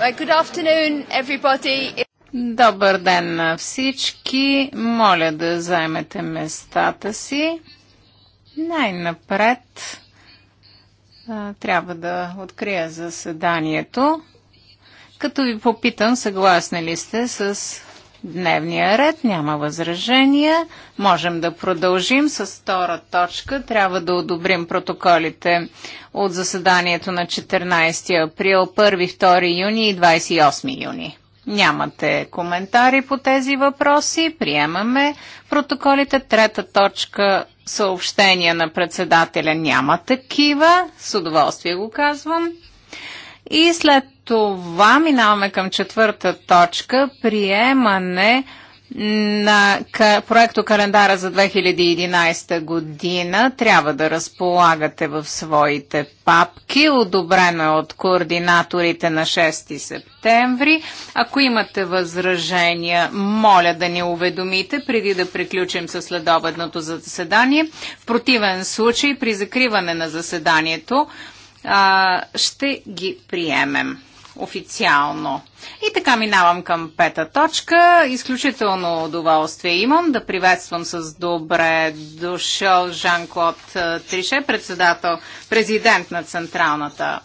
Good afternoon, everybody. Добър ден на всички. Моля да займете местата си. Най-напред трябва да открия заседанието. Като ви попитам, съгласни ли сте с дневния ред, няма възражения. Можем да продължим с втора точка. Трябва да одобрим протоколите от заседанието на 14 април, 1, 2 юни и 28 юни. Нямате коментари по тези въпроси. Приемаме протоколите. Трета точка съобщения на председателя няма такива. С удоволствие го казвам. И след това минаваме към четвърта точка приемане на проекто календара за 2011 година трябва да разполагате в своите папки. Одобрено е от координаторите на 6 септември. Ако имате възражения, моля да ни уведомите преди да приключим с следобедното заседание. В противен случай, при закриване на заседанието, ще ги приемем официално. И така минавам към пета точка. Изключително удоволствие имам да приветствам с добре дошъл Жан-Клод Трише, председател, президент на Централната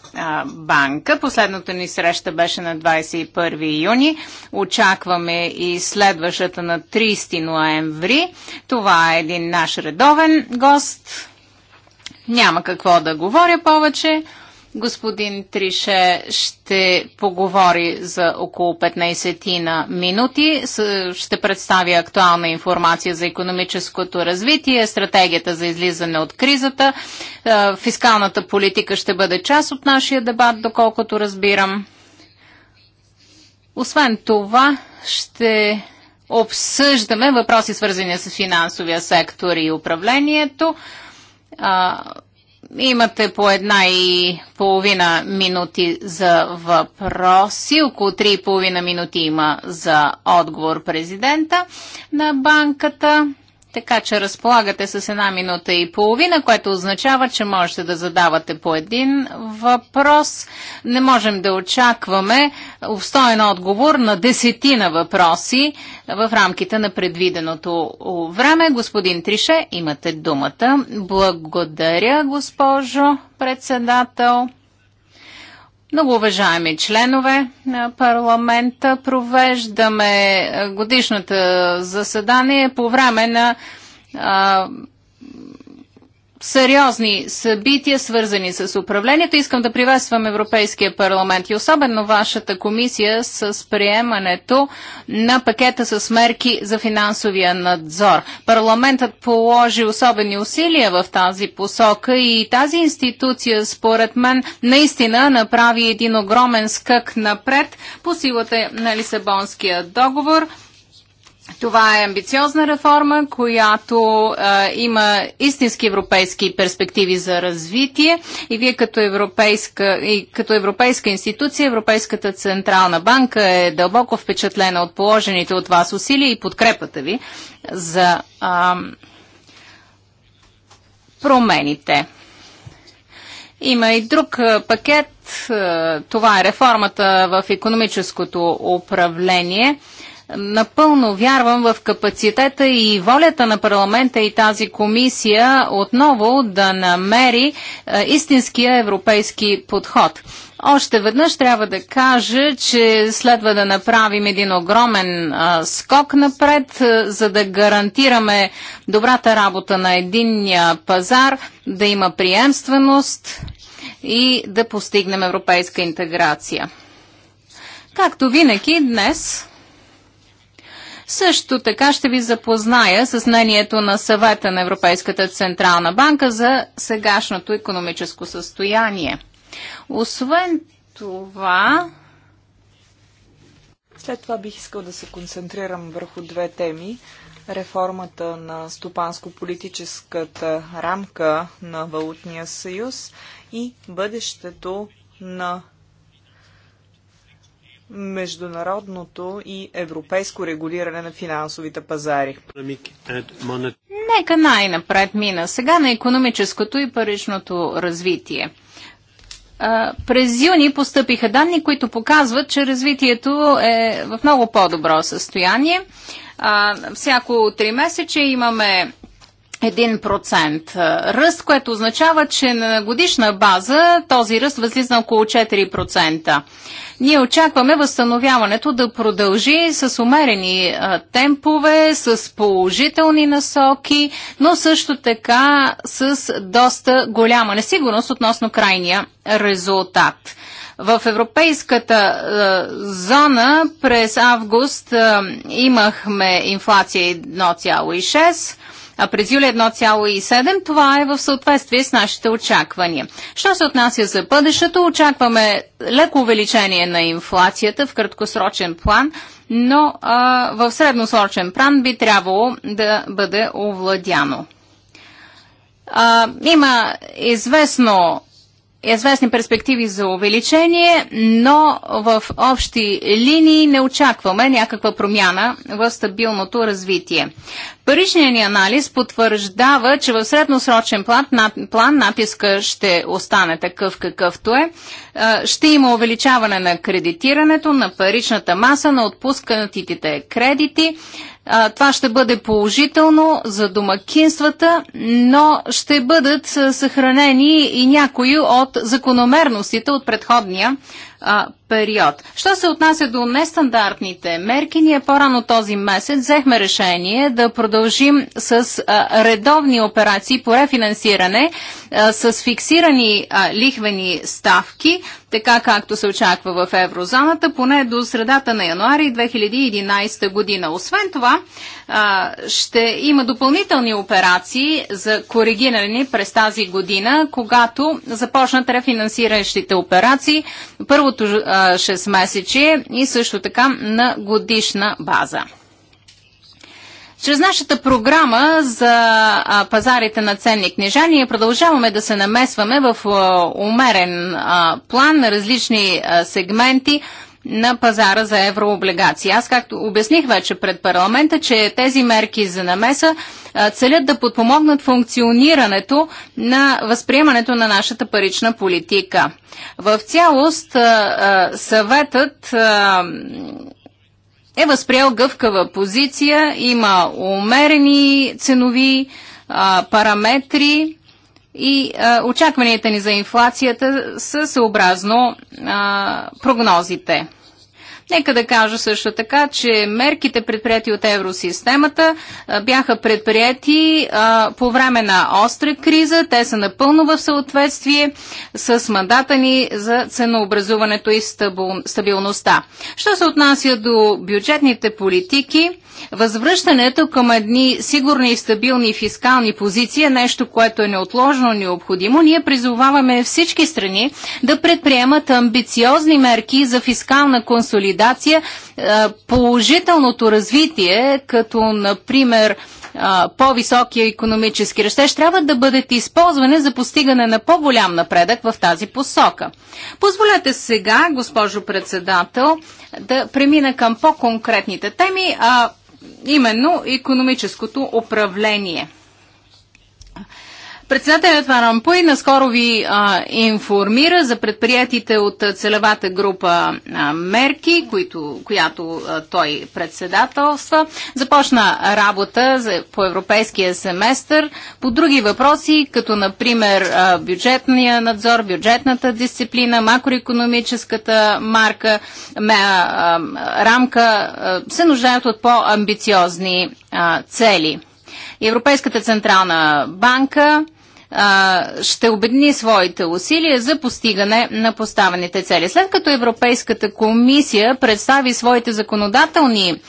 банка. Последното ни среща беше на 21 юни. Очакваме и следващата на 30 ноември. Това е един наш редовен гост. Няма какво да говоря повече. Господин Трише ще поговори за около 15 на минути. Ще представя актуална информация за економическото развитие, стратегията за излизане от кризата. Е, фискалната политика ще бъде част от нашия дебат, доколкото разбирам. Освен това, ще обсъждаме въпроси свързани с финансовия сектор и управлението. Имате по една и половина минути за въпроси, около три и половина минути има за отговор президента на банката. Така че разполагате с една минута и половина, което означава, че можете да задавате по един въпрос. Не можем да очакваме обстоен отговор на десетина въпроси в рамките на предвиденото време. Господин Трише, имате думата. Благодаря, госпожо председател. Много уважаеми членове на парламента, провеждаме годишното заседание по време на сериозни събития, свързани с управлението. Искам да приветствам Европейския парламент и особено вашата комисия с приемането на пакета с мерки за финансовия надзор. Парламентът положи особени усилия в тази посока и тази институция, според мен, наистина направи един огромен скък напред по силата на Лисабонския договор – това е амбициозна реформа, която а, има истински европейски перспективи за развитие и вие като европейска, и като европейска институция, Европейската Централна банка е дълбоко впечатлена от положените от вас усилия и подкрепата ви за а, промените. Има и друг пакет. Това е реформата в економическото управление – Напълно вярвам в капацитета и волята на парламента и тази комисия отново да намери е, истинския европейски подход. Още веднъж трябва да кажа, че следва да направим един огромен а, е, скок напред, а, е, за да гарантираме добрата работа на единния пазар, да има приемственост и да постигнем европейска интеграция. Както винаги, днес също така ще ви запозная с мнението на съвета на Европейската Централна банка за сегашното економическо състояние. Освен това, след това бих искал да се концентрирам върху две теми. Реформата на стопанско-политическата рамка на Валутния съюз и бъдещето на международното и европейско регулиране на финансовите пазари. Нека най-напред мина сега на економическото и паричното развитие. през юни постъпиха данни, които показват, че развитието е в много по-добро състояние. всяко три месече имаме 1% ръст, което означава, че на годишна база този ръст възлиза около 4%. Ние очакваме възстановяването да продължи с умерени а, темпове, с положителни насоки, но също така с доста голяма несигурност относно крайния резултат. В европейската зона през август имахме инфлация 1,6 а през юли 1,7. Това е в съответствие с нашите очаквания. Що се отнася за бъдещето, очакваме леко увеличение на инфлацията в краткосрочен план, но а, в средносрочен план би трябвало да бъде овладяно. А, има известно известни перспективи за увеличение, но в общи линии не очакваме някаква промяна в стабилното развитие. Паричният ни анализ потвърждава, че в средносрочен план, на, план натиска ще остане такъв какъвто е. Ще има увеличаване на кредитирането, на паричната маса, на отпускатите кредити а, това ще бъде положително за домакинствата, но ще бъдат съхранени и някои от закономерностите от предходния а, период. Що се отнася до нестандартните мерки, ние по-рано този месец взехме решение да продължим с а, редовни операции по рефинансиране а, с фиксирани а, лихвени ставки, така както се очаква в еврозоната, поне до средата на януари 2011 година. Освен това, а, ще има допълнителни операции за коригиране през тази година, когато започнат рефинансиращите операции. Първо първото 6 месече и също така на годишна база. Чрез нашата програма за пазарите на ценни книжа ние продължаваме да се намесваме в умерен план на различни сегменти на пазара за еврооблигации. Аз както обясних вече пред парламента, че тези мерки за намеса целят да подпомогнат функционирането на възприемането на нашата парична политика. В цялост съветът е възприел гъвкава позиция, има умерени ценови параметри, и а, очакванията ни за инфлацията са съобразно а, прогнозите. Нека да кажа също така, че мерките предприяти от евросистемата бяха предприяти по време на остра криза. Те са напълно в съответствие с мандата ни за ценообразуването и стабилността. Що се отнася до бюджетните политики, Възвръщането към едни сигурни и стабилни фискални позиции е нещо, което е неотложно необходимо. Ние призоваваме всички страни да предприемат амбициозни мерки за фискална консолидация консолидация, е, положителното развитие, като например е, по-високия економически растеж, трябва да бъдат използвани за постигане на по-голям напредък в тази посока. Позволете сега, госпожо председател, да премина към по-конкретните теми, а именно економическото управление. Председателят Ван Ромпуй наскоро ви а, информира за предприятите от целевата група а, мерки, които, която а, той председателства. Започна работа за, по европейския семестър по други въпроси, като например а, бюджетния надзор, бюджетната дисциплина, макроекономическата марка, ме, а, а, рамка а, се нуждаят от по-амбициозни цели. Европейската централна банка ще обедини своите усилия за постигане на поставените цели. След като Европейската комисия представи своите законодателни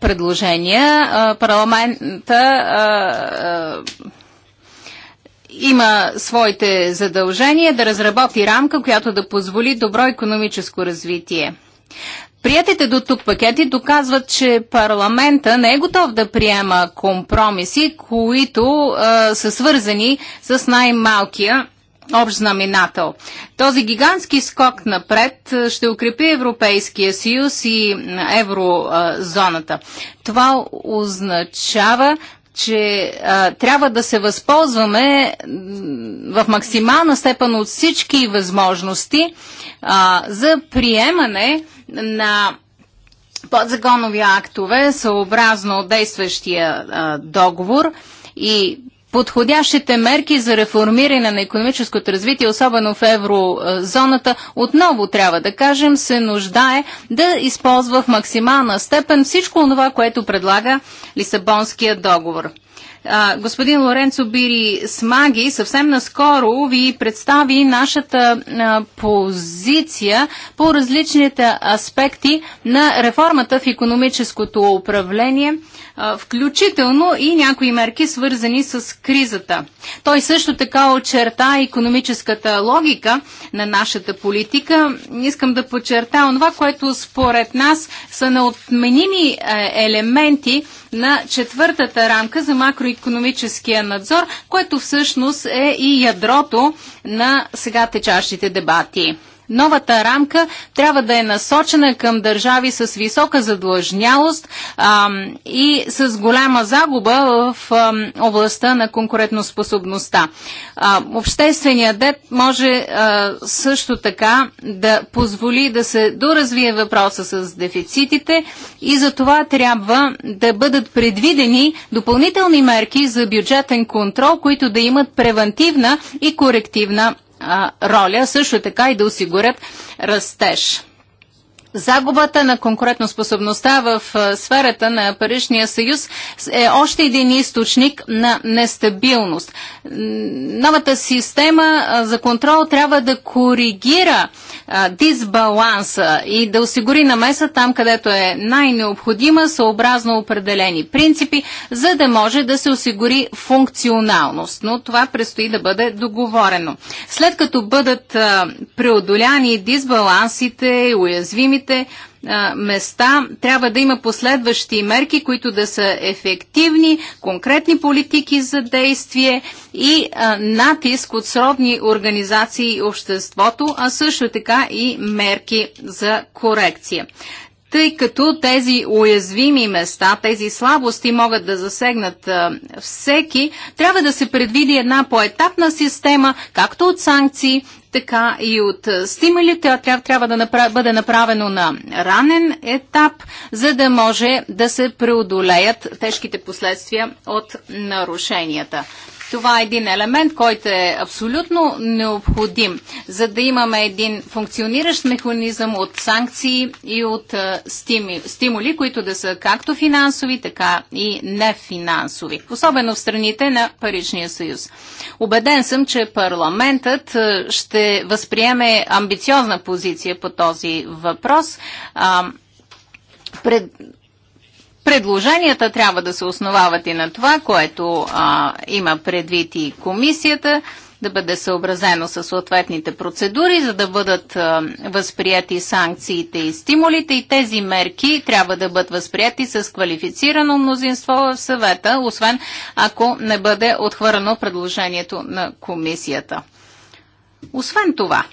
предложения, парламента има своите задължения да разработи рамка, която да позволи добро економическо развитие. Приятите до тук пакети доказват, че парламента не е готов да приема компромиси, които а, са свързани с най-малкия общ знаменател. Този гигантски скок напред ще укрепи Европейския съюз и еврозоната. Това означава че а, трябва да се възползваме в максимална степен от всички възможности а, за приемане на подзаконови актове съобразно действащия а, договор и подходящите мерки за реформиране на економическото развитие, особено в еврозоната, отново трябва да кажем, се нуждае да използва в максимална степен всичко това, което предлага Лисабонския договор. А, господин Лоренцо Бири Смаги съвсем наскоро ви представи нашата а, позиция по различните аспекти на реформата в економическото управление – включително и някои мерки свързани с кризата. Той също така очерта економическата логика на нашата политика. Искам да подчертая това, което според нас са неотменими е, елементи на четвъртата рамка за макроекономическия надзор, което всъщност е и ядрото на сега течащите дебати. Новата рамка трябва да е насочена към държави с висока задлъжнялост а, и с голяма загуба в а, областта на конкурентоспособността. А, общественият деп може а, също така да позволи да се доразвие въпроса с дефицитите и за това трябва да бъдат предвидени допълнителни мерки за бюджетен контрол, които да имат превентивна и корективна роля, също така и да осигурят растеж загубата на конкурентоспособността в сферата на Парижния съюз е още един източник на нестабилност. Новата система за контрол трябва да коригира дисбаланса и да осигури намеса там, където е най-необходима, съобразно определени принципи, за да може да се осигури функционалност. Но това предстои да бъде договорено. След като бъдат преодоляни дисбалансите и уязвимите населените места. Трябва да има последващи мерки, които да са ефективни, конкретни политики за действие и натиск от сродни организации и обществото, а също така и мерки за корекция тъй като тези уязвими места, тези слабости могат да засегнат а, всеки, трябва да се предвиди една поетапна система, както от санкции, така и от стимули. трябва, трябва да направ... бъде направено на ранен етап, за да може да се преодолеят тежките последствия от нарушенията. Това е един елемент, който е абсолютно необходим, за да имаме един функциониращ механизъм от санкции и от стимули, които да са както финансови, така и нефинансови, особено в страните на Паричния съюз. Обеден съм, че парламентът ще възприеме амбициозна позиция по този въпрос. Пред Предложенията трябва да се основават и на това, което а, има предвид и комисията, да бъде съобразено с съответните процедури, за да бъдат а, възприяти санкциите и стимулите и тези мерки трябва да бъдат възприяти с квалифицирано мнозинство в съвета, освен ако не бъде отхвърлено предложението на комисията. Освен това,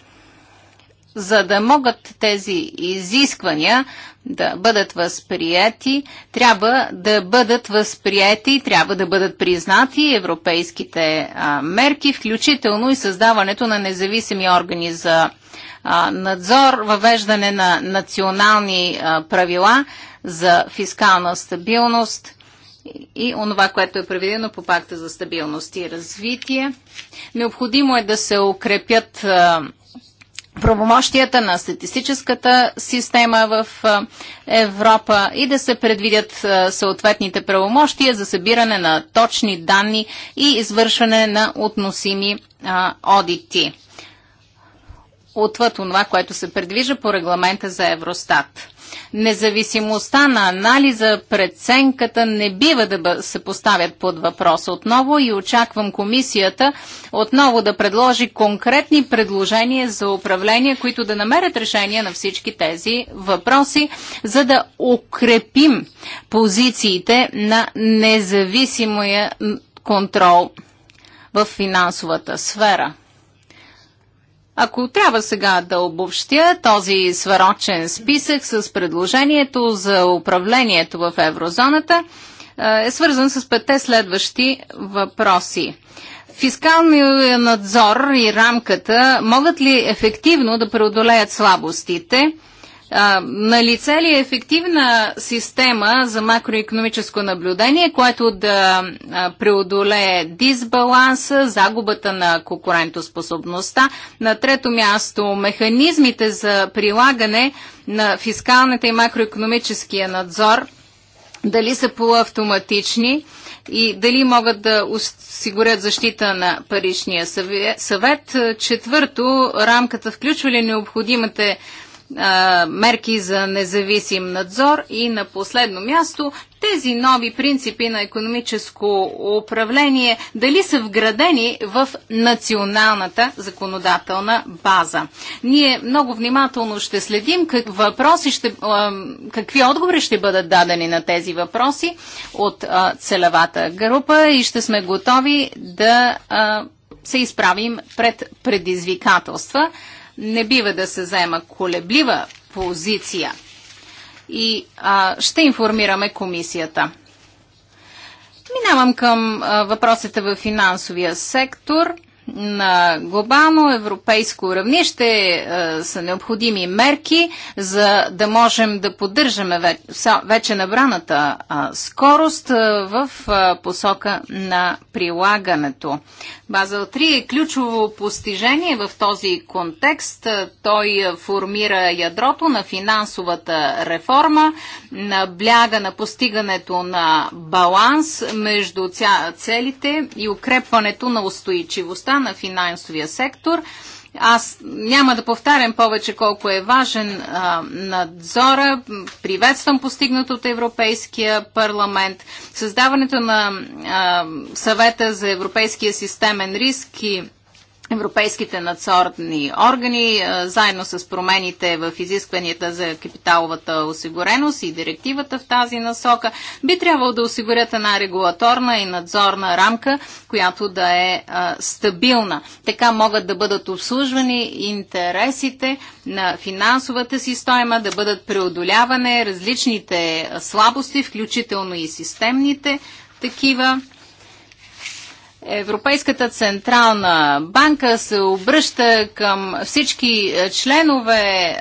за да могат тези изисквания да бъдат възприяти, трябва да бъдат възприяти, трябва да бъдат признати европейските а, мерки, включително и създаването на независими органи за а, надзор, въвеждане на национални а, правила за фискална стабилност и онова, което е проведено по пакта за стабилност и развитие. Необходимо е да се укрепят а, правомощията на статистическата система в Европа и да се предвидят съответните правомощия за събиране на точни данни и извършване на относими одити. Отвъд това, което се предвижда по регламента за Евростат. Независимостта на анализа, преценката не бива да се поставят под въпрос отново и очаквам комисията отново да предложи конкретни предложения за управление, които да намерят решение на всички тези въпроси, за да укрепим позициите на независимия контрол в финансовата сфера. Ако трябва сега да обобщя този сварочен списък с предложението за управлението в еврозоната, е, е свързан с петте следващи въпроси. Фискалният надзор и рамката могат ли ефективно да преодолеят слабостите? на лице ли е ефективна система за макроекономическо наблюдение, което да преодолее дисбаланса, загубата на конкурентоспособността. На трето място, механизмите за прилагане на фискалната и макроекономическия надзор, дали са полуавтоматични и дали могат да осигурят защита на паричния съвет. Четвърто, рамката включва ли необходимите мерки за независим надзор и на последно място тези нови принципи на економическо управление дали са вградени в националната законодателна база. Ние много внимателно ще следим как въпроси ще, какви отговори ще бъдат дадени на тези въпроси от целевата група и ще сме готови да се изправим пред предизвикателства не бива да се заема колеблива позиция и а, ще информираме комисията. Минавам към а, въпросите в финансовия сектор – на глобално европейско равнище е, са необходими мерки, за да можем да поддържаме вече набраната скорост е, в е, посока на прилагането. Базел 3 е ключово постижение в този контекст. Той формира ядрото на финансовата реформа, набляга на постигането на баланс между целите и укрепването на устойчивостта дейността на финансовия сектор. Аз няма да повтарям повече колко е важен а, надзора. Приветствам постигнато от Европейския парламент. Създаването на а, съвета за европейския системен риск и европейските надзорни органи, е, заедно с промените в изискванията за капиталовата осигуреност и директивата в тази насока, би трябвало да осигурят една регулаторна и надзорна рамка, която да е, е стабилна. Така могат да бъдат обслужвани интересите на финансовата система, да бъдат преодоляване различните слабости, включително и системните такива Европейската централна банка се обръща към всички членове,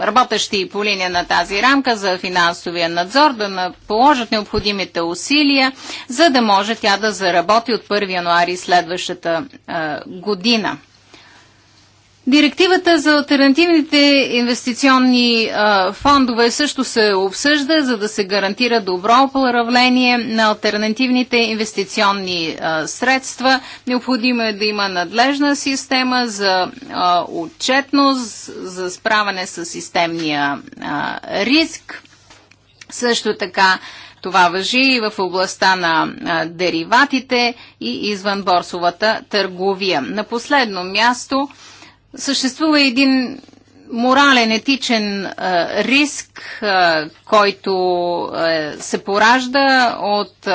работещи по линия на тази рамка за финансовия надзор, да положат необходимите усилия, за да може тя да заработи от 1 януари следващата година. Директивата за альтернативните инвестиционни а, фондове също се обсъжда, за да се гарантира добро управление на альтернативните инвестиционни а, средства. Необходимо е да има надлежна система за а, отчетност, за справяне с системния а, риск. Също така това въжи и в областта на а, дериватите и извънборсовата търговия. На последно място – Съществува един морален, етичен риск, който се поражда от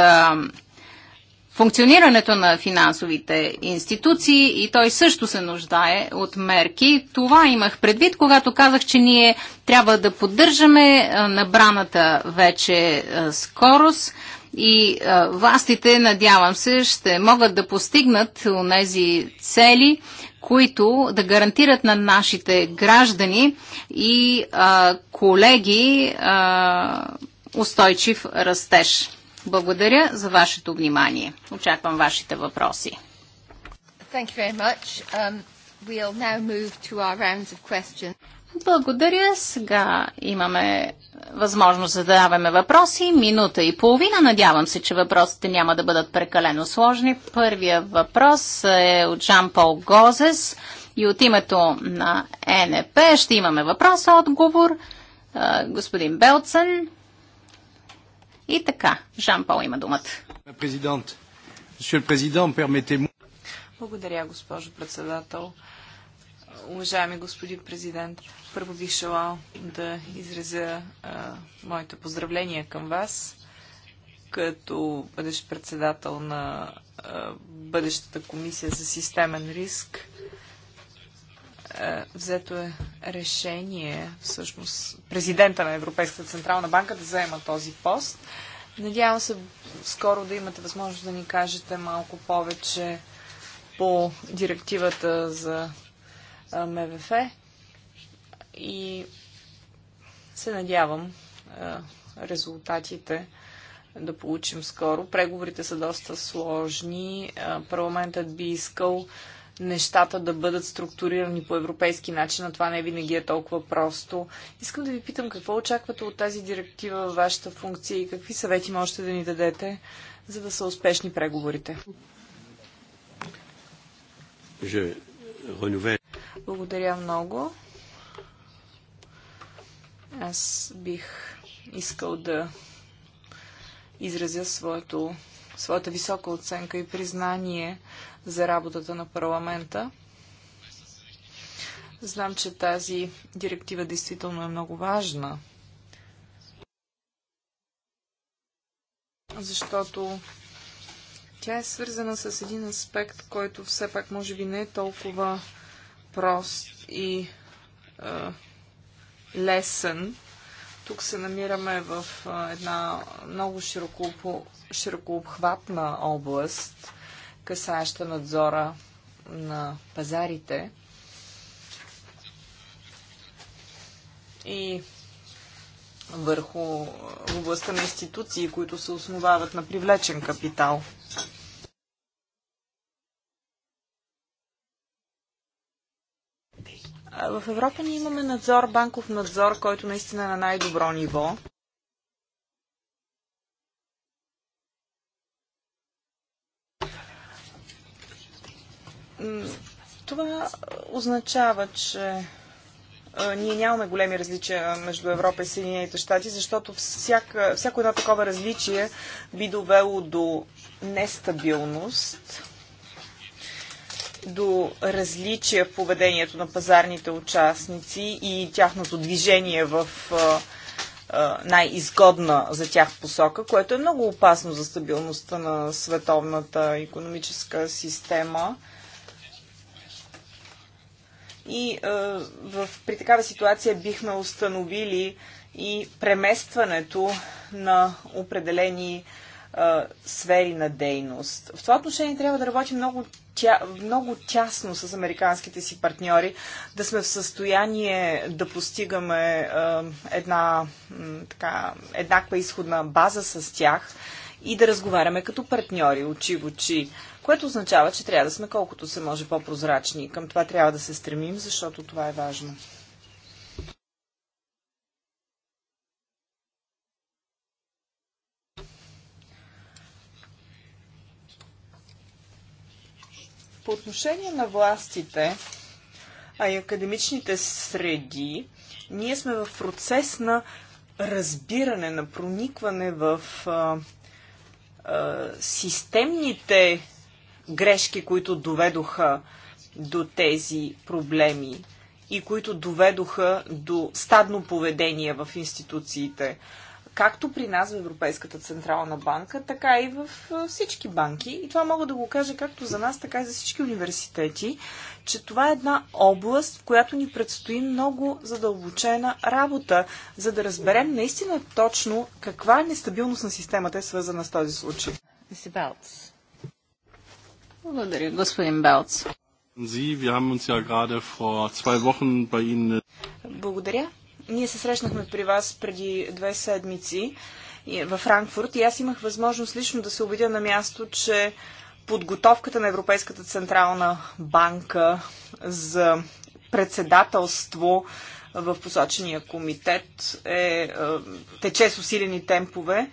функционирането на финансовите институции и той също се нуждае от мерки. Това имах предвид, когато казах, че ние трябва да поддържаме набраната вече скорост и властите, надявам се, ще могат да постигнат тези цели, които да гарантират на нашите граждани и а, колеги а, устойчив растеж. Благодаря за вашето внимание. Очаквам вашите въпроси. Thank you very much. Um, we'll now move to our rounds of questions. Благодаря. Сега имаме възможност да задаваме въпроси. Минута и половина. Надявам се, че въпросите няма да бъдат прекалено сложни. Първия въпрос е от Жан-Пол Гозес и от името на НП ще имаме въпрос-отговор. Господин Белцен. И така, Жан-Пол има думата. Президент, президент, Благодаря, госпожо председател. Уважаеми господин президент, първо бих желал да изразя а, моите поздравления към вас като бъдещ председател на а, бъдещата комисия за системен риск. А, взето е решение, всъщност, президента на Европейската централна банка да заема този пост. Надявам се скоро да имате възможност да ни кажете малко повече по директивата за МВФ и се надявам резултатите да получим скоро. Преговорите са доста сложни. Парламентът би искал нещата да бъдат структурирани по европейски начин, а това не винаги е толкова просто. Искам да ви питам какво очаквате от тази директива във вашата функция и какви съвети можете да ни дадете, за да са успешни преговорите. Je renouvelle благодаря много. Аз бих искал да изразя своето, своята висока оценка и признание за работата на парламента. Знам, че тази директива действително е много важна, защото тя е свързана с един аспект, който все пак може би не е толкова прост и а, лесен. Тук се намираме в а, една много широко, широко обхватна област, касаеща надзора на пазарите. И върху областта на институции, които се основават на привлечен капитал. В Европа ние имаме надзор, банков надзор, който наистина е на най-добро ниво. Това означава, че ние нямаме големи различия между Европа и Съединените щати, защото всяка, всяко едно такова различие би довело до нестабилност до различия в поведението на пазарните участници и тяхното движение в най-изгодна за тях посока, което е много опасно за стабилността на световната економическа система. И е, в, при такава ситуация бихме установили и преместването на определени е, сфери на дейност. В това отношение трябва да работим много тя, много тясно с американските си партньори, да сме в състояние да постигаме е, една така, еднаква изходна база с тях и да разговаряме като партньори, очи в очи, което означава, че трябва да сме колкото се може по-прозрачни. Към това трябва да се стремим, защото това е важно. По отношение на властите, а и академичните среди, ние сме в процес на разбиране, на проникване в а, а, системните грешки, които доведоха до тези проблеми и които доведоха до стадно поведение в институциите както при нас в Европейската Централна банка, така и в всички банки. И това мога да го кажа както за нас, така и за всички университети, че това е една област, в която ни предстои много задълбочена работа, за да разберем наистина точно каква е нестабилност на системата е свързана с този случай. Благодаря, господин Белц. Благодаря. Ние се срещнахме при вас преди две седмици е във Франкфурт и аз имах възможност лично да се убедя на място, че подготовката на Европейската централна банка за председателство в посочения комитет е, е тече с усилени темпове.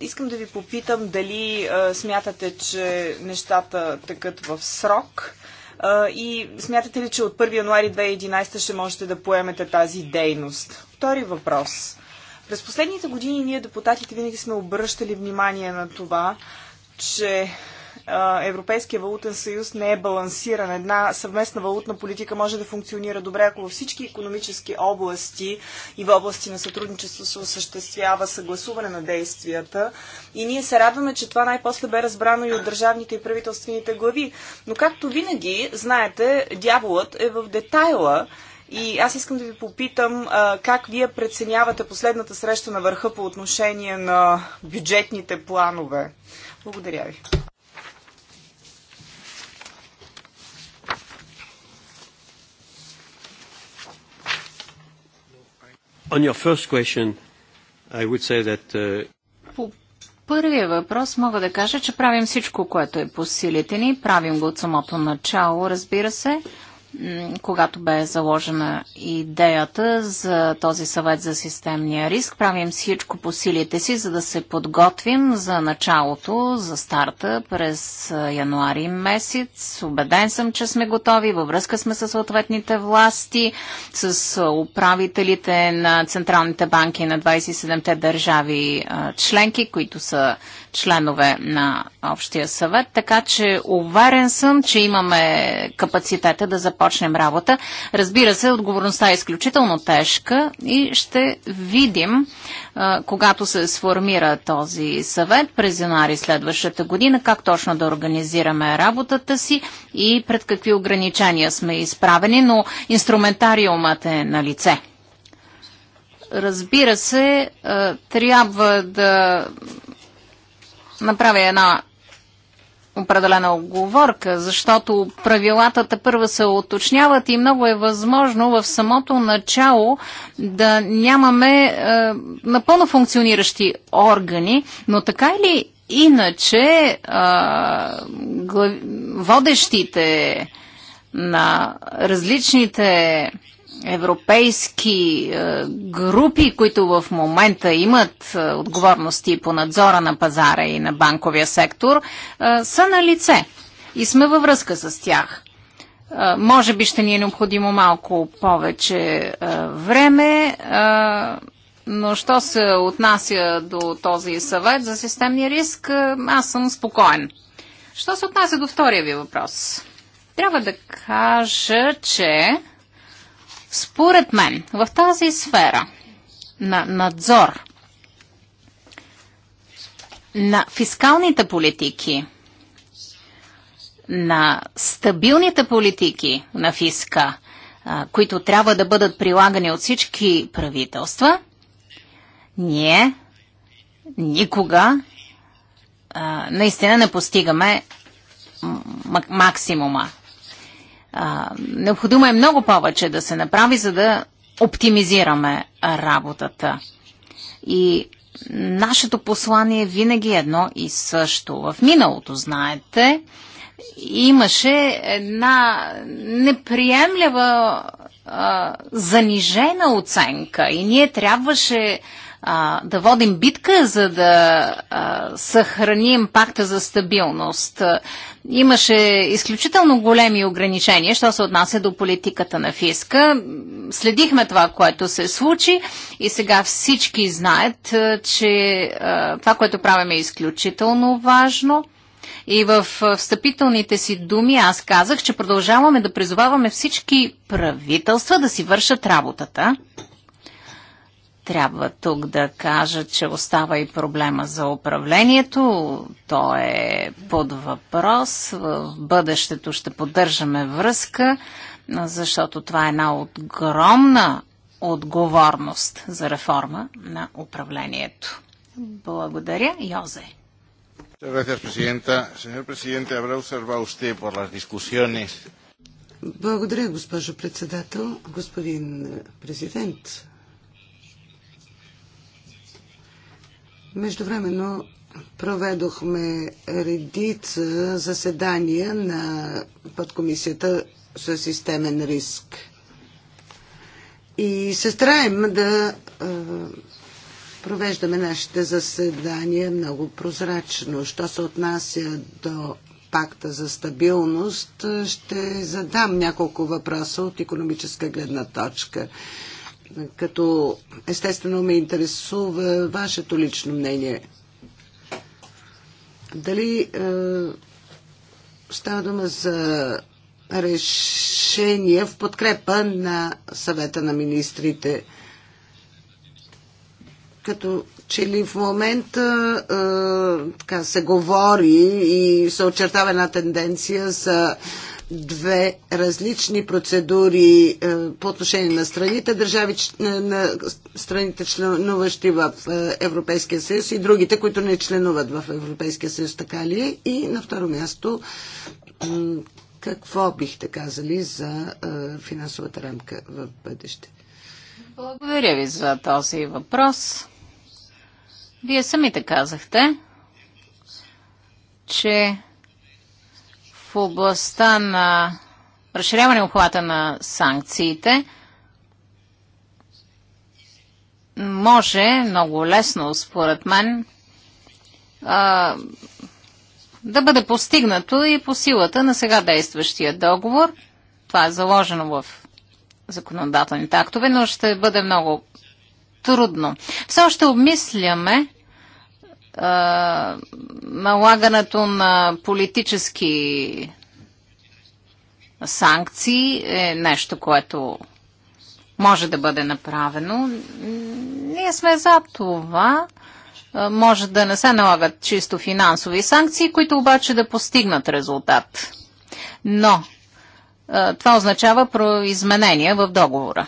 Искам да ви попитам дали е, смятате, че нещата тъкат в срок и смятате ли, че от 1 януари 2011 ще можете да поемете тази дейност? Втори въпрос. През последните години ние депутатите винаги сме обръщали внимание на това, че Европейския валутен съюз не е балансиран. Една съвместна валутна политика може да функционира добре, ако във всички економически области и в области на сътрудничество се осъществява съгласуване на действията. И ние се радваме, че това най-после бе разбрано и от държавните и правителствените глави. Но както винаги, знаете, дяволът е в детайла. И аз искам да ви попитам а, как вие преценявате последната среща на върха по отношение на бюджетните планове. Благодаря ви. On your first question, I would say that, uh... По първия въпрос мога да кажа, че правим всичко, което е по силите ни. Правим го от самото начало, разбира се когато бе заложена идеята за този съвет за системния риск. Правим всичко по силите си, за да се подготвим за началото, за старта през януари месец. Обеден съм, че сме готови. Във връзка сме с съответните власти, с управителите на централните банки на 27-те държави членки, които са членове на Общия съвет, така че уверен съм, че имаме капацитета да започнем работа. Разбира се, отговорността е изключително тежка и ще видим, когато се сформира този съвет през януари следващата година, как точно да организираме работата си и пред какви ограничения сме изправени, но инструментариумът е на лице разбира се, трябва да направя една определена оговорка, защото правилата те първа се уточняват и много е възможно в самото начало да нямаме е, напълно функциониращи органи, но така или иначе е, водещите на различните европейски е, групи, които в момента имат е, отговорности по надзора на пазара и на банковия сектор, е, са на лице и сме във връзка с тях. Може би ще ни е необходимо малко повече време, но що се отнася до този съвет за системния риск, аз съм спокоен. Що се отнася до втория ви въпрос? Трябва да кажа, че според мен, в тази сфера на надзор на фискалните политики, на стабилните политики на фиска, които трябва да бъдат прилагани от всички правителства, ние никога наистина не постигаме максимума. А, необходимо е много повече да се направи, за да оптимизираме работата. И нашето послание е винаги е едно и също. В миналото, знаете, имаше една неприемлива а, занижена оценка и ние трябваше а, да водим битка, за да а, съхраним пакта за стабилност. Имаше изключително големи ограничения, що се отнася до политиката на фиска. Следихме това, което се случи и сега всички знаят, че а, това, което правим е изключително важно. И в встъпителните си думи аз казах, че продължаваме да призоваваме всички правителства да си вършат работата трябва тук да кажа, че остава и проблема за управлението. То е под въпрос. В бъдещето ще поддържаме връзка, защото това е една огромна отговорност за реформа на управлението. Благодаря, Йозе. Благодаря, госпожо председател. Господин президент, Междувременно проведохме редица заседания на подкомисията за системен риск. И се стараем да провеждаме нашите заседания много прозрачно. Що се отнася до пакта за стабилност, ще задам няколко въпроса от економическа гледна точка като естествено ме интересува вашето лично мнение. Дали е, става дума за решение в подкрепа на съвета на министрите? Като че ли в момента е, така, се говори и се очертава една тенденция за е, две различни процедури е, по отношение на страните, държави, е, на страните членуващи в е, Европейския съюз и другите, които не членуват в Европейския съюз, така ли И на второ място, какво бихте казали за финансовата рамка в бъдеще? Благодаря ви за този въпрос. Вие самите казахте, че в областта на разширяване обхвата на санкциите може много лесно, според мен, да бъде постигнато и по силата на сега действащия договор. Това е заложено в законодателните актове, но ще бъде много трудно. Все още обмисляме налагането на политически санкции е нещо, което може да бъде направено. Ние сме за това. Може да не се налагат чисто финансови санкции, които обаче да постигнат резултат. Но това означава про изменения в договора.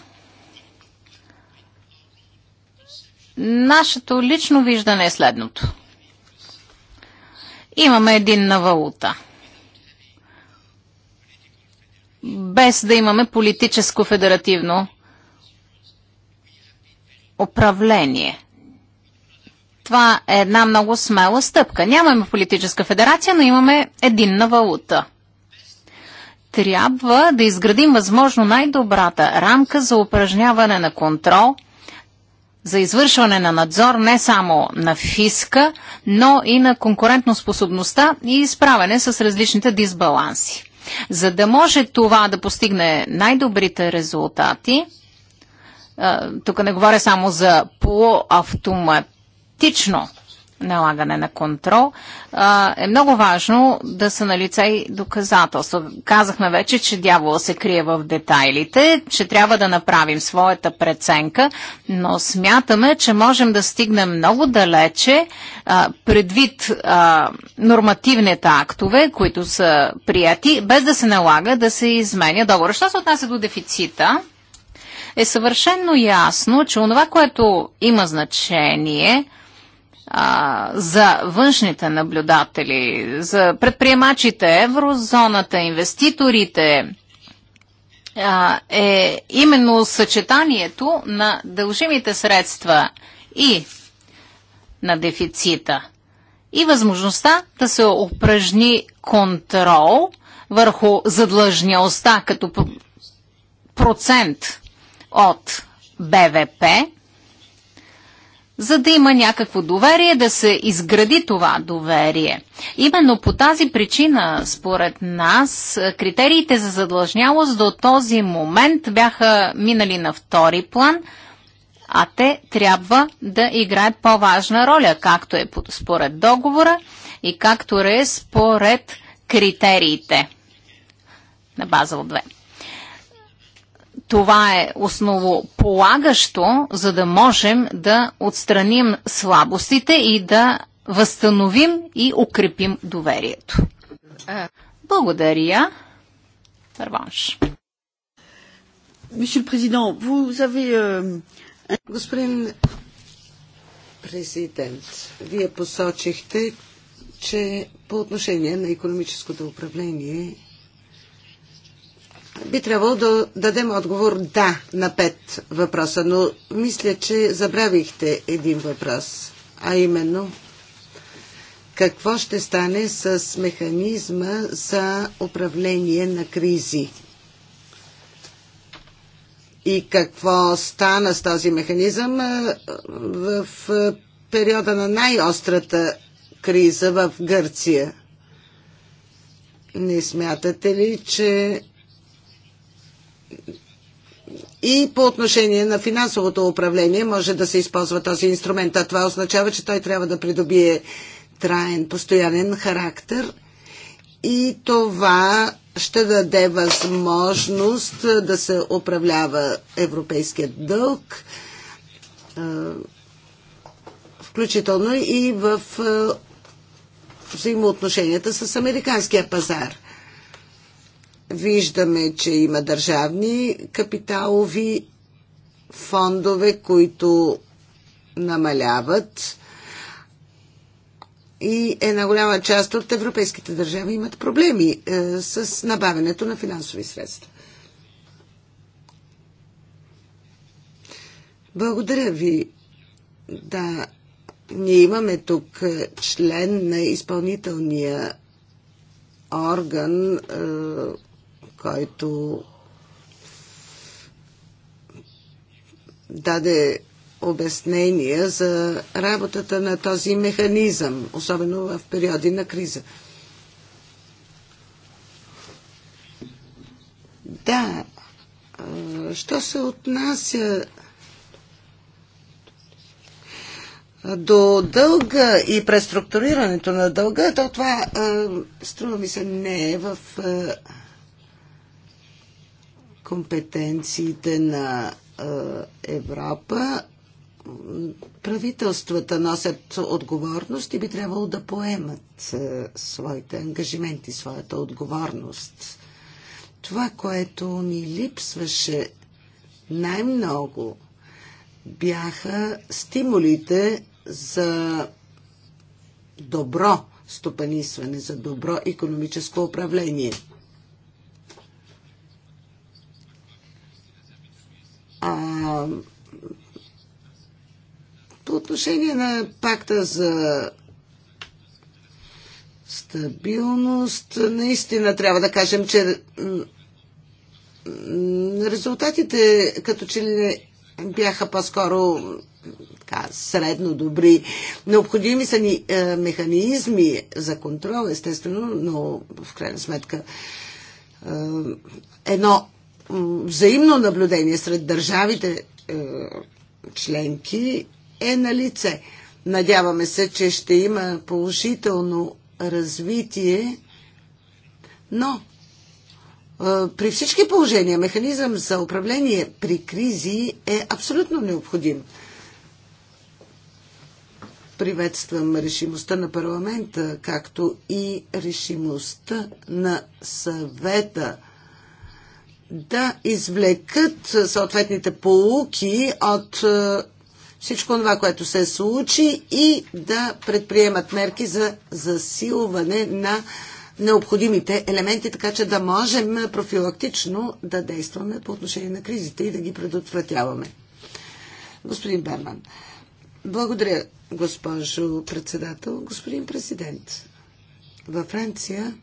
Нашето лично виждане е следното – имаме единна валута. Без да имаме политическо федеративно управление. Това е една много смела стъпка. Нямаме политическа федерация, но имаме единна валута. Трябва да изградим възможно най-добрата рамка за упражняване на контрол – за извършване на надзор не само на фиска, но и на конкурентноспособността и справяне с различните дисбаланси. За да може това да постигне най-добрите резултати, тук не говоря само за полуавтоматично налагане на контрол, е много важно да са на лице и доказателства. Казахме вече, че дявола се крие в детайлите, че трябва да направим своята преценка, но смятаме, че можем да стигнем много далече предвид нормативните актове, които са прияти, без да се налага да се изменя договор. Що се отнася до дефицита? е съвършенно ясно, че онова, което има значение, а, за външните наблюдатели, за предприемачите, еврозоната, инвеститорите, а, е именно съчетанието на дължимите средства и на дефицита и възможността да се упражни контрол върху задлъжнялостта като процент от БВП за да има някакво доверие, да се изгради това доверие. Именно по тази причина, според нас, критериите за задлъжнялост до този момент бяха минали на втори план, а те трябва да играят по-важна роля, както е според договора и както е според критериите на база от 2. Това е основополагащо, за да можем да отстраним слабостите и да възстановим и укрепим доверието. Благодаря. Първанш. Э, Господин президент, вие посочихте, че по отношение на економическото управление би трябвало да дадем отговор да на пет въпроса, но мисля, че забравихте един въпрос, а именно какво ще стане с механизма за управление на кризи? И какво стана с този механизъм в периода на най-острата криза в Гърция? Не смятате ли, че и по отношение на финансовото управление може да се използва този инструмент, а това означава, че той трябва да придобие траен, постоянен характер и това ще даде възможност да се управлява европейският дълг, включително и в взаимоотношенията с американския пазар. Виждаме, че има държавни капиталови фондове, които намаляват и една голяма част от европейските държави имат проблеми е, с набавянето на финансови средства. Благодаря ви. Да, ние имаме тук е, член на изпълнителния орган. Е, който даде обяснения за работата на този механизъм, особено в периоди на криза. Да, що се отнася до дълга и преструктурирането на дълга, то това струва ми се не е в компетенциите на е, Европа, правителствата носят отговорност и би трябвало да поемат е, своите ангажименти, своята отговорност. Това, което ни липсваше най-много, бяха стимулите за добро стопанисване, за добро економическо управление – А, по отношение на пакта за стабилност, наистина трябва да кажем, че резултатите като че ли бяха по-скоро така, средно добри. Необходими са ни е, механизми за контрол, естествено, но в крайна сметка е, едно взаимно наблюдение сред държавите е, членки е на лице. Надяваме се, че ще има положително развитие, но е, при всички положения механизъм за управление при кризи е абсолютно необходим. Приветствам решимостта на парламента, както и решимостта на съвета – да извлекат съответните полуки от е, всичко това, което се случи и да предприемат мерки за засилване на необходимите елементи, така че да можем профилактично да действаме по отношение на кризите и да ги предотвратяваме. Господин Берман, благодаря, госпожо председател, господин президент. Във Франция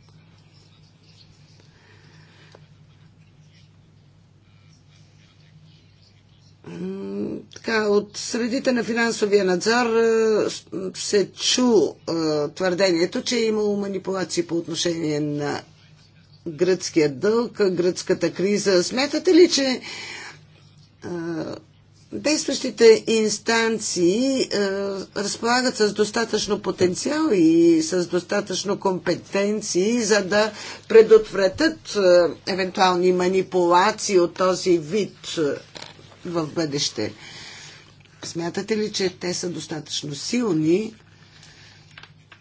така, от средите на финансовия надзор е, се чу е, твърдението, че е имало манипулации по отношение на гръцкия дълг, гръцката криза. Смятате ли, че е, действащите инстанции разполагат с достатъчно потенциал и с достатъчно компетенции, за да предотвратят евентуални манипулации от този вид? в бъдеще. Смятате ли, че те са достатъчно силни,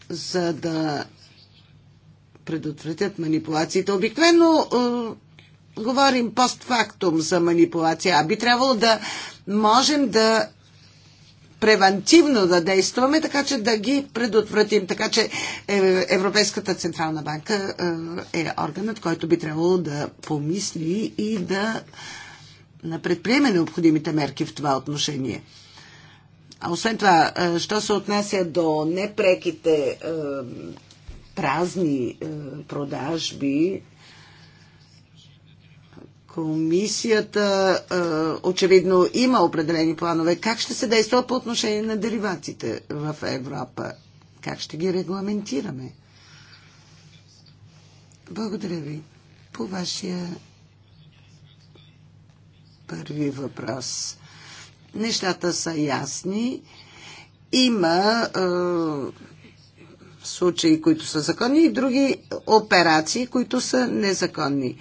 за да предотвратят манипулациите? Обикновено е, говорим постфактум за манипулация, а би трябвало да можем да превентивно да действаме, така че да ги предотвратим. Така че е, Европейската Централна банка е, е органът, който би трябвало да помисли и да предприеме необходимите мерки в това отношение. А освен това, е, що се отнася до непреките е, празни е, продажби, комисията очевидно има определени планове. Как ще се действа по отношение на деривациите в Европа? Как ще ги регламентираме? Благодаря ви. По вашия първи въпрос. Нещата са ясни. Има е, случаи, които са законни и други операции, които са незаконни.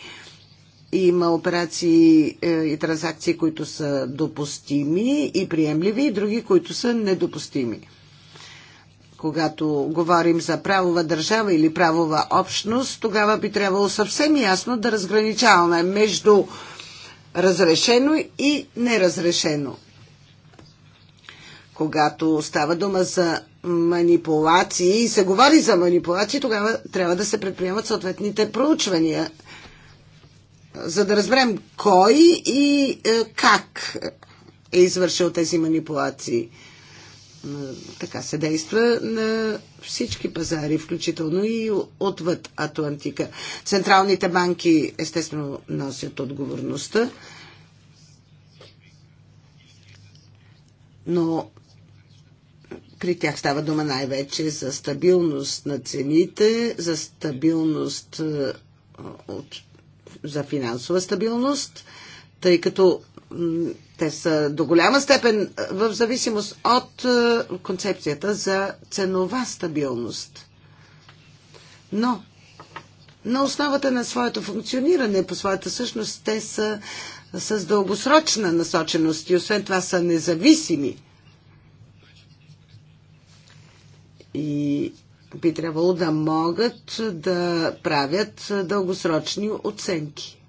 Има операции е, и транзакции, които са допустими и приемливи, и други, които са недопустими когато говорим за правова държава или правова общност, тогава би трябвало съвсем ясно да разграничаваме между разрешено и неразрешено. Когато става дума за манипулации и се говори за манипулации, тогава трябва да се предприемат съответните проучвания, за да разберем кой и е, как е извършил тези манипулации така се действа на всички пазари, включително и отвъд Атлантика. Централните банки естествено носят отговорността, но при тях става дума най-вече за стабилност на цените, за стабилност от, за финансова стабилност, тъй като те са до голяма степен е, в зависимост от е, концепцията за ценова стабилност. Но на основата на своето функциониране, по своята същност, те са с дългосрочна насоченост и освен това са независими. И би трябвало да могат да правят дългосрочни оценки.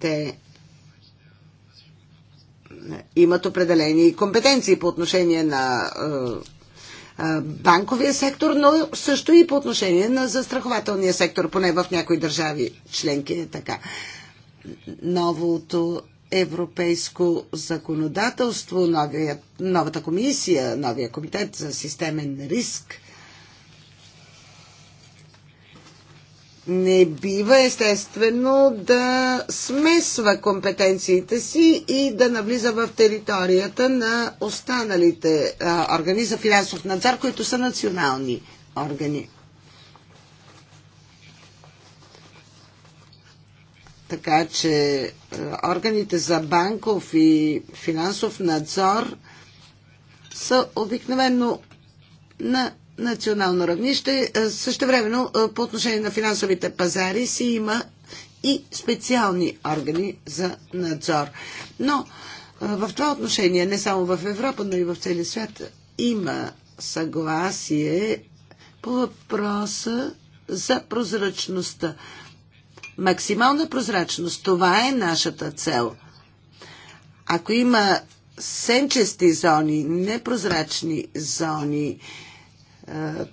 Те имат определени компетенции по отношение на банковия сектор, но също и по отношение на застрахователния сектор, поне в някои държави членки е така. Новото европейско законодателство, новия, новата комисия, новия комитет за системен риск – не бива естествено да смесва компетенциите си и да навлиза в територията на останалите а, органи за финансов надзор, които са национални органи. Така че органите за банков и финансов надзор са обикновено на национално равнище. Е, Също времено е, по отношение на финансовите пазари си има и специални органи за надзор. Но е, в това отношение, не само в Европа, но и в целия свят, има съгласие по въпроса за прозрачността. Максимална прозрачност, това е нашата цел. Ако има сенчести зони, непрозрачни зони,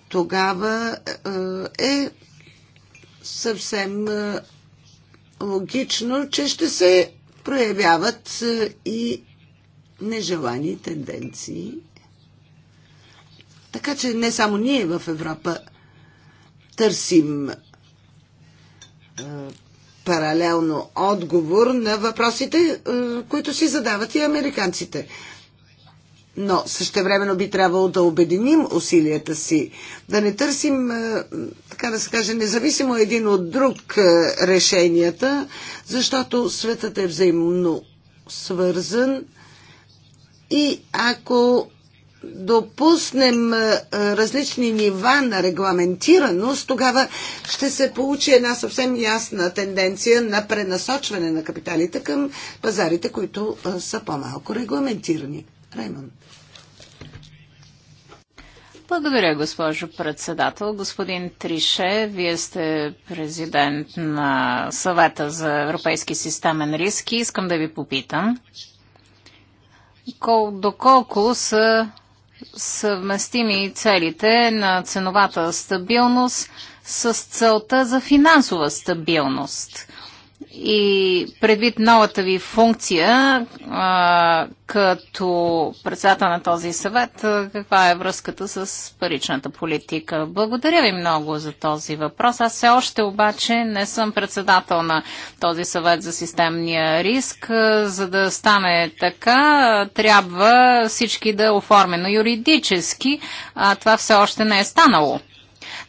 тогава е, е съвсем е, логично, че ще се проявяват е, и нежелани тенденции. Така че не само ние в Европа търсим паралелно отговор на въпросите, които си задават и американците но същевременно би трябвало да обединим усилията си, да не търсим, е, така да се каже, независимо един от друг е, решенията, защото светът е взаимно свързан и ако допуснем е, различни нива на регламентираност, тогава ще се получи една съвсем ясна тенденция на пренасочване на капиталите към пазарите, които са по-малко регламентирани. Раймонд. Благодаря, госпожо председател. Господин Трише, вие сте президент на съвета за европейски системен риск и искам да ви попитам кол, доколко са съвместими целите на ценовата стабилност с целта за финансова стабилност и предвид новата ви функция а, като председател на този съвет, каква е връзката с паричната политика? Благодаря ви много за този въпрос. Аз все още обаче не съм председател на този съвет за системния риск. За да стане така, трябва всички да оформено юридически, а това все още не е станало.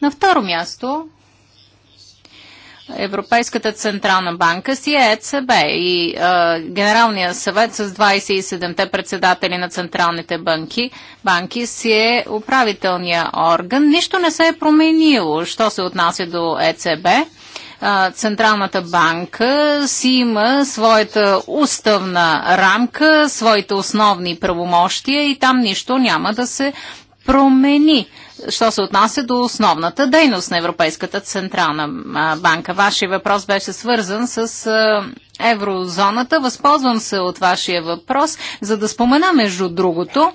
На второ място, Европейската централна банка си е ЕЦБ и е, Генералния съвет с 27-те председатели на централните банки, банки си е управителния орган. Нищо не се е променило, що се отнася до ЕЦБ. Централната банка си има своята уставна рамка, своите основни правомощия и там нищо няма да се промени що се отнася до основната дейност на Европейската централна банка. Вашия въпрос беше свързан с еврозоната. Възползвам се от вашия въпрос, за да спомена между другото,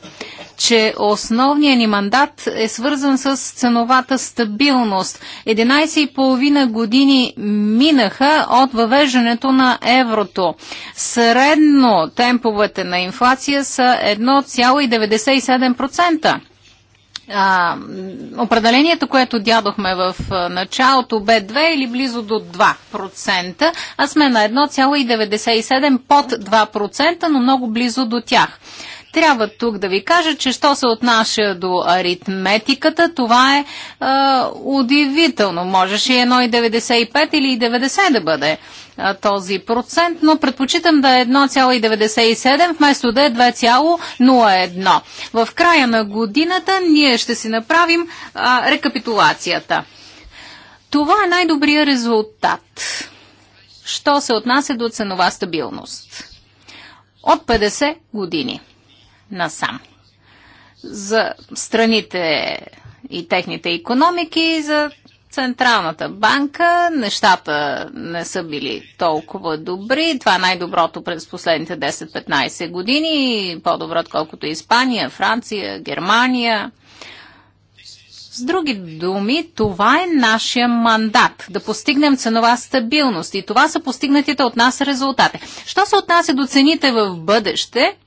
че основният ни мандат е свързан с ценовата стабилност. 11,5 години минаха от въвеждането на еврото. Средно темповете на инфлация са 1,97% а, определението, което дядохме в началото, бе 2 или близо до 2%, а сме на 1,97 под 2%, но много близо до тях. Трябва тук да ви кажа, че що се отнася до аритметиката, това е е удивително. Можеше 1,95 или 90 да бъде е, този процент, но предпочитам да е 1,97 вместо да е 2,01. В края на годината ние ще си направим е, рекапитулацията. Това е най-добрият резултат, що се отнася до ценова стабилност. От 50 години насам. За страните и техните економики, за Централната банка нещата не са били толкова добри. Това е най-доброто през последните 10-15 години, по-добро отколкото Испания, Франция, Германия. С други думи, това е нашия мандат да постигнем ценова стабилност и това са постигнатите от нас резултати. Що се отнася до цените в бъдеще,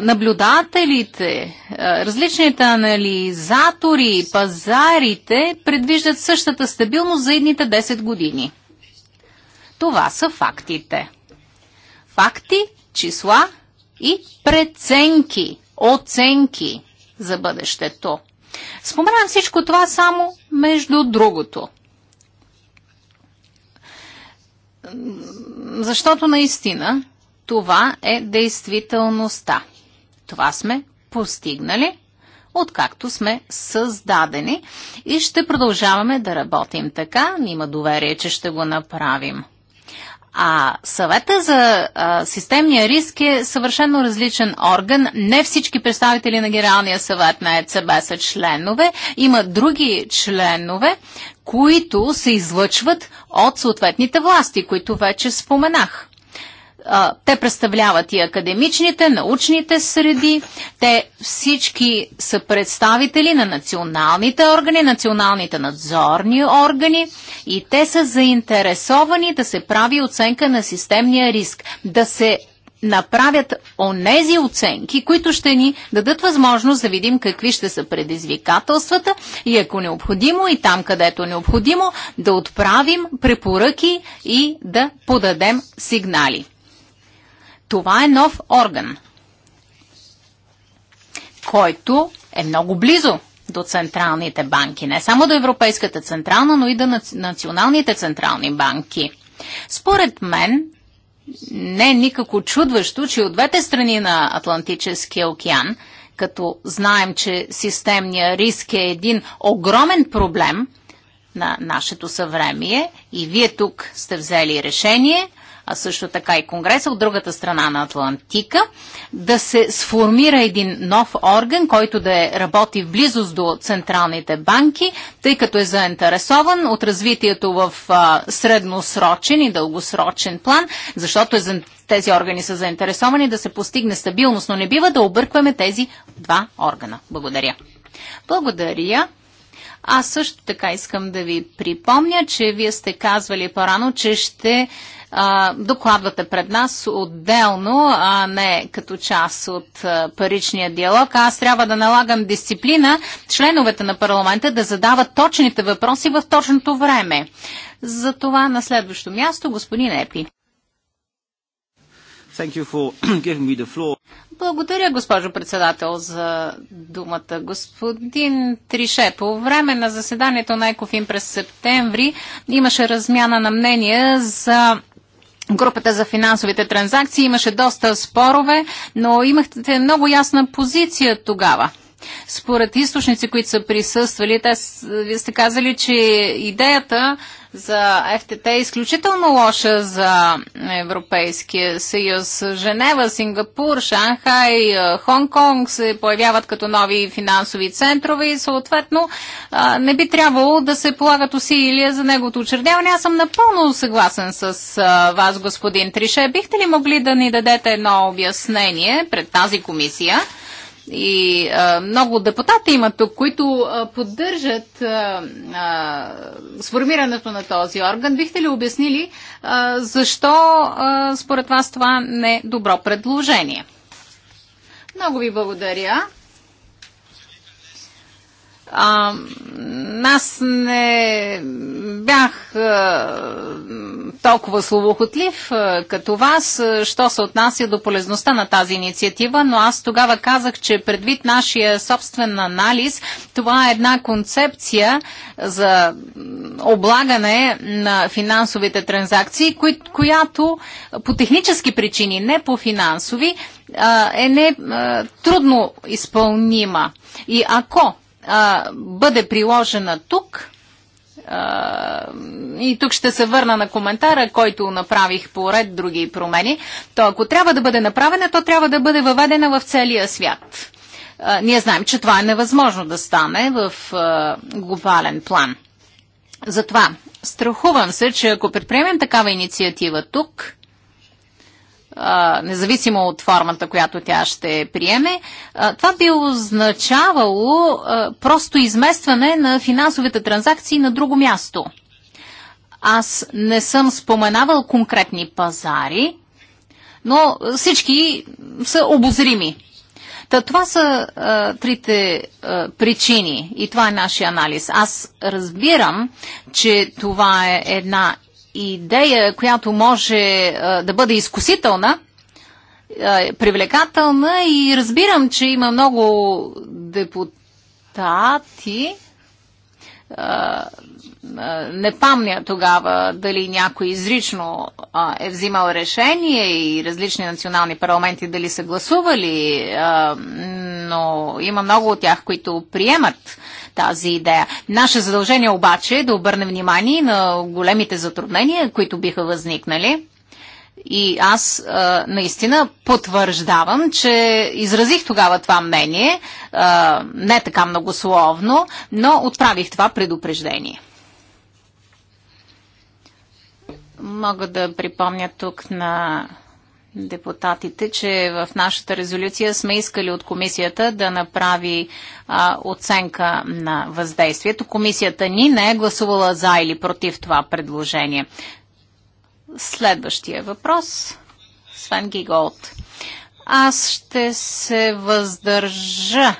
наблюдателите, различните анализатори, пазарите предвиждат същата стабилност за едните 10 години. Това са фактите. Факти, числа и преценки, оценки за бъдещето. Споменам всичко това само между другото. Защото наистина това е действителността. Това сме постигнали, откакто сме създадени и ще продължаваме да работим така. Има доверие, че ще го направим. А съвета за а, системния риск е съвършено различен орган. Не всички представители на Генералния съвет на ЕЦБ са членове. Има други членове, които се излъчват от съответните власти, които вече споменах те представляват и академичните, научните среди, те всички са представители на националните органи, националните надзорни органи и те са заинтересовани да се прави оценка на системния риск, да се направят онези оценки, които ще ни дадат възможност да видим какви ще са предизвикателствата и ако необходимо и там където е необходимо да отправим препоръки и да подадем сигнали. Това е нов орган, който е много близо до централните банки, не само до Европейската централна, но и до националните централни банки. Според мен, не е никако чудващо, че от двете страни на Атлантическия океан, като знаем, че системния риск е един огромен проблем на нашето съвремие и вие тук сте взели решение – а също така и Конгреса от другата страна на Атлантика, да се сформира един нов орган, който да е работи в близост до централните банки, тъй като е заинтересован от развитието в а, средносрочен и дългосрочен план, защото е за... тези органи са заинтересовани да се постигне стабилност, но не бива да объркваме тези два органа. Благодаря. Благодаря. Аз също така искам да ви припомня, че вие сте казвали по-рано, че ще а, докладвате пред нас отделно, а не като част от а, паричния диалог. Аз трябва да налагам дисциплина членовете на парламента да задават точните въпроси в точното време. За това на следващо място господин Епи. Благодаря, госпожо председател, за думата. Господин Трише, по време на заседанието на Екофин през септември имаше размяна на мнения за групата за финансовите транзакции имаше доста спорове, но имахте много ясна позиция тогава. Според източници, които са присъствали, те, вие сте казали, че идеята за ФТТ е изключително лоша за Европейския съюз. Женева, Сингапур, Шанхай, е, Хонг-Конг се появяват като нови финансови центрове и съответно не би трябвало да се полагат усилия за неговото учредяване. Аз съм напълно съгласен с вас, господин Трише. Бихте ли могли да ни дадете едно обяснение пред тази комисия? И а, много депутати има тук, които а, поддържат а, а, сформирането на този орган. Бихте ли обяснили а, защо а, според вас това не е добро предложение? Много ви благодаря. А, аз не бях а, толкова словохотлив а, като вас, а, що се отнася до полезността на тази инициатива, но аз тогава казах, че предвид нашия собствен анализ, това е една концепция за облагане на финансовите транзакции, кои, която по технически причини, не по финансови, а, е не а, трудно изпълнима. И ако а, бъде приложена тук. А, и тук ще се върна на коментара, който направих по ред други промени. То ако трябва да бъде направена, то трябва да бъде въведена в целия свят. А, ние знаем, че това е невъзможно да стане в а, глобален план. Затова страхувам се, че ако предприемем такава инициатива тук, независимо от формата, която тя ще приеме, това би означавало просто изместване на финансовите транзакции на друго място. Аз не съм споменавал конкретни пазари, но всички са обозрими. Та, това са а, трите а, причини и това е нашия анализ. Аз разбирам, че това е една идея, която може да бъде изкусителна, привлекателна и разбирам, че има много депутати. Не памня тогава дали някой изрично е взимал решение и различни национални парламенти дали са гласували, но има много от тях, които приемат тази идея. Наше задължение обаче е да обърнем внимание на големите затруднения, които биха възникнали. И аз а, наистина потвърждавам, че изразих тогава това мнение, а, не така многословно, но отправих това предупреждение. Мога да припомня тук на депутатите, че в нашата резолюция сме искали от комисията да направи а, оценка на въздействието. Комисията ни не е гласувала за или против това предложение. Следващия въпрос. Свен Гиголт. Аз ще се въздържа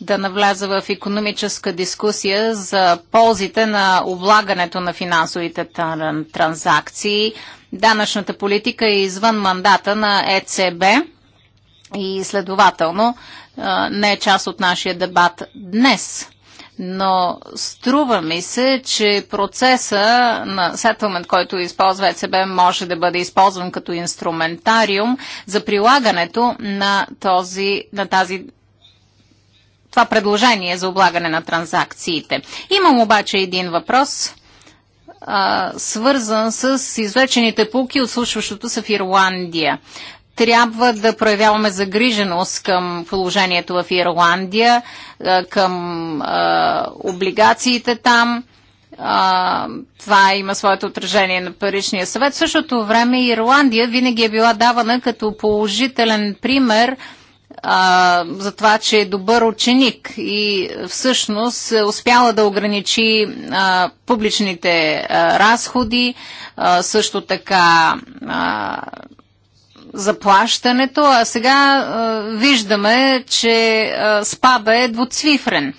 да навляза в економическа дискусия за ползите на облагането на финансовите транзакции данъчната политика е извън мандата на ЕЦБ и следователно не е част от нашия дебат днес. Но струва ми се, че процеса на сетълмент, който използва ЕЦБ, може да бъде използван като инструментариум за прилагането на, този, на тази това предложение за облагане на транзакциите. Имам обаче един въпрос а, свързан с извлечените пулки от случващото се в Ирландия. Трябва да проявяваме загриженост към положението в Ирландия, към а, облигациите там. А, това има своето отражение на Паричния съвет. В същото време Ирландия винаги е била давана като положителен пример а, за това, че е добър ученик и всъщност е успяла да ограничи а, публичните а, разходи, а, също така а, заплащането, а сега а, виждаме, че а, спада е двуцифрен.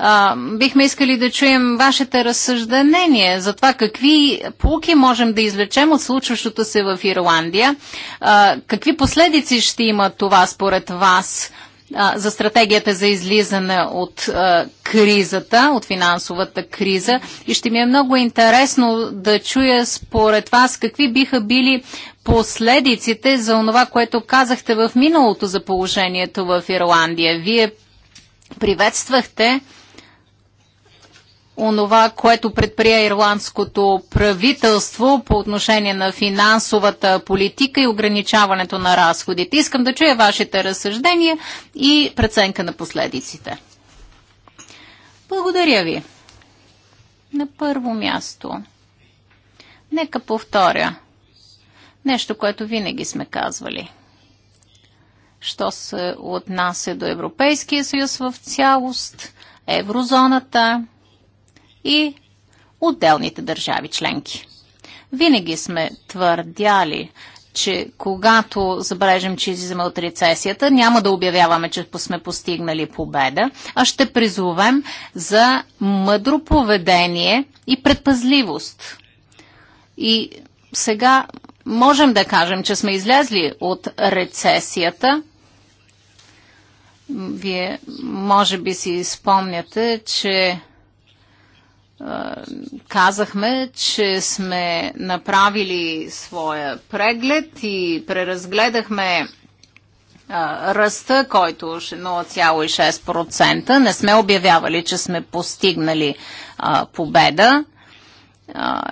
А, бихме искали да чуем вашите разсъждения за това какви полки можем да извлечем от случващото се в Ирландия. А, какви последици ще има това според вас а, за стратегията за излизане от а, кризата, от финансовата криза? И ще ми е много интересно да чуя според вас какви биха били последиците за това, което казахте в миналото за положението в Ирландия. Вие приветствахте онова, което предприе ирландското правителство по отношение на финансовата политика и ограничаването на разходите. Искам да чуя вашите разсъждения и преценка на последиците. Благодаря ви. На първо място. Нека повторя нещо, което винаги сме казвали. Що се отнася до Европейския съюз в цялост, еврозоната – и отделните държави членки. Винаги сме твърдяли, че когато забележим, че излизаме от рецесията, няма да обявяваме, че сме постигнали победа, а ще призовем за мъдро поведение и предпазливост. И сега можем да кажем, че сме излезли от рецесията. Вие може би си спомняте, че казахме, че сме направили своя преглед и преразгледахме ръста, който е 0,6%. Не сме обявявали, че сме постигнали победа.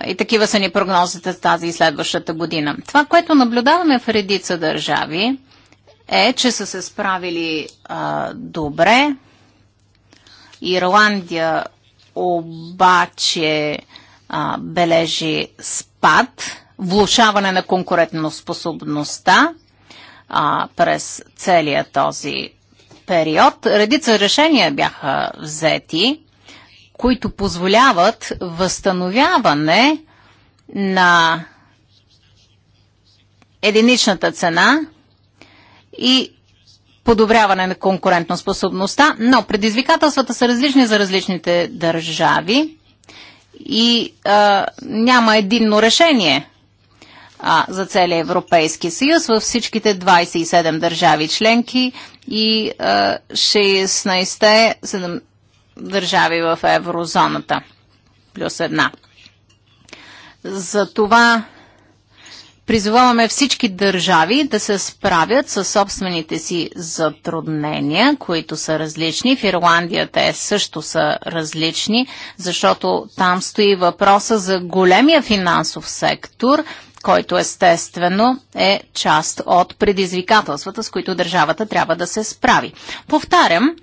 и такива са ни прогнозите с тази и следващата година. Това, което наблюдаваме в редица държави, е, че са се справили а, добре. Ирландия обаче а, бележи спад, влушаване на конкурентоспособността а, през целия този период. Редица решения бяха взети, които позволяват възстановяване на единичната цена и подобряване на конкурентоспособността, но предизвикателствата са различни за различните държави и а, няма единно решение а, за целия Европейски съюз във всичките 27 държави членки и а, 16-те държави в еврозоната плюс една. За това Призоваваме всички държави да се справят с собствените си затруднения, които са различни. В Ирландия те също са различни, защото там стои въпроса за големия финансов сектор, който естествено е част от предизвикателствата, с които държавата трябва да се справи. Повтарям,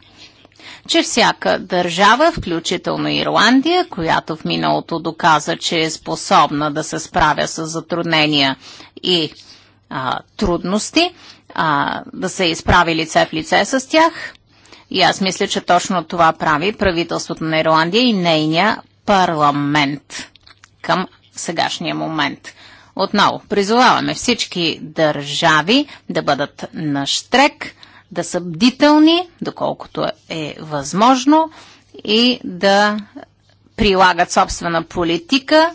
че всяка държава, включително Ирландия, която в миналото доказа, че е способна да се справя с затруднения и а, трудности, а, да се изправи лице в лице с тях. И аз мисля, че точно това прави правителството на Ирландия и нейния парламент към сегашния момент. Отново, призоваваме всички държави да бъдат на штрек да са бдителни, доколкото е възможно, и да прилагат собствена политика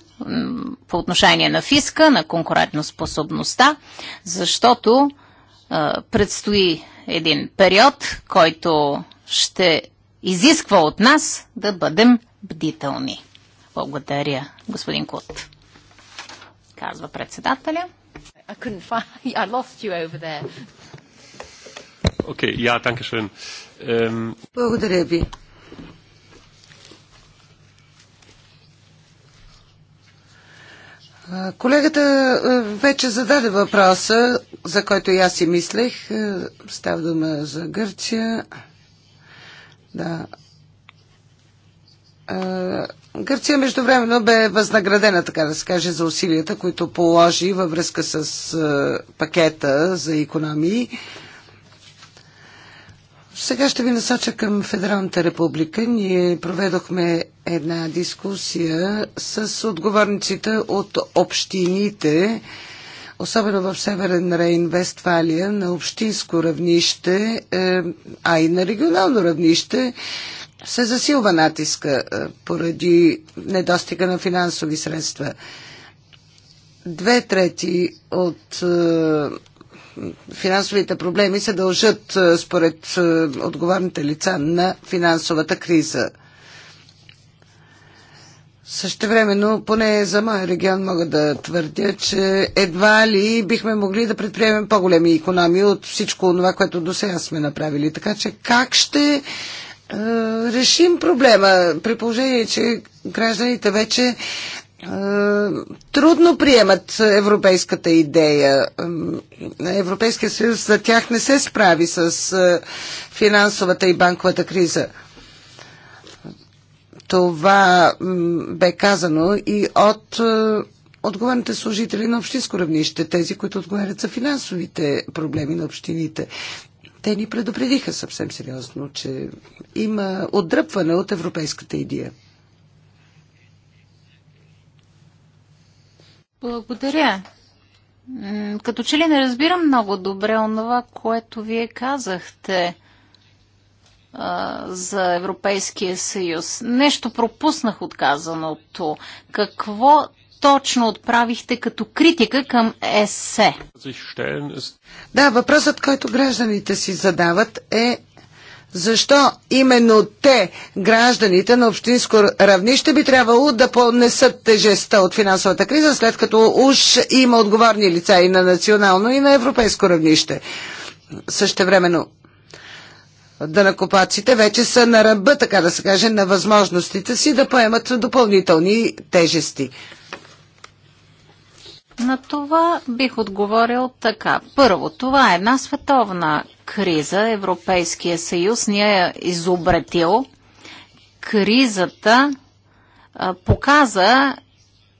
по отношение на фиска, на конкурентоспособността, защото а, предстои един период, който ще изисква от нас да бъдем бдителни. Благодаря, господин Кут. Казва председателя. I couldn't find I lost you over there. Okay, ähm, Благодаря ви. Колегата вече зададе въпроса, за който и аз си мислех. Става дума за Гърция. Да. Гърция междувременно бе възнаградена, така да се каже, за усилията, които положи във връзка с пакета за економии. Сега ще ви насоча към Федералната република. Ние проведохме една дискусия с отговорниците от общините, особено в Северен Рейн, Вестфалия, на общинско равнище, е, а и на регионално равнище, се засилва натиска е, поради недостига на финансови средства. Две трети от е, финансовите проблеми се дължат е, според е, отговорните лица на финансовата криза. Същевременно, поне за моя регион мога да твърдя, че едва ли бихме могли да предприемем по-големи економии от всичко това, което до сега сме направили. Така че как ще е, решим проблема при положение, че гражданите вече е, трудно приемат европейската идея. Е, Европейския съюз за тях не се справи с е, финансовата и банковата криза. Това бе казано и от отговорните служители на общинско равнище, тези, които отговарят за финансовите проблеми на общините. Те ни предупредиха съвсем сериозно, че има отдръпване от европейската идея. Благодаря. Като че ли не разбирам много добре онова, което вие казахте а, за Европейския съюз. Нещо пропуснах отказаното. Какво точно отправихте като критика към ЕСЕ? Е? Да, въпросът, който гражданите си задават е защо именно те, гражданите на общинско равнище, би трябвало да понесат тежестта от финансовата криза, след като уж има отговорни лица и на национално, и на европейско равнище? да дънакопаците вече са на ръба, така да се каже, на възможностите си да поемат допълнителни тежести. На това бих отговорил така. Първо, това е една световна криза. Европейския съюз ни е изобретил. Кризата а, показа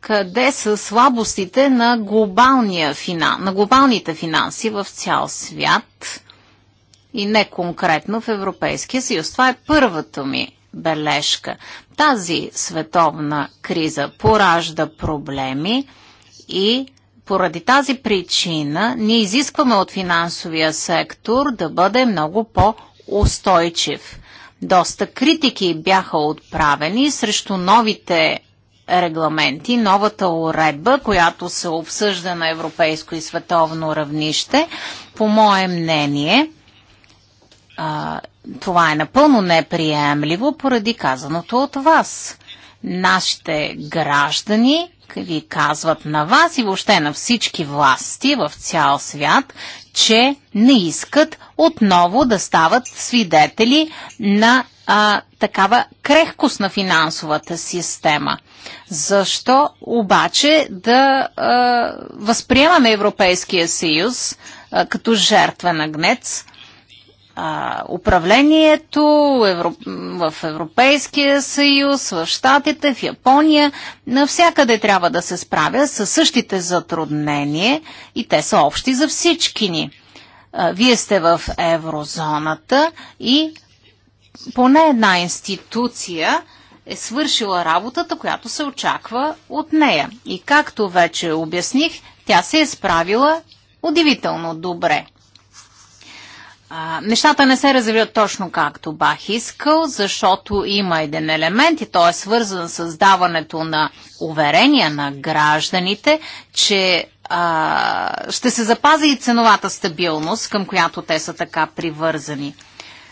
къде са слабостите на, глобалния финан, на глобалните финанси в цял свят и не конкретно в Европейския съюз. Това е първата ми бележка. Тази световна криза поражда проблеми и поради тази причина ние изискваме от финансовия сектор да бъде много по-устойчив. Доста критики бяха отправени срещу новите регламенти, новата уредба, която се обсъжда на европейско и световно равнище. По мое мнение, това е напълно неприемливо поради казаното от вас. Нашите граждани ви казват на вас и въобще на всички власти в цял свят, че не искат отново да стават свидетели на а, такава крехкост на финансовата система. Защо обаче да а, възприемаме Европейския съюз а, като жертва на гнец? управлението евро... в Европейския съюз, в Штатите, в Япония. Навсякъде трябва да се справя с същите затруднения и те са общи за всички ни. вие сте в еврозоната и поне една институция е свършила работата, която се очаква от нея. И както вече обясних, тя се е справила удивително добре а, нещата не се развиват точно както бах искал, защото има един елемент и той е свързан с даването на уверения на гражданите, че а, ще се запази и ценовата стабилност, към която те са така привързани.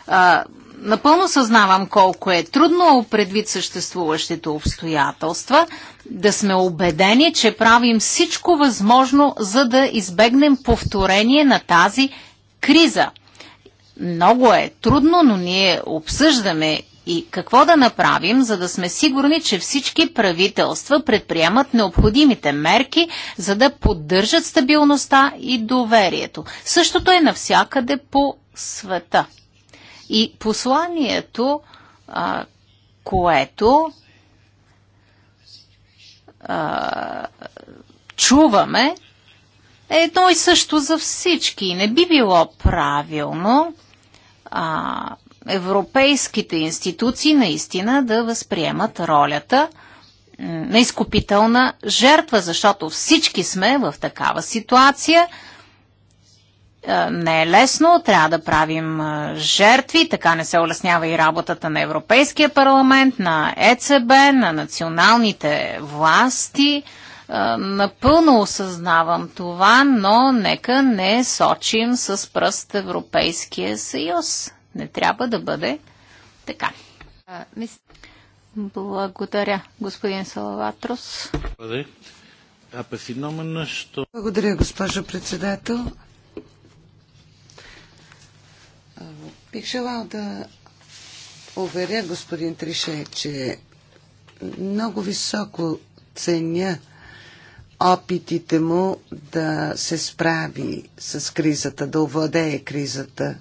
А, напълно съзнавам колко е трудно предвид съществуващите обстоятелства да сме убедени, че правим всичко възможно, за да избегнем повторение на тази криза – много е трудно, но ние обсъждаме и какво да направим, за да сме сигурни, че всички правителства предприемат необходимите мерки, за да поддържат стабилността и доверието. Същото е навсякъде по света. И посланието, а, което а, чуваме, е едно и също за всички. Не би било правилно а, европейските институции наистина да възприемат ролята на изкупителна жертва, защото всички сме в такава ситуация. Не е лесно, трябва да правим жертви, така не се улеснява и работата на Европейския парламент, на ЕЦБ, на националните власти. Напълно осъзнавам това, но нека не сочим с пръст Европейския съюз. Не трябва да бъде така. Благодаря, господин Салаватрос. Благодаря, госпожо председател. Бих желал да уверя господин Трише, че много високо ценя опитите му да се справи с кризата, да овладее кризата.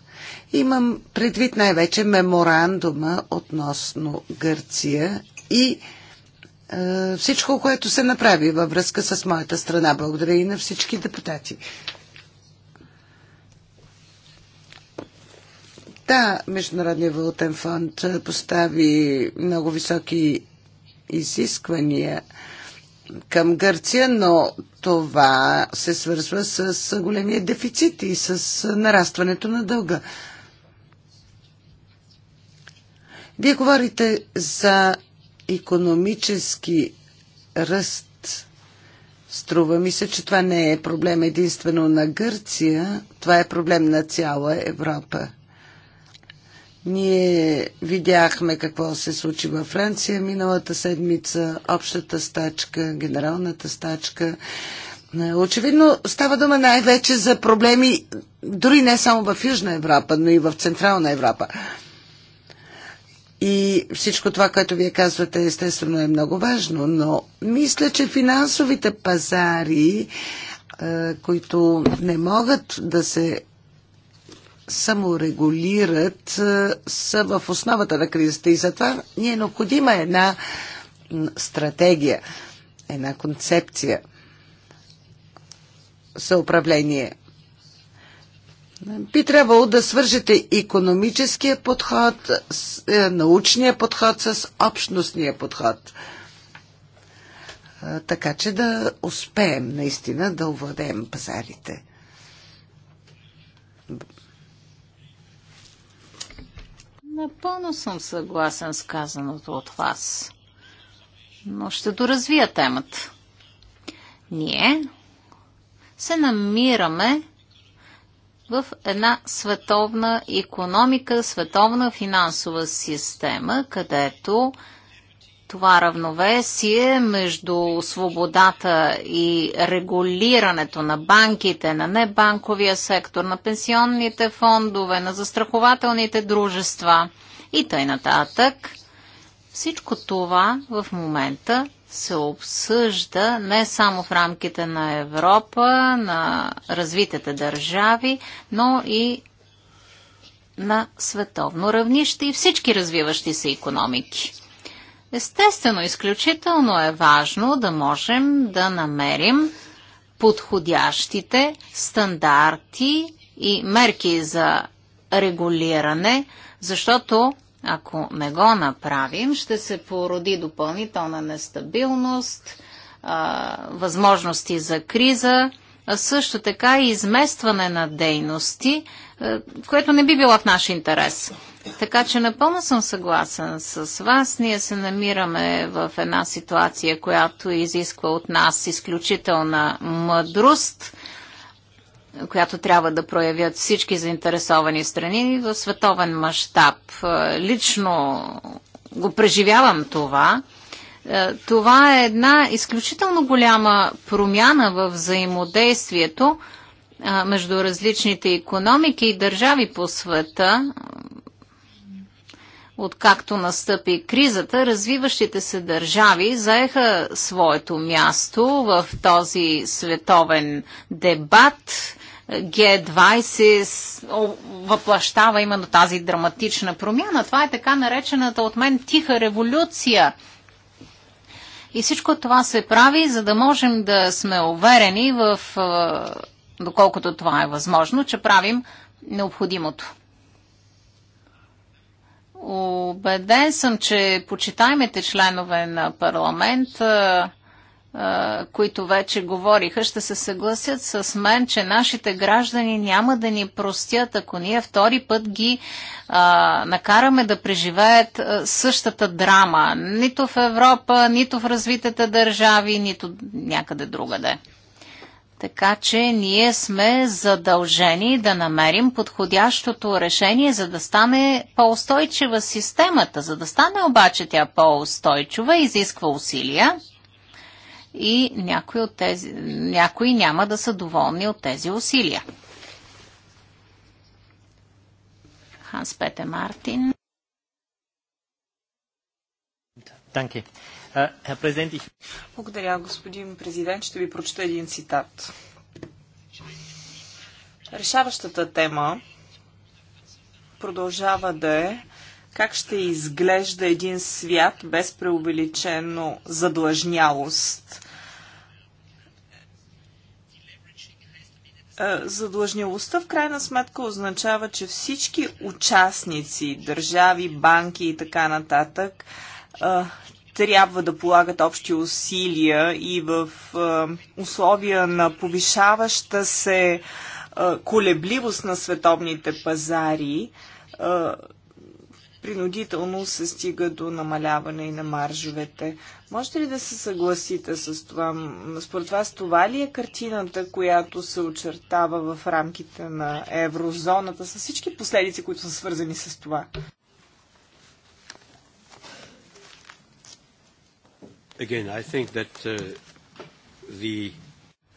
Имам предвид най-вече меморандума относно Гърция и е, всичко, което се направи във връзка с моята страна. Благодаря и на всички депутати. Да, Международния валутен фонд е, постави много високи изисквания към Гърция, но това се свързва с големия дефицит и с нарастването на дълга. Вие говорите за економически ръст. Струва ми се, че това не е проблем единствено на Гърция, това е проблем на цяла Европа. Ние видяхме какво се случи във Франция миналата седмица, общата стачка, генералната стачка. Е, очевидно става дума най-вече за проблеми дори не само в Южна Европа, но и в Централна Европа. И всичко това, което вие казвате, естествено е много важно, но мисля, че финансовите пазари, е, които не могат да се саморегулират е, са в основата на кризата и затова ни е необходима една стратегия, една концепция за управление. Би трябвало да свържете економическия подход, е, научния подход с общностния подход. Е, така че да успеем наистина да овладеем пазарите. Напълно съм съгласен с казаното от вас. Но ще доразвия темата. Ние се намираме в една световна економика, световна финансова система, където това равновесие между свободата и регулирането на банките, на небанковия сектор, на пенсионните фондове, на застрахователните дружества и тъй нататък. Всичко това в момента се обсъжда не само в рамките на Европа, на развитите държави, но и на световно равнище и всички развиващи се економики. Естествено, изключително е важно да можем да намерим подходящите стандарти и мерки за регулиране, защото ако не го направим, ще се породи допълнителна нестабилност, възможности за криза, а също така и изместване на дейности, което не би било в наш интерес. Така че напълно съм съгласен с вас. Ние се намираме в една ситуация, която изисква от нас изключителна мъдрост, която трябва да проявят всички заинтересовани страни в световен мащаб. Лично го преживявам това. Е, това е една изключително голяма промяна в взаимодействието е, между различните економики и държави по света Откакто настъпи кризата, развиващите се държави заеха своето място в този световен дебат. g 20 въплащава именно тази драматична промяна. Това е така наречената от мен тиха революция. И всичко това се прави, за да можем да сме уверени в, е, доколкото това е възможно, че правим необходимото. Обеден съм, че почитаемите членове на парламент, които вече говориха, ще се съгласят с мен, че нашите граждани няма да ни простят, ако ние втори път ги а, накараме да преживеят същата драма. Нито в Европа, нито в развитите държави, нито някъде другаде. Така че ние сме задължени да намерим подходящото решение, за да стане по-устойчива системата. За да стане обаче тя по-устойчива, изисква усилия и някои, от тези, някои няма да са доволни от тези усилия. Ханс Пете Мартин. you. Е, Благодаря, господин президент. Ще ви прочета един цитат. Решаващата тема продължава да е как ще изглежда един свят без преувеличено задлъжнялост. Е, задлъжнялостта в крайна сметка означава, че всички участници, държави, банки и така нататък, е, трябва да полагат общи усилия и в условия на повишаваща се колебливост на световните пазари, принудително се стига до намаляване и на маржовете. Можете ли да се съгласите с това? Според вас това ли е картината, която се очертава в рамките на еврозоната, с всички последици, които са свързани с това? Again, I think that, uh, the...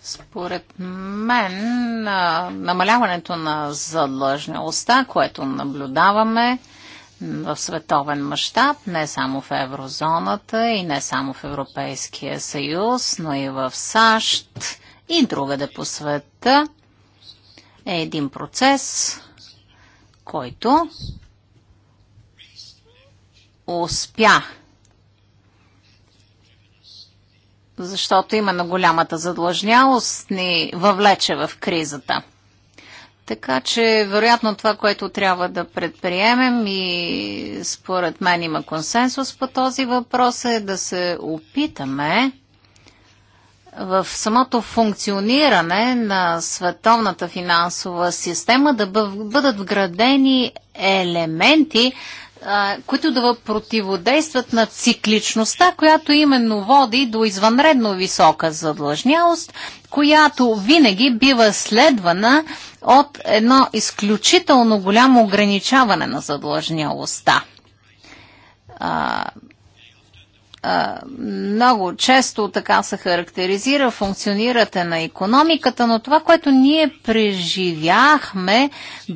Според мен, намаляването на задлъжнялостта, което наблюдаваме в световен мащаб, не само в еврозоната и не само в Европейския съюз, но и в САЩ и другаде по света, е един процес, който успя защото именно голямата задлъжнялост ни въвлече в кризата. Така че, вероятно, това, което трябва да предприемем и според мен има консенсус по този въпрос е да се опитаме в самото функциониране на световната финансова система да бъдат вградени елементи които да противодействат на цикличността, която именно води до извънредно висока задлъжнялост, която винаги бива следвана от едно изключително голямо ограничаване на задлъжнялостта много често така се характеризира функционирате на економиката, но това, което ние преживяхме,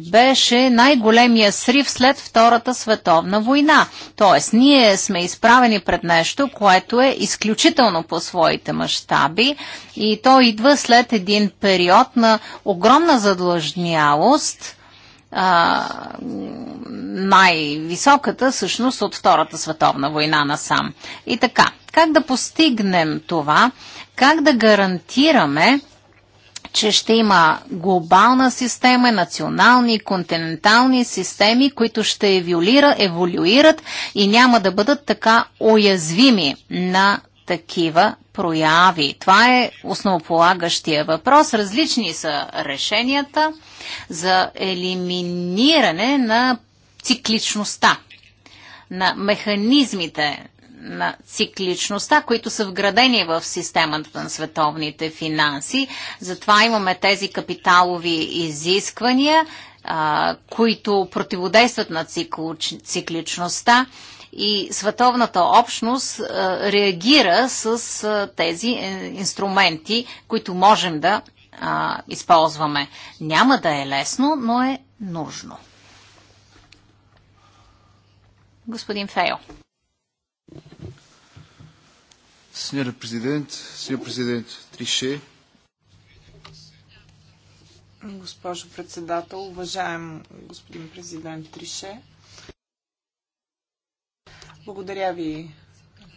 беше най-големия срив след Втората световна война. Тоест, ние сме изправени пред нещо, което е изключително по своите мащаби и то идва след един период на огромна задлъжнялост – най-високата, всъщност от Втората световна война насам. И така, как да постигнем това? Как да гарантираме, че ще има глобална система, национални, континентални системи, които ще еволюира, еволюират и няма да бъдат така уязвими на такива прояви. Това е основополагащия въпрос. Различни са решенията за елиминиране на цикличността, на механизмите на цикличността, които са вградени в системата на световните финанси. Затова имаме тези капиталови изисквания, а, които противодействат на цикличността и световната общност а, реагира с а, тези е, инструменти, които можем да а, използваме. Няма да е лесно, но е нужно. Господин Фейл. Сеньор президент, сеньор президент Трише. Госпожо председател, уважаем господин президент Трише. Благодаря ви,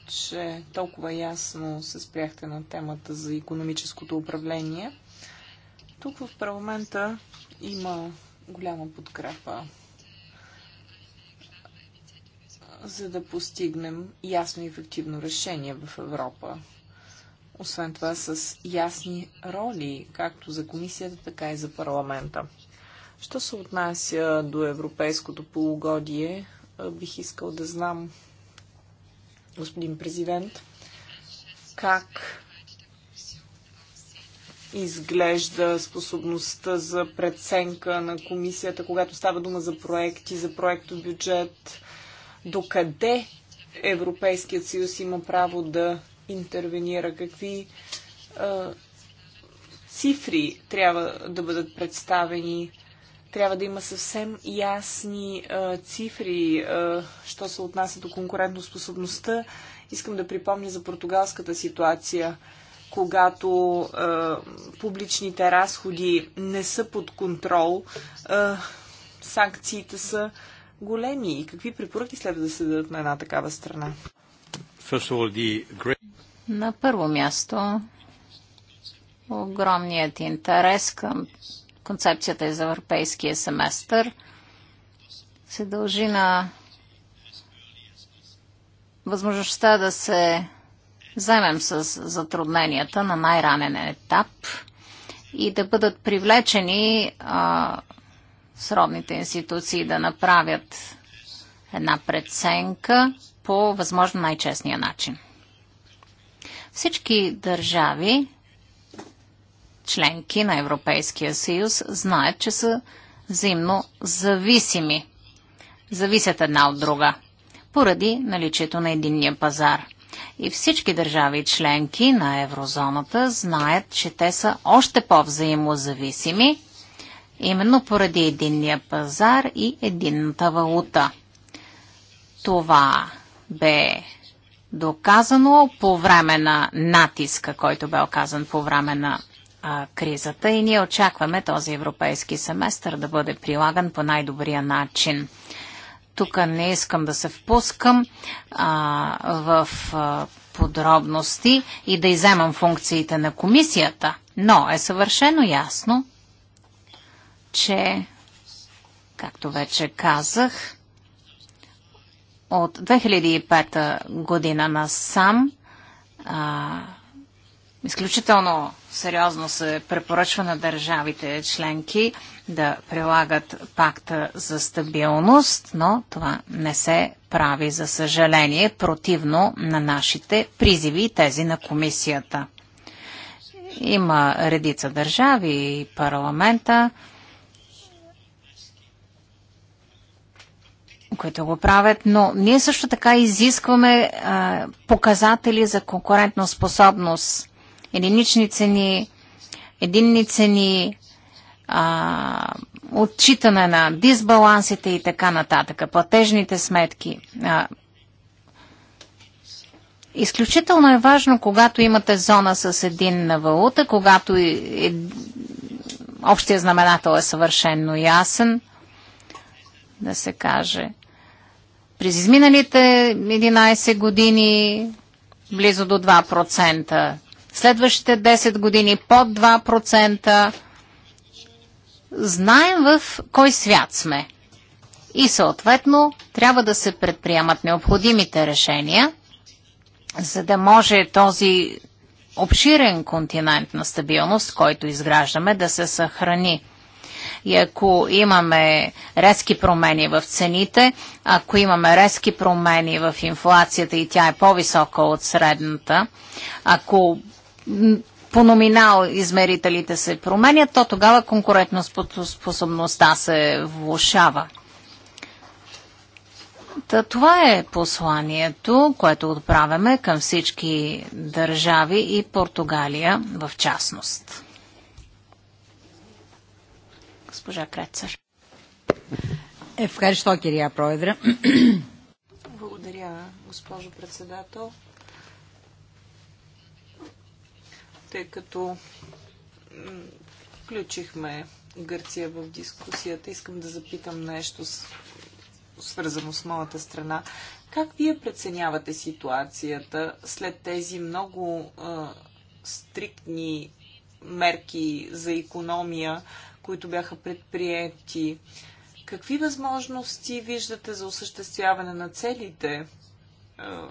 че толкова ясно се спряхте на темата за економическото управление. Тук в парламента има голяма подкрепа за да постигнем ясно и ефективно решение в Европа. Освен това с ясни роли, както за комисията, така и за парламента. Що се отнася до европейското полугодие, бих искал да знам, господин президент, как изглежда способността за преценка на комисията, когато става дума за проекти, за проекто бюджет, докъде Европейският съюз има право да интервенира, какви а, цифри трябва да бъдат представени, трябва да има съвсем ясни а, цифри, а, що се отнася до конкурентоспособността. Искам да припомня за португалската ситуация – когато е, публичните разходи не са под контрол, е, санкциите са големи. И какви препоръки следва да се дадат на една такава страна? На първо място, огромният интерес към концепцията е за европейския семестър се дължи на възможността да се Заемем с затрудненията на най-ранен етап и да бъдат привлечени а, сродните институции да направят една преценка по възможно най-честния начин. Всички държави, членки на Европейския съюз, знаят, че са взаимно зависими. Зависят една от друга, поради наличието на единния пазар. И всички държави членки на еврозоната знаят, че те са още по-взаимозависими, именно поради единния пазар и единната валута. Това бе доказано по време на натиска, който бе оказан по време на а, кризата и ние очакваме този европейски семестър да бъде прилаган по най-добрия начин. Тук не искам да се впускам а, в а, подробности и да иземам функциите на комисията, но е съвършено ясно, че, както вече казах, от 2005 година насам а, изключително сериозно се препоръчва на държавите членки да прилагат пакта за стабилност, но това не се прави, за съжаление, противно на нашите призиви и тези на комисията. Има редица държави и парламента, които го правят, но ние също така изискваме а, показатели за конкурентна способност, единични цени, единни цени, а, отчитане на дисбалансите и така нататък, платежните сметки. А, изключително е важно, когато имате зона с един на валута, когато е, общия знаменател е съвършенно ясен, да се каже. През изминалите 11 години близо до 2%, следващите 10 години под 2%, знаем в кой свят сме. И съответно трябва да се предприемат необходимите решения, за да може този обширен континент на стабилност, който изграждаме, да се съхрани. И ако имаме резки промени в цените, ако имаме резки промени в инфлацията и тя е по-висока от средната, ако по номинал измерителите се променят, то тогава конкурентоспособността се влушава. Та, това е посланието, което отправяме към всички държави и Португалия в частност. Госпожа Крецър. кирия Благодаря, госпожо председател. тъй като включихме Гърция в дискусията, искам да запитам нещо свързано с моята страна. Как вие преценявате ситуацията след тези много а, стриктни мерки за економия, които бяха предприяти? Какви възможности виждате за осъществяване на целите? А,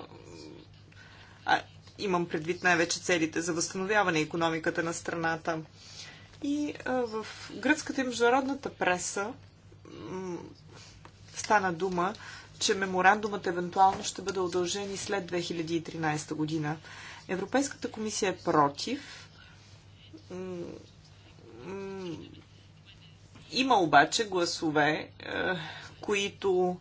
Имам предвид най-вече целите за възстановяване економиката на страната. И в гръцката и международната преса стана дума, че меморандумът евентуално ще бъде удължен и след 2013 година. Европейската комисия е против. Има обаче гласове, е, които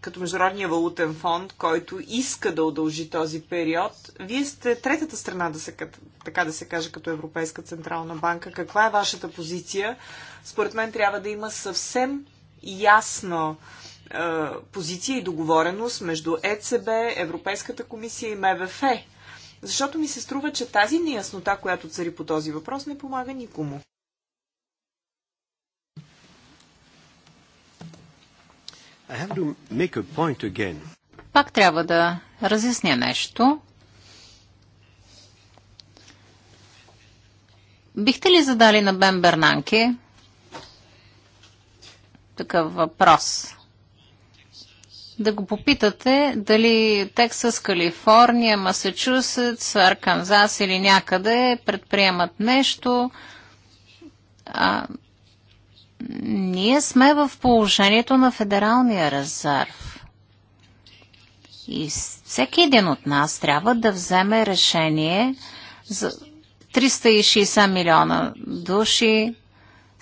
като Международния валутен фонд, който иска да удължи този период. Вие сте третата страна, да се, така да се каже, като Европейска Централна банка. Каква е вашата позиция? Според мен трябва да има съвсем ясна е, позиция и договореност между ЕЦБ, Европейската комисия и МВФ. Защото ми се струва, че тази неяснота, която цари по този въпрос, не помага никому. Пак трябва да разясня нещо. Бихте ли задали на Бен Бернанке такъв въпрос? Да го попитате дали Тексас, Калифорния, Масачусетс, Арканзас или някъде предприемат нещо, а, ние сме в положението на Федералния резерв. И всеки един от нас трябва да вземе решение за 360 милиона души,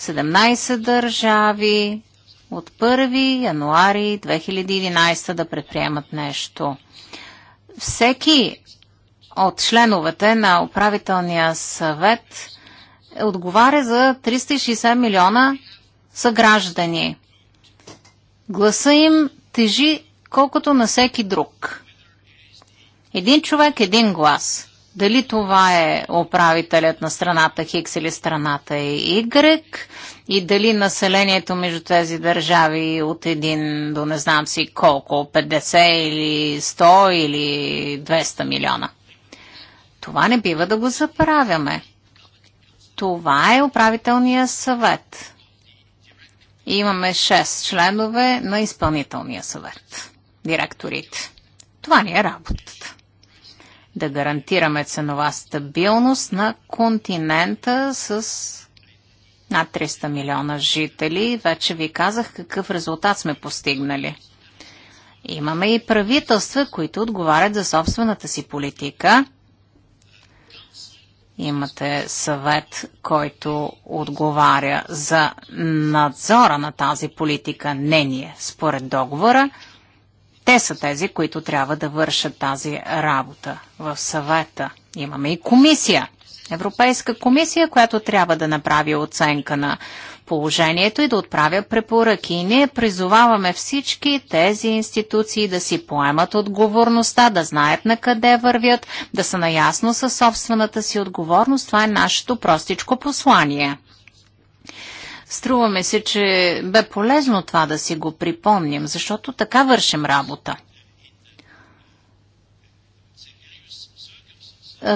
17 държави от 1 януари 2011 да предприемат нещо. Всеки от членовете на управителния съвет отговаря за 360 милиона са граждани. Гласа им тежи колкото на всеки друг. Един човек, един глас. Дали това е управителят на страната Хикс или страната е Y, и дали населението между тези държави от един до не знам си колко, 50 или 100 или 200 милиона. Това не бива да го заправяме. Това е управителният съвет. И имаме 6 членове на изпълнителния съвет, директорите. Това ни е работата. Да гарантираме ценова стабилност на континента с над 300 милиона жители. Вече ви казах какъв резултат сме постигнали. Имаме и правителства, които отговарят за собствената си политика – Имате съвет, който отговаря за надзора на тази политика, не ние, според договора. Те са тези, които трябва да вършат тази работа в съвета. Имаме и комисия, Европейска комисия, която трябва да направи оценка на положението и да отправя препоръки. И ние призоваваме всички тези институции да си поемат отговорността, да знаят на къде вървят, да са наясно със собствената си отговорност. Това е нашето простичко послание. Струваме се, че бе полезно това да си го припомним, защото така вършим работа.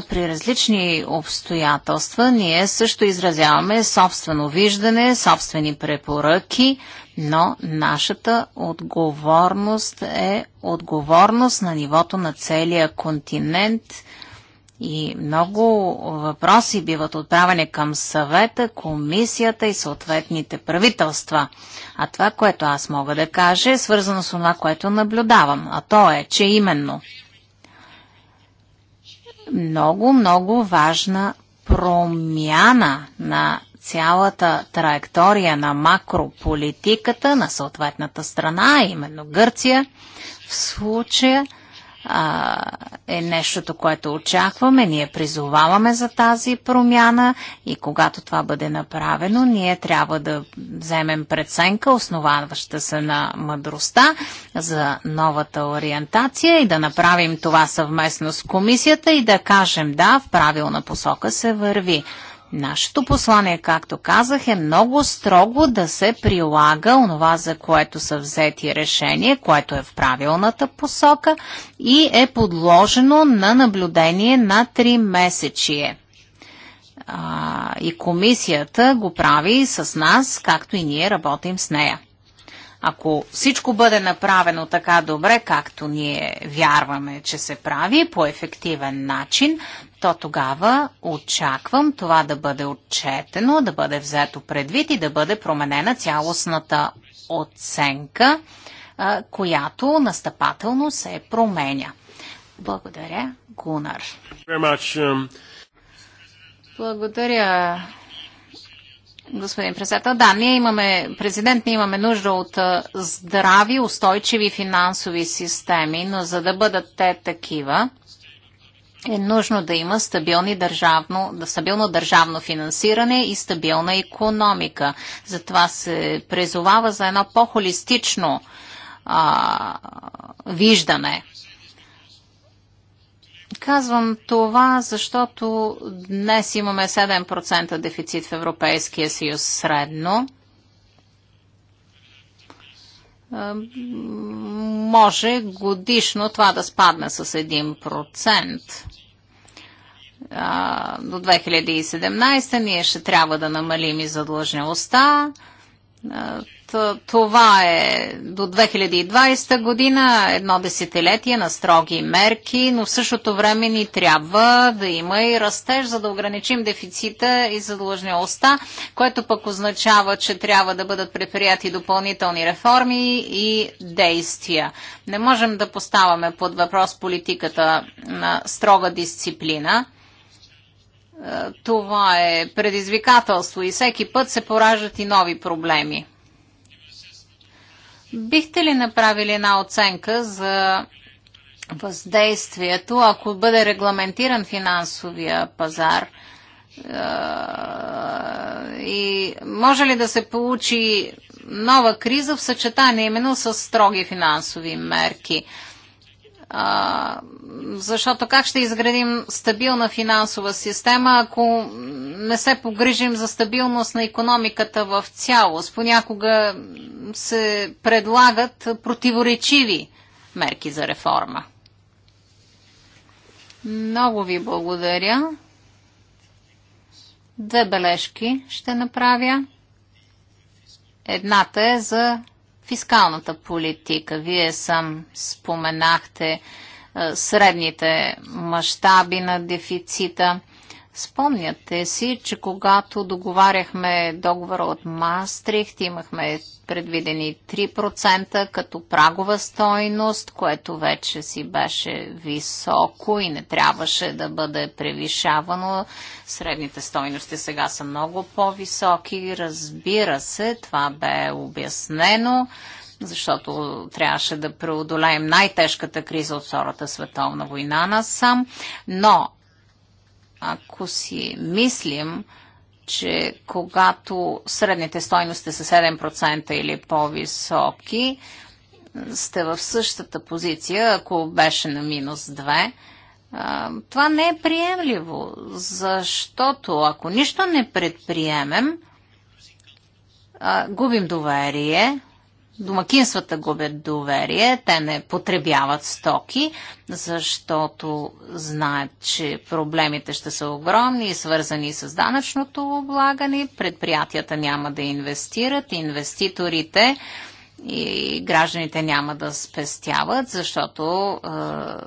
при различни обстоятелства ние също изразяваме собствено виждане, собствени препоръки, но нашата отговорност е отговорност на нивото на целия континент и много въпроси биват отправени към съвета, комисията и съответните правителства. А това, което аз мога да кажа, е свързано с това, което наблюдавам, а то е, че именно – много, много важна промяна на цялата траектория на макрополитиката на съответната страна, именно Гърция, в случая – а, е нещото, което очакваме. Ние призоваваме за тази промяна и когато това бъде направено, ние трябва да вземем преценка, основаваща се на мъдростта за новата ориентация и да направим това съвместно с комисията и да кажем да, в правилна посока се върви. Нашето послание, както казах, е много строго да се прилага онова, за което са взети решение, което е в правилната посока и е подложено на наблюдение на три месечие. А, и комисията го прави с нас, както и ние работим с нея. Ако всичко бъде направено така добре, както ние вярваме, че се прави по ефективен начин, то тогава очаквам това да бъде отчетено, да бъде взето предвид и да бъде променена цялостната оценка, която настъпателно се променя. Благодаря, Гунар. Um, Благодаря, господин председател. Да, ние имаме, президент, ние имаме нужда от здрави, устойчиви финансови системи, но за да бъдат те такива, е нужно да има стабилни държавно, стабилно държавно финансиране и стабилна економика. Затова се призовава за едно по-холистично виждане. Казвам това, защото днес имаме 7% дефицит в Европейския съюз средно. Е, може годишно това да спадне с 1%. До 2017 ние ще трябва да намалим и задлъжнялостта. Е, това е до 2020 година едно десетилетие на строги мерки, но в същото време ни трябва да има и растеж, за да ограничим дефицита и задлъжнялостта, което пък означава, че трябва да бъдат предприяти допълнителни реформи и действия. Не можем да поставаме под въпрос политиката на строга дисциплина. Е, това е предизвикателство и всеки път се пораждат и нови проблеми. Бихте ли направили една оценка за въздействието, ако бъде регламентиран финансовия пазар? И може ли да се получи нова криза в съчетание именно с строги финансови мерки? А, защото как ще изградим стабилна финансова система, ако не се погрижим за стабилност на економиката в цялост? Понякога се предлагат противоречиви мерки за реформа. Много ви благодаря. Две бележки ще направя. Едната е за фискалната политика. Вие сам споменахте е, средните мащаби на дефицита. Спомняте си, че когато договаряхме договора от Мастрихт, имахме предвидени 3% като прагова стойност, което вече си беше високо и не трябваше да бъде превишавано. Средните стойности сега са много по-високи. Разбира се, това бе обяснено, защото трябваше да преодолеем най-тежката криза от Втората световна война насам. Но, ако си мислим, че когато средните стойности са 7% или по-високи, сте в същата позиция, ако беше на минус 2, това не е приемливо, защото ако нищо не предприемем, губим доверие, домакинствата губят доверие, те не потребяват стоки, защото знаят, че проблемите ще са огромни, свързани с данъчното облагане, предприятията няма да инвестират, инвеститорите и гражданите няма да спестяват, защото е,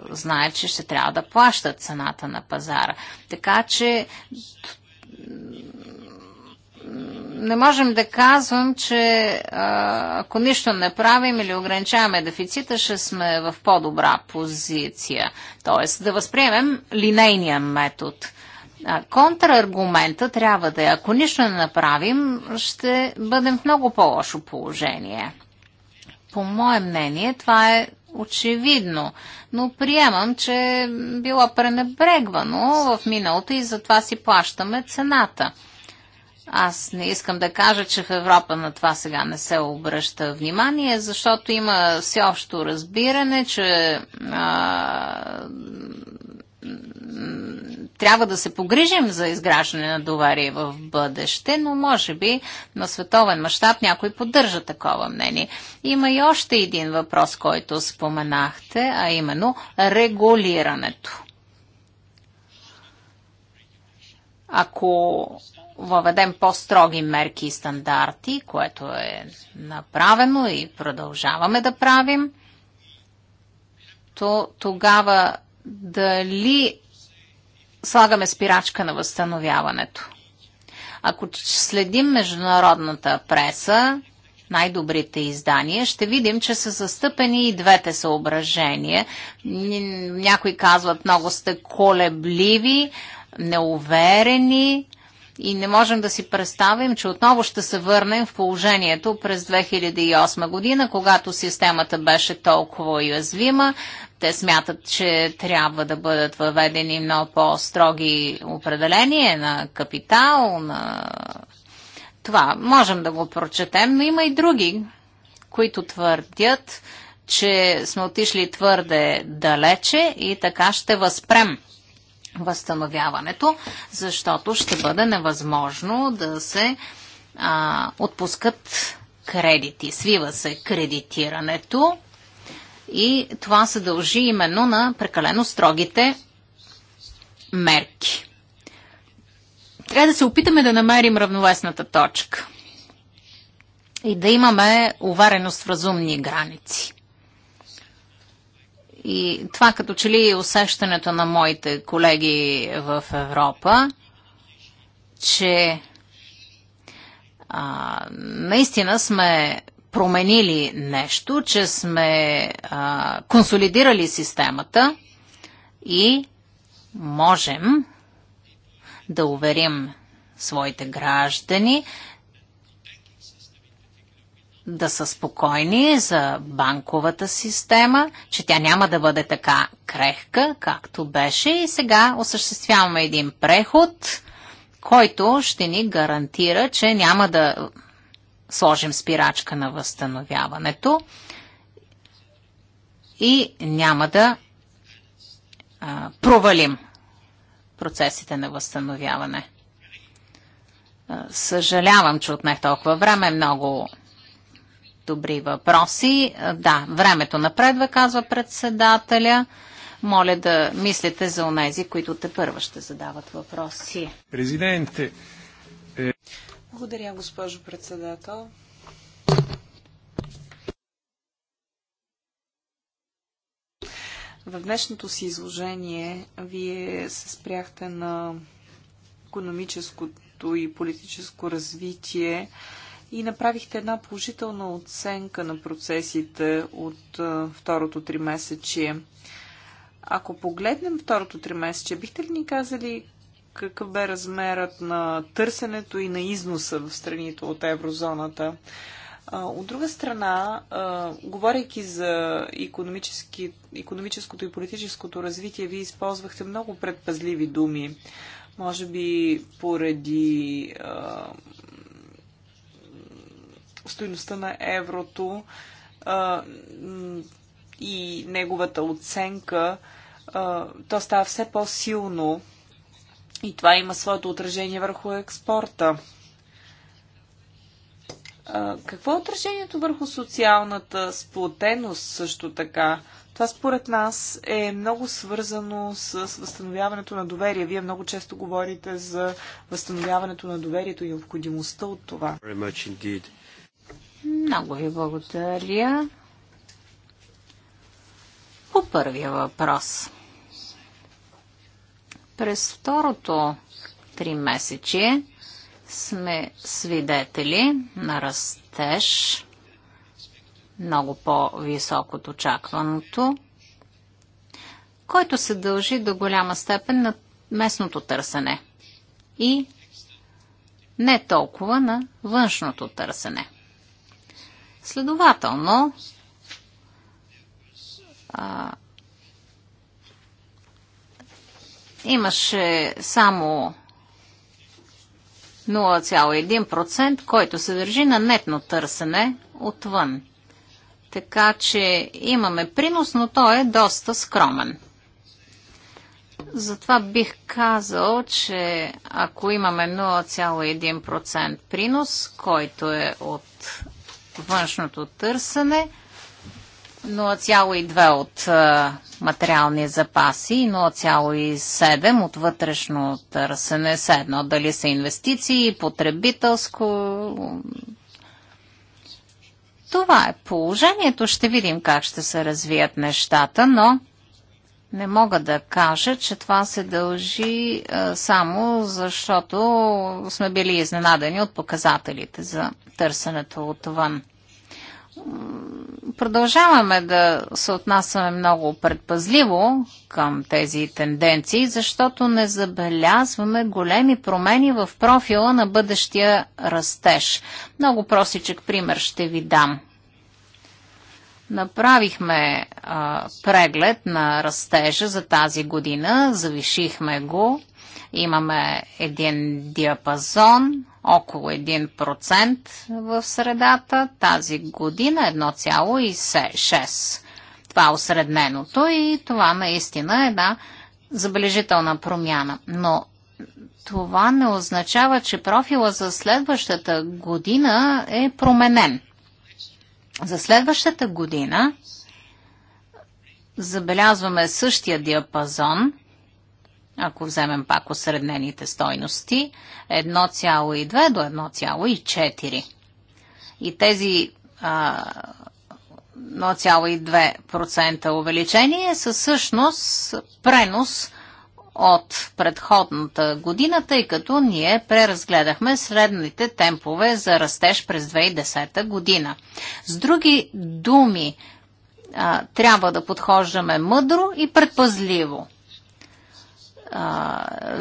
знаят, че ще трябва да плащат цената на пазара. Така че не можем да казвам, че ако нищо не правим или ограничаваме дефицита, ще сме в по-добра позиция. Тоест да възприемем линейния метод. Контраргумента трябва да е, ако нищо не направим, ще бъдем в много по-лошо положение. По мое мнение, това е очевидно, но приемам, че била било пренебрегвано в миналото и затова си плащаме цената. Аз не искам да кажа, че в Европа на това сега не се обръща внимание, защото има всеобщо разбиране, че а, трябва да се погрижим за изграждане на доверие в бъдеще, но може би на световен мащаб някой поддържа такова мнение. Има и още един въпрос, който споменахте, а именно регулирането. Ако въведем по-строги мерки и стандарти, което е направено и продължаваме да правим, то тогава дали слагаме спирачка на възстановяването? Ако следим международната преса, най-добрите издания, ще видим, че са застъпени и двете съображения. Някои казват много сте колебливи, неуверени, и не можем да си представим, че отново ще се върнем в положението през 2008 година, когато системата беше толкова уязвима. Те смятат, че трябва да бъдат въведени много по-строги определения на капитал, на това. Можем да го прочетем, но има и други, които твърдят, че сме отишли твърде далече и така ще възпрем възстановяването, защото ще бъде невъзможно да се а, отпускат кредити. Свива се кредитирането и това се дължи именно на прекалено строгите мерки. Трябва да се опитаме да намерим равновесната точка и да имаме увереност в разумни граници. И това като че ли е усещането на моите колеги в Европа, че а, наистина сме променили нещо, че сме а, консолидирали системата и можем да уверим своите граждани, да са спокойни за банковата система, че тя няма да бъде така крехка, както беше и сега осъществяваме един преход, който ще ни гарантира, че няма да сложим спирачка на възстановяването и няма да а, провалим процесите на възстановяване. Съжалявам, че отнех толкова време. Много добри въпроси. Да, времето напредва, казва председателя. Моля да мислите за онези, които те първа ще задават въпроси. Президенте. Е... Благодаря, госпожо председател. В днешното си изложение вие се спряхте на економическото и политическо развитие и направихте една положителна оценка на процесите от второто три месече. Ако погледнем второто три месече, бихте ли ни казали какъв бе размерът на търсенето и на износа в страните от еврозоната? От друга страна, говорейки за економическото и политическото развитие, вие използвахте много предпазливи думи. Може би поради стоиността на еврото а, и неговата оценка, а, то става все по-силно и това има своето отражение върху експорта. А, какво е отражението върху социалната сплотеност също така? Това според нас е много свързано с възстановяването на доверие. Вие много често говорите за възстановяването на доверието и необходимостта от това. Много ви благодаря. По първия въпрос. През второто три месечи сме свидетели на растеж много по-висок от очакваното, който се дължи до голяма степен на местното търсене и не толкова на външното търсене. Следователно, а, имаше само 0,1%, който се държи на нетно търсене отвън. Така че имаме принос, но той е доста скромен. Затова бих казал, че ако имаме 0,1% принос, който е от външното търсене, 0,2 от а, материални запаси и 0,7 от вътрешно търсене, все едно дали са инвестиции, потребителско. Това е положението. Ще видим как ще се развият нещата, но не мога да кажа, че това се дължи само защото сме били изненадани от показателите за търсенето отвън. Продължаваме да се отнасяме много предпазливо към тези тенденции, защото не забелязваме големи промени в профила на бъдещия растеж. Много просичък пример ще ви дам. Направихме а, преглед на растежа за тази година, завишихме го. Имаме един диапазон, около 1% в средата. Тази година 1,6%. Това е осредненото и това наистина е една забележителна промяна. Но това не означава, че профила за следващата година е променен. За следващата година забелязваме същия диапазон, ако вземем пак осреднените стойности, 1,2 до 1,4. И тези 0,2% увеличение са всъщност пренос от предходната година, тъй като ние преразгледахме средните темпове за растеж през 2010 година. С други думи, трябва да подхождаме мъдро и предпазливо.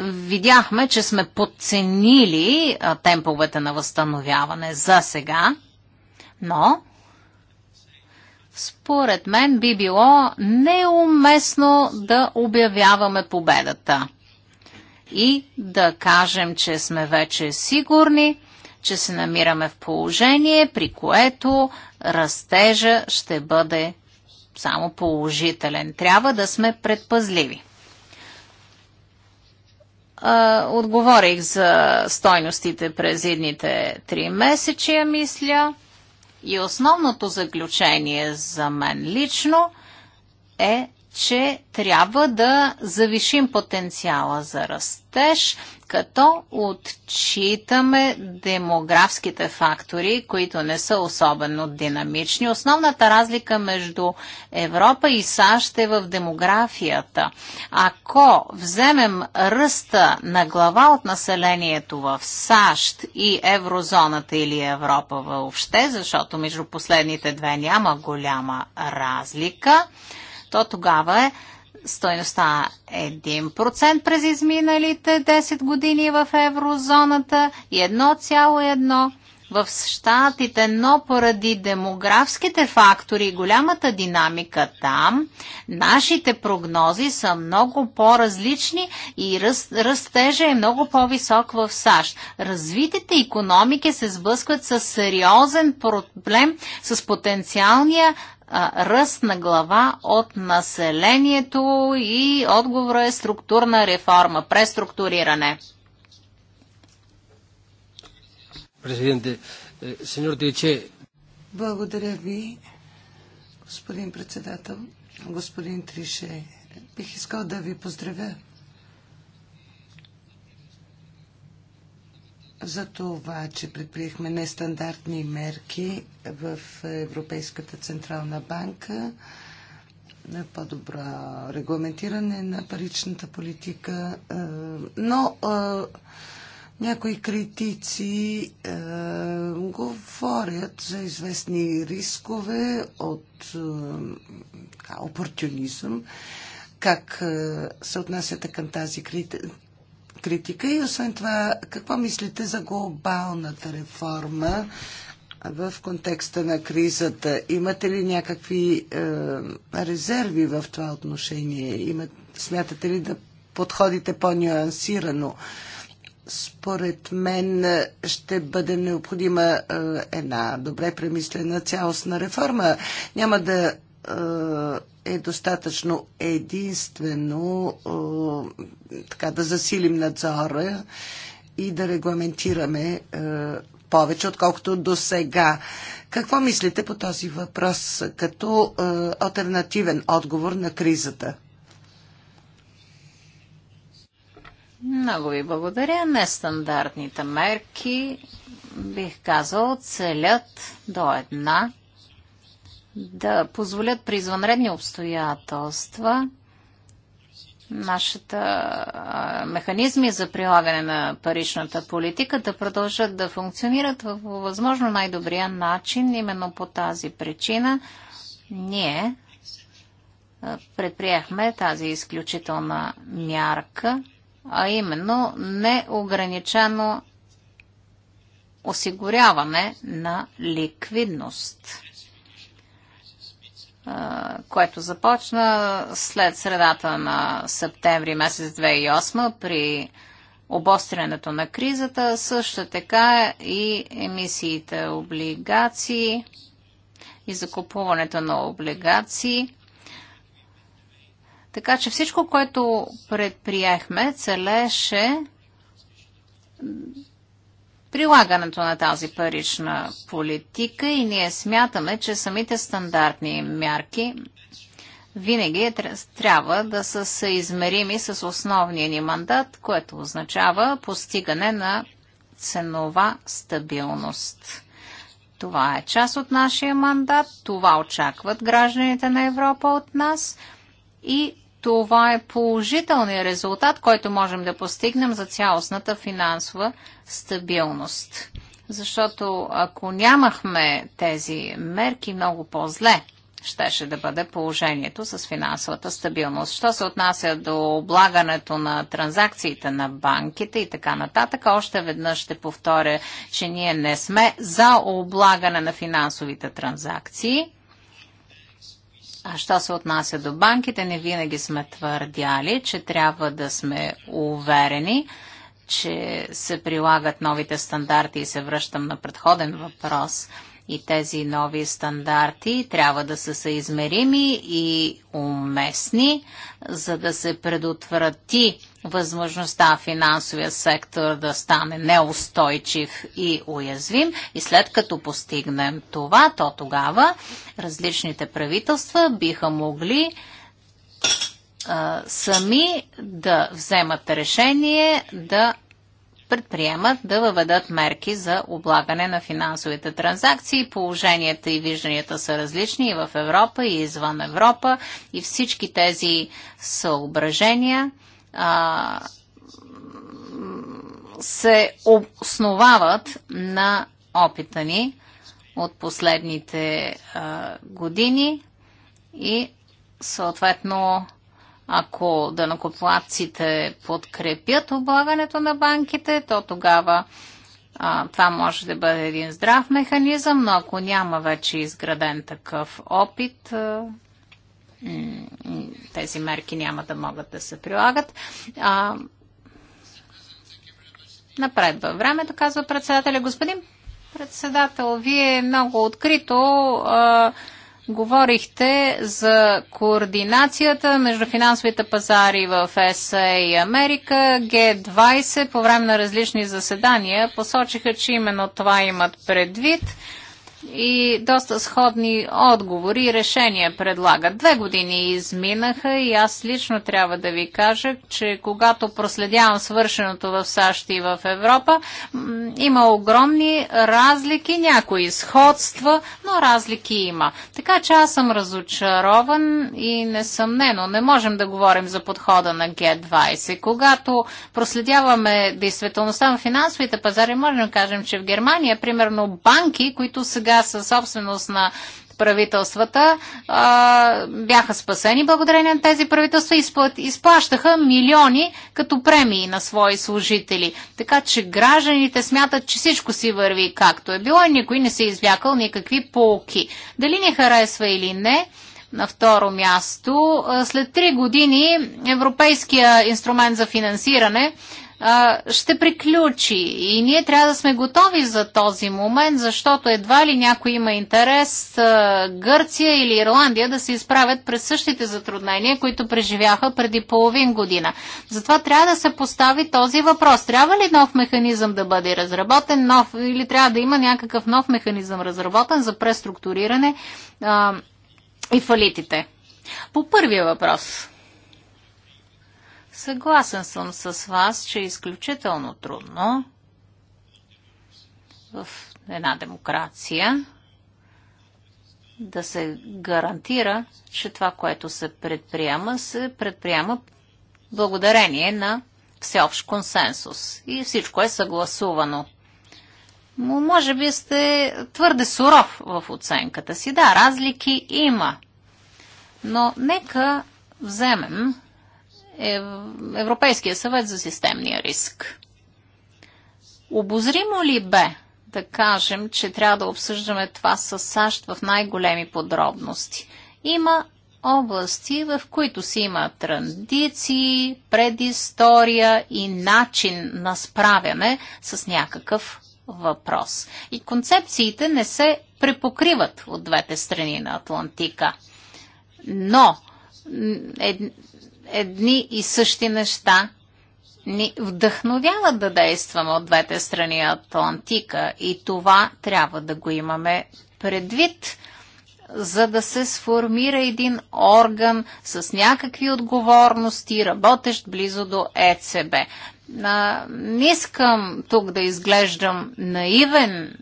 видяхме, че сме подценили темповете на възстановяване за сега, но според мен би било неуместно да обявяваме победата и да кажем, че сме вече сигурни, че се намираме в положение, при което растежа ще бъде само положителен. Трябва да сме предпазливи. Отговорих за стойностите през едните три месечия, мисля. И основното заключение за мен лично е, че трябва да завишим потенциала за растеж, като отчитаме демографските фактори, които не са особено динамични. Основната разлика между Европа и САЩ е в демографията. Ако вземем ръста на глава от населението в САЩ и еврозоната или Европа въобще, защото между последните две няма голяма разлика, то тогава е Стойността е 1% през изминалите 10 години в еврозоната и 1,1% в Штатите, но поради демографските фактори и голямата динамика там, нашите прогнози са много по-различни и ръст, растежа е много по-висок в САЩ. Развитите економики се сблъскват с сериозен проблем с потенциалния а, ръст на глава от населението и отговора е структурна реформа, преструктуриране президенте. Сеньор Триче. Благодаря ви, господин председател. Господин Трише, бих искал да ви поздравя за това, че предприехме нестандартни мерки в Европейската Централна банка на по-добро регламентиране на паричната политика, е, но е, някои критици е, говорят за известни рискове от е, опортунизъм, как е, се отнасяте към тази критика критика и освен това, какво мислите за глобалната реформа в контекста на кризата? Имате ли някакви е, резерви в това отношение? Имат... смятате ли да подходите по-нюансирано? според мен ще бъде необходима една добре премислена цялостна реформа. Няма да е достатъчно единствено така да засилим надзора и да регламентираме повече, отколкото до сега. Какво мислите по този въпрос като альтернативен отговор на кризата? Много ви благодаря. Нестандартните мерки, бих казал, целят до една да позволят при извънредни обстоятелства нашите механизми за прилагане на паричната политика да продължат да функционират в възможно най-добрия начин. Именно по тази причина ние предприехме тази изключителна мярка – а именно неограничено осигуряване на ликвидност, което започна след средата на септември месец 2008 при обострянето на кризата, също така и емисиите облигации и закупуването на облигации така че всичко, което предприехме, целеше прилагането на тази парична политика и ние смятаме, че самите стандартни мярки винаги е трябва да са съизмерими с основния ни мандат, което означава постигане на ценова стабилност. Това е част от нашия мандат, това очакват гражданите на Европа от нас и това е положителният резултат, който можем да постигнем за цялостната финансова стабилност. Защото ако нямахме тези мерки, много по-зле щеше да бъде положението с финансовата стабилност. Що се отнася до облагането на транзакциите на банките и така нататък, още веднъж ще повторя, че ние не сме за облагане на финансовите транзакции а що се отнася до банките, не винаги сме твърдяли, че трябва да сме уверени, че се прилагат новите стандарти и се връщам на предходен въпрос – и тези нови стандарти трябва да са съизмерими и уместни, за да се предотврати възможността финансовия сектор да стане неустойчив и уязвим. И след като постигнем това, то тогава различните правителства биха могли а, сами да вземат решение да предприемат да въведат мерки за облагане на финансовите транзакции. Положенията и вижданията са различни и в Европа, и извън Европа, и всички тези съображения а, се основават на опита ни от последните а, години и съответно ако дънакоплатците подкрепят облагането на банките, то тогава а, това може да бъде един здрав механизъм, но ако няма вече изграден такъв опит, а, тези мерки няма да могат да се прилагат. А, напредва времето, казва председателя. Господин председател, вие много открито а, Говорихте за координацията между финансовите пазари в ЕСА и Америка. Г20 по време на различни заседания посочиха, че именно това имат предвид – и доста сходни отговори и решения предлагат. Две години изминаха и аз лично трябва да ви кажа, че когато проследявам свършеното в САЩ и в Европа, има огромни разлики, някои сходства, но разлики има. Така че аз съм разочарован и несъмнено не можем да говорим за подхода на Г20. Когато проследяваме действителността на финансовите пазари, можем да кажем, че в Германия, примерно банки, които сега са собственост на правителствата а, бяха спасени благодарение на тези правителства и изплащаха милиони като премии на свои служители. Така че гражданите смятат, че всичко си върви както е било и никой не се извлякал никакви полки. Дали ни харесва или не, на второ място, след три години Европейския инструмент за финансиране ще приключи. И ние трябва да сме готови за този момент, защото едва ли някой има интерес Гърция или Ирландия да се изправят през същите затруднения, които преживяха преди половин година. Затова трябва да се постави този въпрос. Трябва ли нов механизъм да бъде разработен, нов, или трябва да има някакъв нов механизъм разработен за преструктуриране а, и фалитите? По първия въпрос Съгласен съм с вас, че е изключително трудно в една демокрация да се гарантира, че това, което се предприема, се предприема благодарение на всеобщ консенсус и всичко е съгласувано. Но може би сте твърде суров в оценката си. Да, разлики има. Но нека вземем е Европейския съвет за системния риск. Обозримо ли бе да кажем, че трябва да обсъждаме това с САЩ в най-големи подробности? Има области, в които си има традиции, предистория и начин на справяне с някакъв въпрос. И концепциите не се препокриват от двете страни на Атлантика. Но е, едни и същи неща ни вдъхновяват да действаме от двете страни Атлантика и това трябва да го имаме предвид, за да се сформира един орган с някакви отговорности, работещ близо до ЕЦБ. А, не искам тук да изглеждам наивен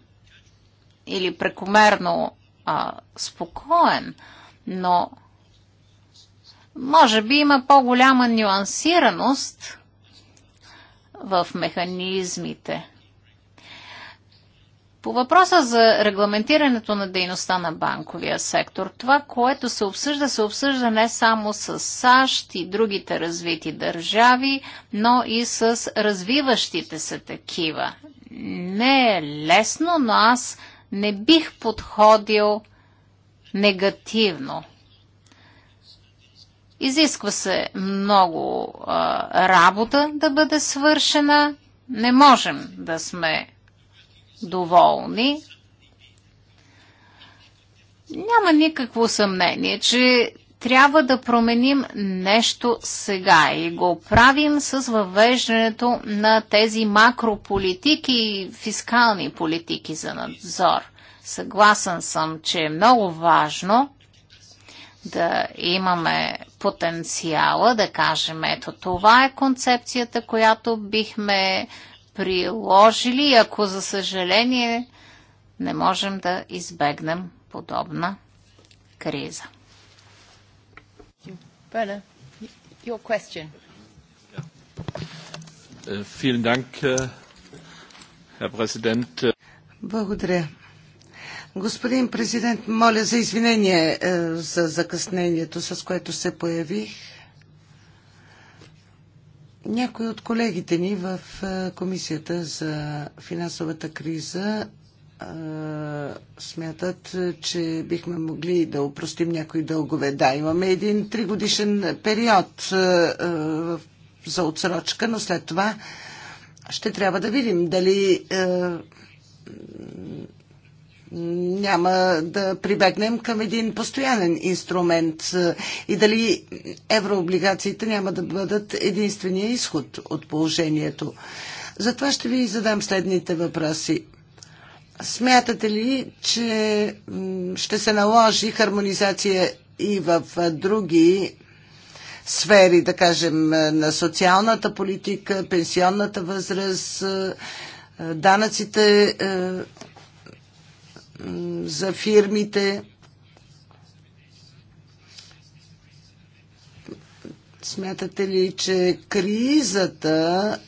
или прекомерно а, спокоен, но може би има по-голяма нюансираност в механизмите. По въпроса за регламентирането на дейността на банковия сектор, това, което се обсъжда, се обсъжда не само с САЩ и другите развити държави, но и с развиващите се такива. Не е лесно, но аз не бих подходил негативно Изисква се много а, работа да бъде свършена. Не можем да сме доволни. Няма никакво съмнение, че трябва да променим нещо сега и го правим с въвеждането на тези макрополитики и фискални политики за надзор. Съгласен съм, че е много важно да имаме потенциала, да кажем, ето това е концепцията, която бихме приложили, ако за съжаление не можем да избегнем подобна криза. Bernard, your question. Е, е, Благодаря, Господин президент, моля за извинение е, за закъснението, с което се появих. Някои от колегите ни в е, Комисията за финансовата криза е, смятат, че бихме могли да упростим някои дългове. Да, имаме един тригодишен период за отсрочка, но след това ще трябва да видим дали няма да прибегнем към един постоянен инструмент и дали еврооблигациите няма да бъдат единствения изход от положението. Затова ще ви задам следните въпроси. Смятате ли, че ще се наложи хармонизация и в други сфери, да кажем, на социалната политика, пенсионната възраст, данъците за фирмите. Смятате ли, че кризата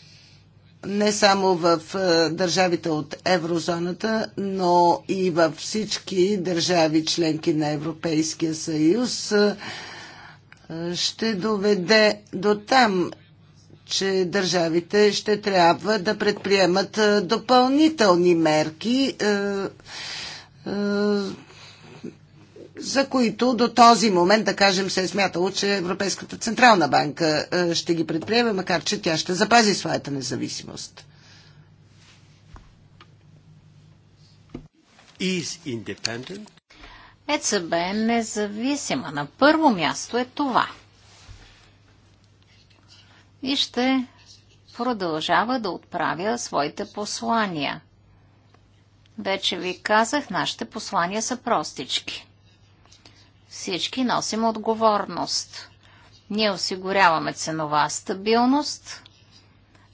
не само в е, държавите от еврозоната, но и във всички държави членки на Европейския съюз е, ще доведе до там, че държавите ще трябва да предприемат е, допълнителни мерки е, за които до този момент, да кажем, се е смятало, че Европейската Централна банка е, ще ги предприеме, макар че тя ще запази своята независимост. ЕЦБ е независима. На първо място е това. И ще продължава да отправя своите послания – вече ви казах, нашите послания са простички. Всички носим отговорност. Ние осигуряваме ценова стабилност.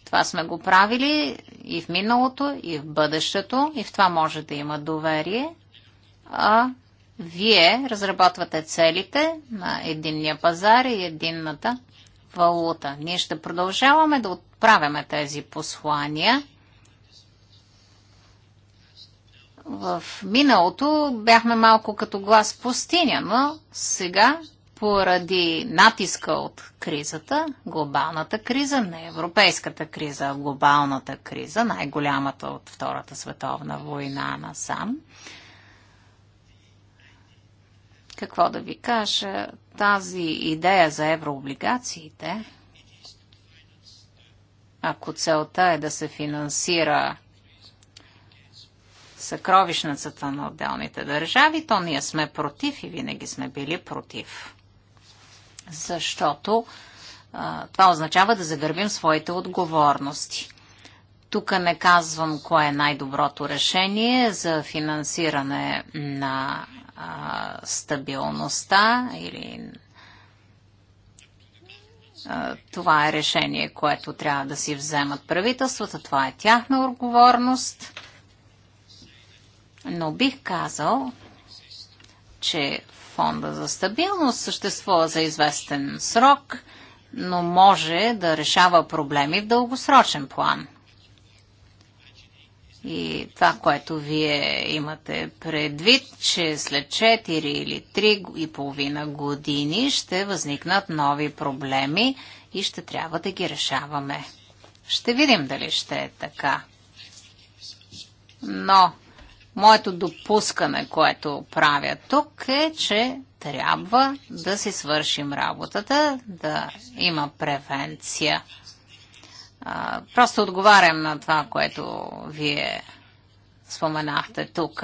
Това сме го правили и в миналото, и в бъдещето, и в това може да има доверие. А вие разработвате целите на единния пазар и единната валута. Ние ще продължаваме да отправяме тези послания – В миналото бяхме малко като глас в пустиня, но сега поради натиска от кризата, глобалната криза, не европейската криза, а глобалната криза, най-голямата от Втората световна война насам. Какво да ви кажа? Тази идея за еврооблигациите, ако целта е да се финансира съкровищницата на отделните държави, то ние сме против и винаги сме били против. Защото а, това означава да загърбим своите отговорности. Тук не казвам кое е най-доброто решение за финансиране на а, стабилността или това е решение, което трябва да си вземат правителствата. Това е тяхна отговорност но бих казал, че фонда за стабилност съществува за известен срок, но може да решава проблеми в дългосрочен план. И това, което вие имате предвид, че след 4 или 3 и половина години ще възникнат нови проблеми и ще трябва да ги решаваме. Ще видим дали ще е така. Но Моето допускане, което правя тук е, че трябва да си свършим работата, да има превенция. просто отговарям на това, което вие споменахте тук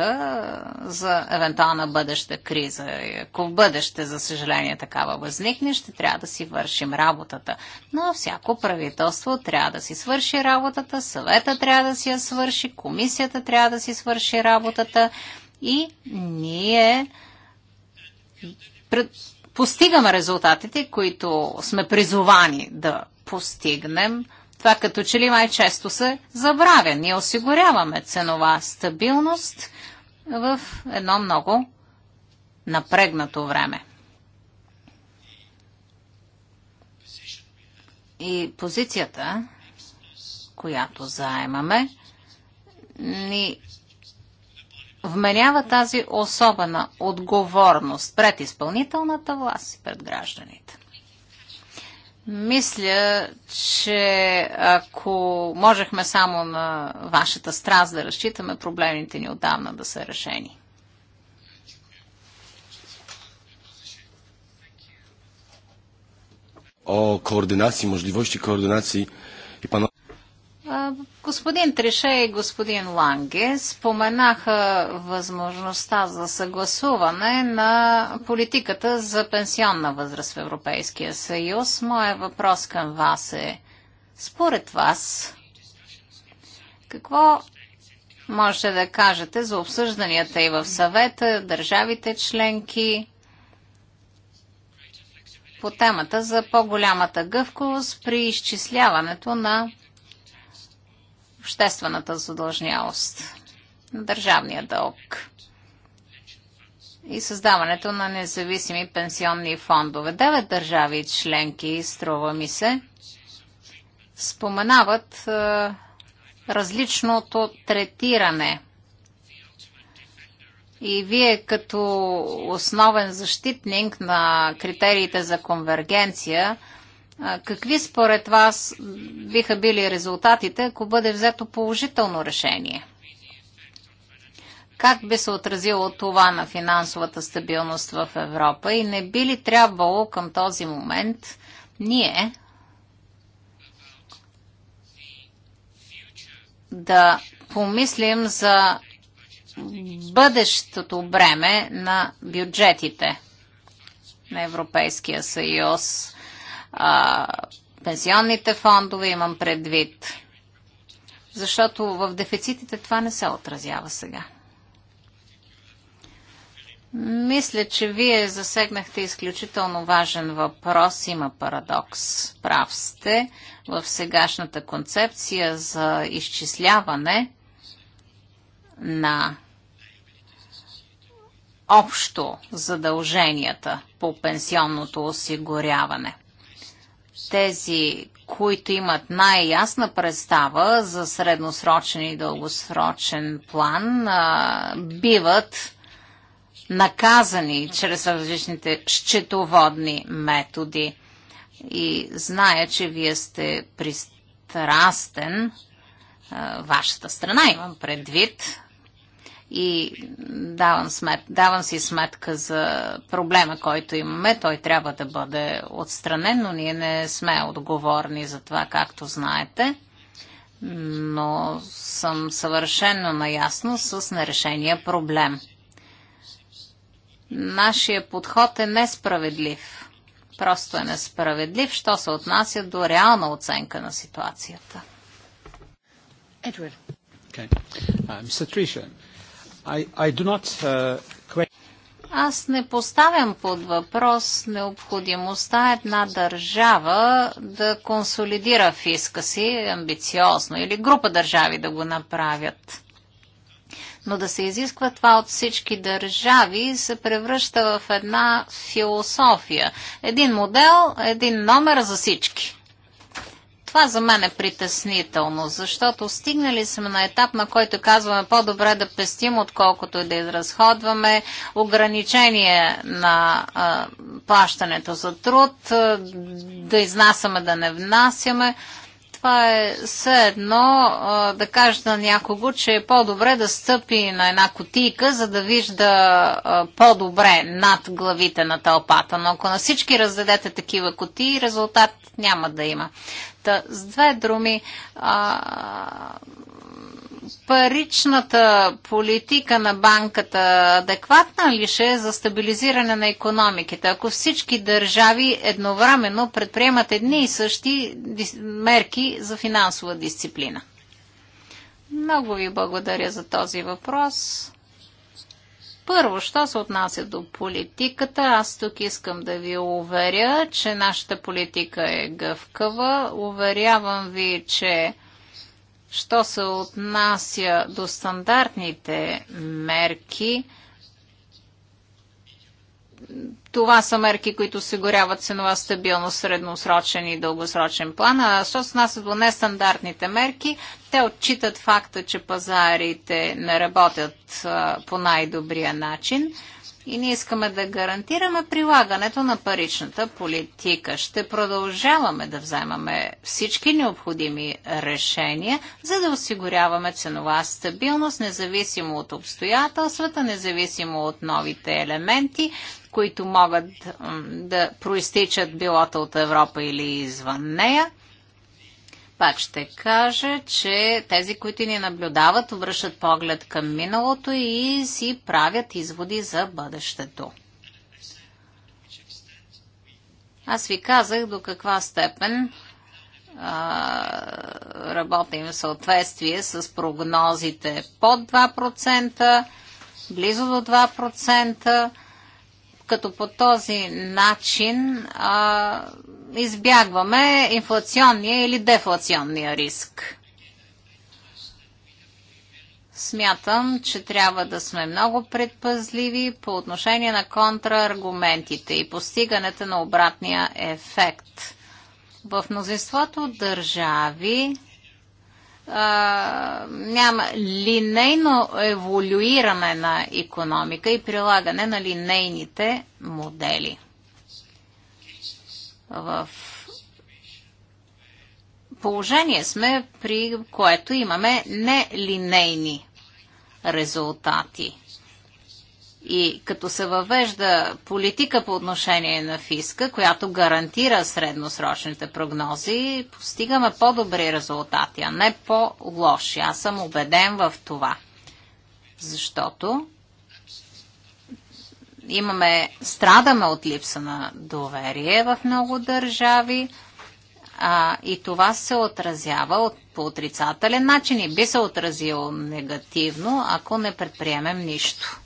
за евентуална бъдеща криза. Ако в бъдеще, за съжаление, такава възникне, ще трябва да си вършим работата. Но всяко правителство трябва да си свърши работата, съвета трябва да си я свърши, комисията трябва да си свърши работата и ние постигаме резултатите, които сме призовани да постигнем – това като че ли май често се забравя. Ние осигуряваме ценова стабилност в едно много напрегнато време. И позицията, която заемаме, ни вменява тази особена отговорност пред изпълнителната власт и пред гражданите. Мисля, че ако можехме само на вашата страст да разчитаме, проблемите ни отдавна да са решени. О координации, możliwości координации i panowie. Господин Трише и господин Ланге споменаха възможността за съгласуване на политиката за пенсионна възраст в Европейския съюз. Моя въпрос към вас е, според вас, какво можете да кажете за обсъжданията и в съвета, държавите членки по темата за по-голямата гъвкост при изчисляването на обществената задължнявост, на държавния дълг и създаването на независими пенсионни фондове. Девет държави членки, струва ми се, споменават е, различното третиране. И вие като основен защитник на критериите за конвергенция – Какви според вас биха били резултатите, ако бъде взето положително решение? Как би се отразило това на финансовата стабилност в Европа и не би ли трябвало към този момент ние да помислим за бъдещото бреме на бюджетите на Европейския съюз? а, пенсионните фондове, имам предвид. Защото в дефицитите това не се отразява сега. Мисля, че вие засегнахте изключително важен въпрос. Има парадокс. Прав сте. В сегашната концепция за изчисляване на общо задълженията по пенсионното осигуряване тези, които имат най-ясна представа за средносрочен и дългосрочен план, биват наказани чрез различните счетоводни методи. И зная, че вие сте пристрастен, вашата страна имам предвид, и давам, смет, давам си сметка за проблема, който имаме. Той трябва да бъде отстранен, но ние не сме отговорни за това, както знаете. Но съм съвършено наясно с нерешения проблем. Нашия подход е несправедлив. Просто е несправедлив, що се отнася до реална оценка на ситуацията. Едвард. Okay. Uh, Mr. Trishan, Uh, Аз не поставям под въпрос необходимостта една държава да консолидира фиска си амбициозно или група държави да го направят. Но да се изисква това от всички държави се превръща в една философия. Един модел, един номер за всички. Това за мен е притеснително, защото стигнали сме на етап, на който казваме по-добре да пестим, отколкото и да изразходваме ограничение на а, плащането за труд, да изнасяме, да не внасяме. Това е все едно а, да кажа на някого, че е по-добре да стъпи на една котийка, за да вижда по-добре над главите на тълпата. Но ако на всички раздадете такива котии, резултат няма да има. Та, с две думи, а, паричната политика на банката адекватна ли ще е за стабилизиране на економиките? Ако всички държави едновременно предприемат едни и същи мерки за финансова дисциплина. Много ви благодаря за този въпрос. Първо, що се отнася до политиката, аз тук искам да ви уверя, че нашата политика е гъвкава. Уверявам ви, че Що се отнася до стандартните мерки, това са мерки, които осигуряват ценова стабилност, средносрочен и дългосрочен план. А що се отнася до нестандартните мерки, те отчитат факта, че пазарите не работят по най-добрия начин и ние искаме да гарантираме прилагането на паричната политика. Ще продължаваме да вземаме всички необходими решения, за да осигуряваме ценова стабилност, независимо от обстоятелствата, независимо от новите елементи, които могат да проистичат билота от Европа или извън нея. Пак ще кажа, че тези, които ни наблюдават, връщат поглед към миналото и си правят изводи за бъдещето. Аз ви казах до каква степен а, работим в съответствие с прогнозите под 2%, близо до 2%, като по този начин а, избягваме инфлационния или дефлационния риск. Смятам, че трябва да сме много предпазливи по отношение на контрааргументите и постигането на обратния ефект. В мнозинството държави а, няма линейно еволюиране на економика и прилагане на линейните модели в положение сме, при което имаме нелинейни резултати. И като се въвежда политика по отношение на фиска, която гарантира средносрочните прогнози, постигаме по-добри резултати, а не по-лоши. Аз съм убеден в това. Защото имаме, страдаме от липса на доверие в много държави а, и това се отразява от, по отрицателен начин и би се отразило негативно, ако не предприемем нищо.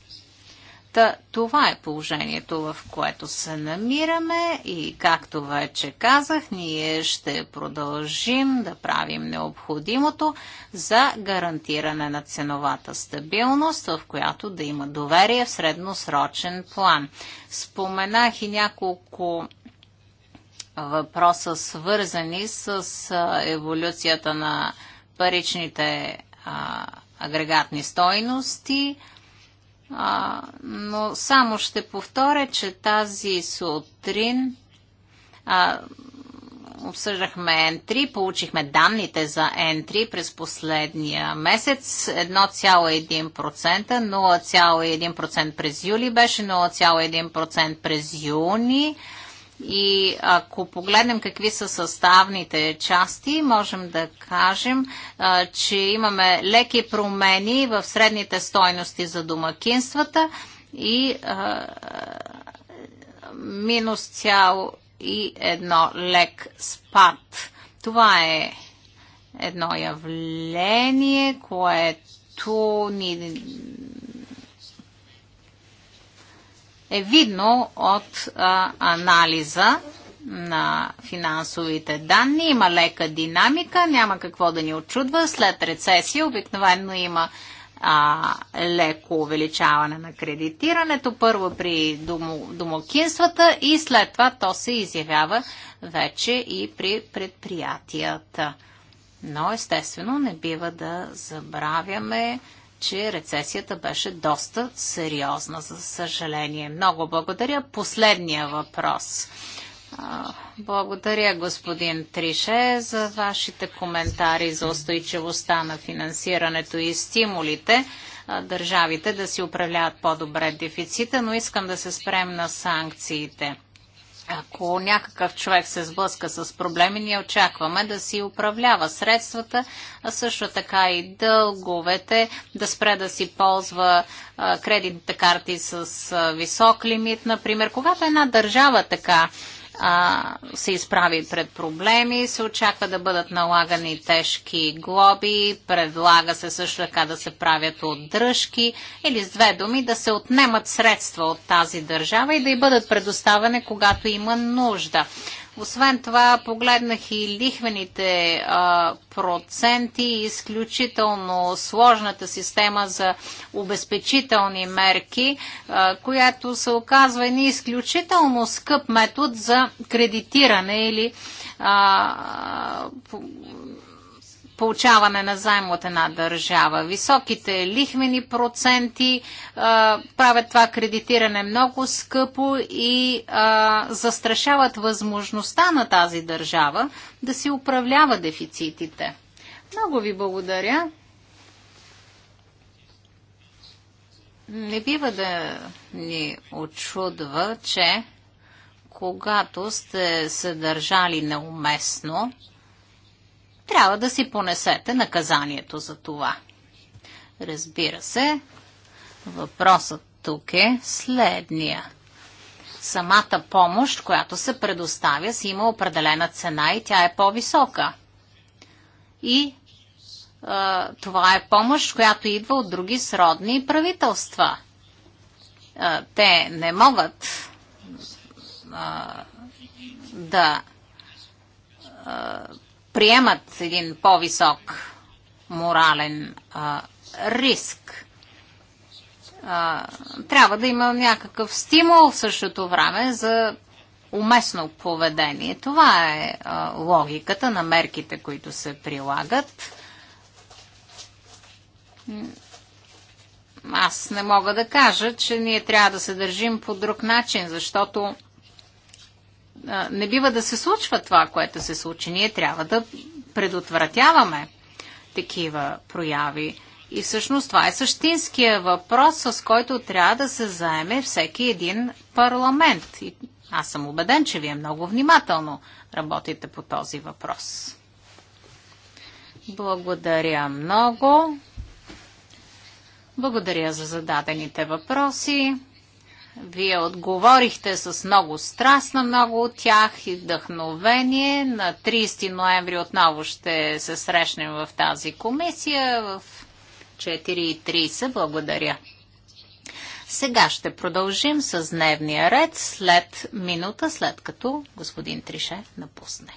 Та, това е положението, в което се намираме и както вече казах, ние ще продължим да правим необходимото за гарантиране на ценовата стабилност, в която да има доверие в средносрочен план. Споменах и няколко въпроса, свързани с еволюцията на паричните а, агрегатни стойности – а, но само ще повторя, че тази сутрин а, обсъждахме N3, получихме данните за N3 през последния месец. 1,1%, 0,1% през юли беше, 0,1% през юни. И ако погледнем какви са съставните части, можем да кажем, а, че имаме леки промени в средните стойности за домакинствата и а, минус цяло и едно лек спад. Това е едно явление, което ни е видно от а, анализа на финансовите данни. Има лека динамика, няма какво да ни очудва. След рецесия обикновено има а, леко увеличаване на кредитирането, първо при домокинствата и след това то се изявява вече и при предприятията. Но естествено не бива да забравяме че рецесията беше доста сериозна, за съжаление. Много благодаря. Последния въпрос. Благодаря, господин Трише, за вашите коментари за устойчивостта на финансирането и стимулите държавите да си управляват по-добре дефицита, но искам да се спрем на санкциите. Ако някакъв човек се сблъска с проблеми, ние очакваме да си управлява средствата, а също така и дълговете, да спре да си ползва кредитните карти с висок лимит. Например, когато една държава така а, се изправи пред проблеми, се очаква да бъдат налагани тежки глоби, предлага се също така да се правят отдръжки или с две думи да се отнемат средства от тази държава и да й бъдат предоставени, когато има нужда. Освен това, погледнах и лихвените а, проценти и изключително сложната система за обезпечителни мерки, а, която се оказва един изключително скъп метод за кредитиране или а, получаване на заем от една държава. Високите лихвени проценти а, правят това кредитиране много скъпо и а, застрашават възможността на тази държава да си управлява дефицитите. Много ви благодаря. Не бива да ни очудва, че когато сте се държали неуместно, трябва да си понесете наказанието за това. Разбира се, въпросът тук е следния. Самата помощ, която се предоставя, си има определена цена и тя е по-висока. И а, това е помощ, която идва от други сродни правителства. А, те не могат а, да приемат един по-висок морален а, риск. А, трябва да има някакъв стимул в същото време за уместно поведение. Това е а, логиката на мерките, които се прилагат. Аз не мога да кажа, че ние трябва да се държим по друг начин, защото не бива да се случва това, което се случи. Ние трябва да предотвратяваме такива прояви. И всъщност това е същинския въпрос, с който трябва да се заеме всеки един парламент. И аз съм убеден, че вие много внимателно работите по този въпрос. Благодаря много. Благодаря за зададените въпроси. Вие отговорихте с много страст на много от тях и вдъхновение. На 30 ноември отново ще се срещнем в тази комисия в 4.30. Благодаря. Сега ще продължим с дневния ред след минута, след като господин Трише напусне.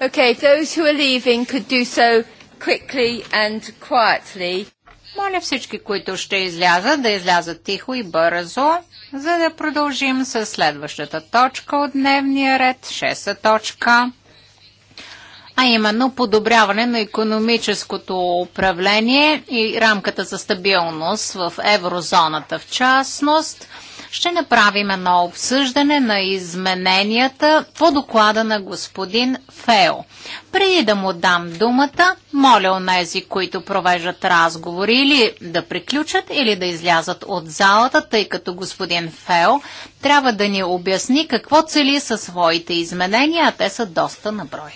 Okay, those who are leaving could do so quickly and quietly. Моля всички, които ще излязат, да излязат тихо и бързо, за да продължим с следващата точка от дневния ред, шеста точка, а именно подобряване на економическото управление и рамката за стабилност в еврозоната в частност – ще направим едно обсъждане на измененията по доклада на господин Фео. Преди да му дам думата, моля онези, които провеждат разговори или да приключат, или да излязат от залата, тъй като господин Фео трябва да ни обясни какво цели са своите изменения, а те са доста наброй.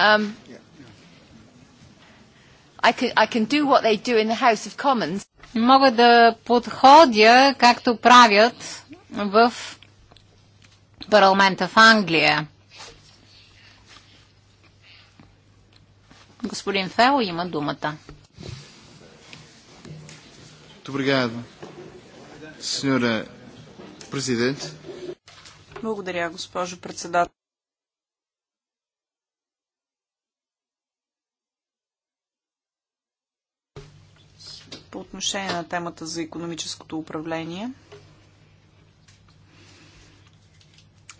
Um, I can, I can do what they do in the House of Commons. Мога да подходя както правят в парламента в Англия. Господин Фео има думата. Obrigado, Senhora президент. Благодаря, госпожо председател. по отношение на темата за економическото управление.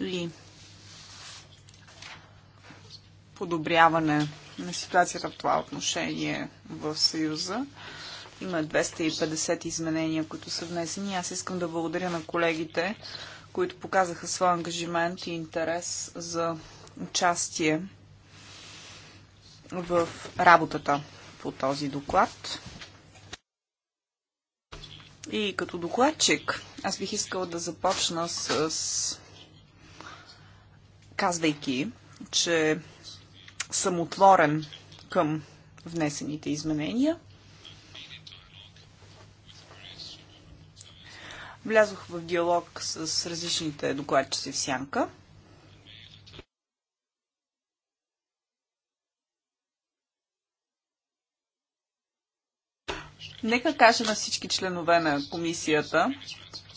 И подобряване на ситуацията в това отношение в Съюза. Има 250 изменения, които са внесени. Аз искам да благодаря на колегите, които показаха своя ангажимент и интерес за участие в работата по този доклад. И като докладчик, аз бих искал да започна с, с казвайки, че съм отворен към внесените изменения. Влязох в диалог с различните докладчици в Сянка. Нека кажа на всички членове на комисията,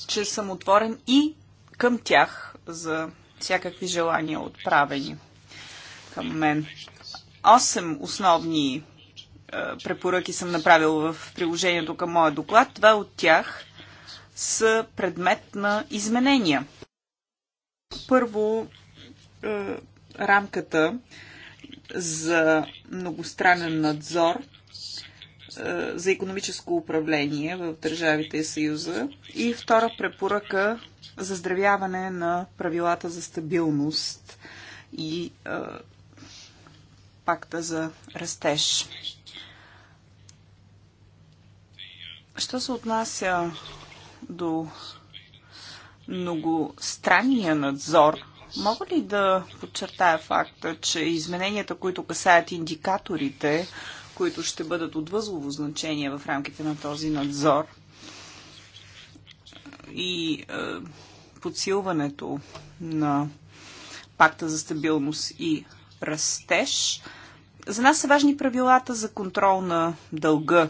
че съм отворен и към тях за всякакви желания отправени към мен. Осем основни е, препоръки съм направил в приложението към моя доклад. Два от тях са предмет на изменения. Първо, е, рамката за многостранен надзор е, за економическо управление в държавите и Съюза и втора препоръка за здравяване на правилата за стабилност и а, е, пакта за растеж. Що се отнася до многостранния надзор, мога ли да подчертая факта, че измененията, които касаят индикаторите, които ще бъдат от възлово значение в рамките на този надзор и е, подсилването на пакта за стабилност и растеж. За нас са важни правилата за контрол на дълга.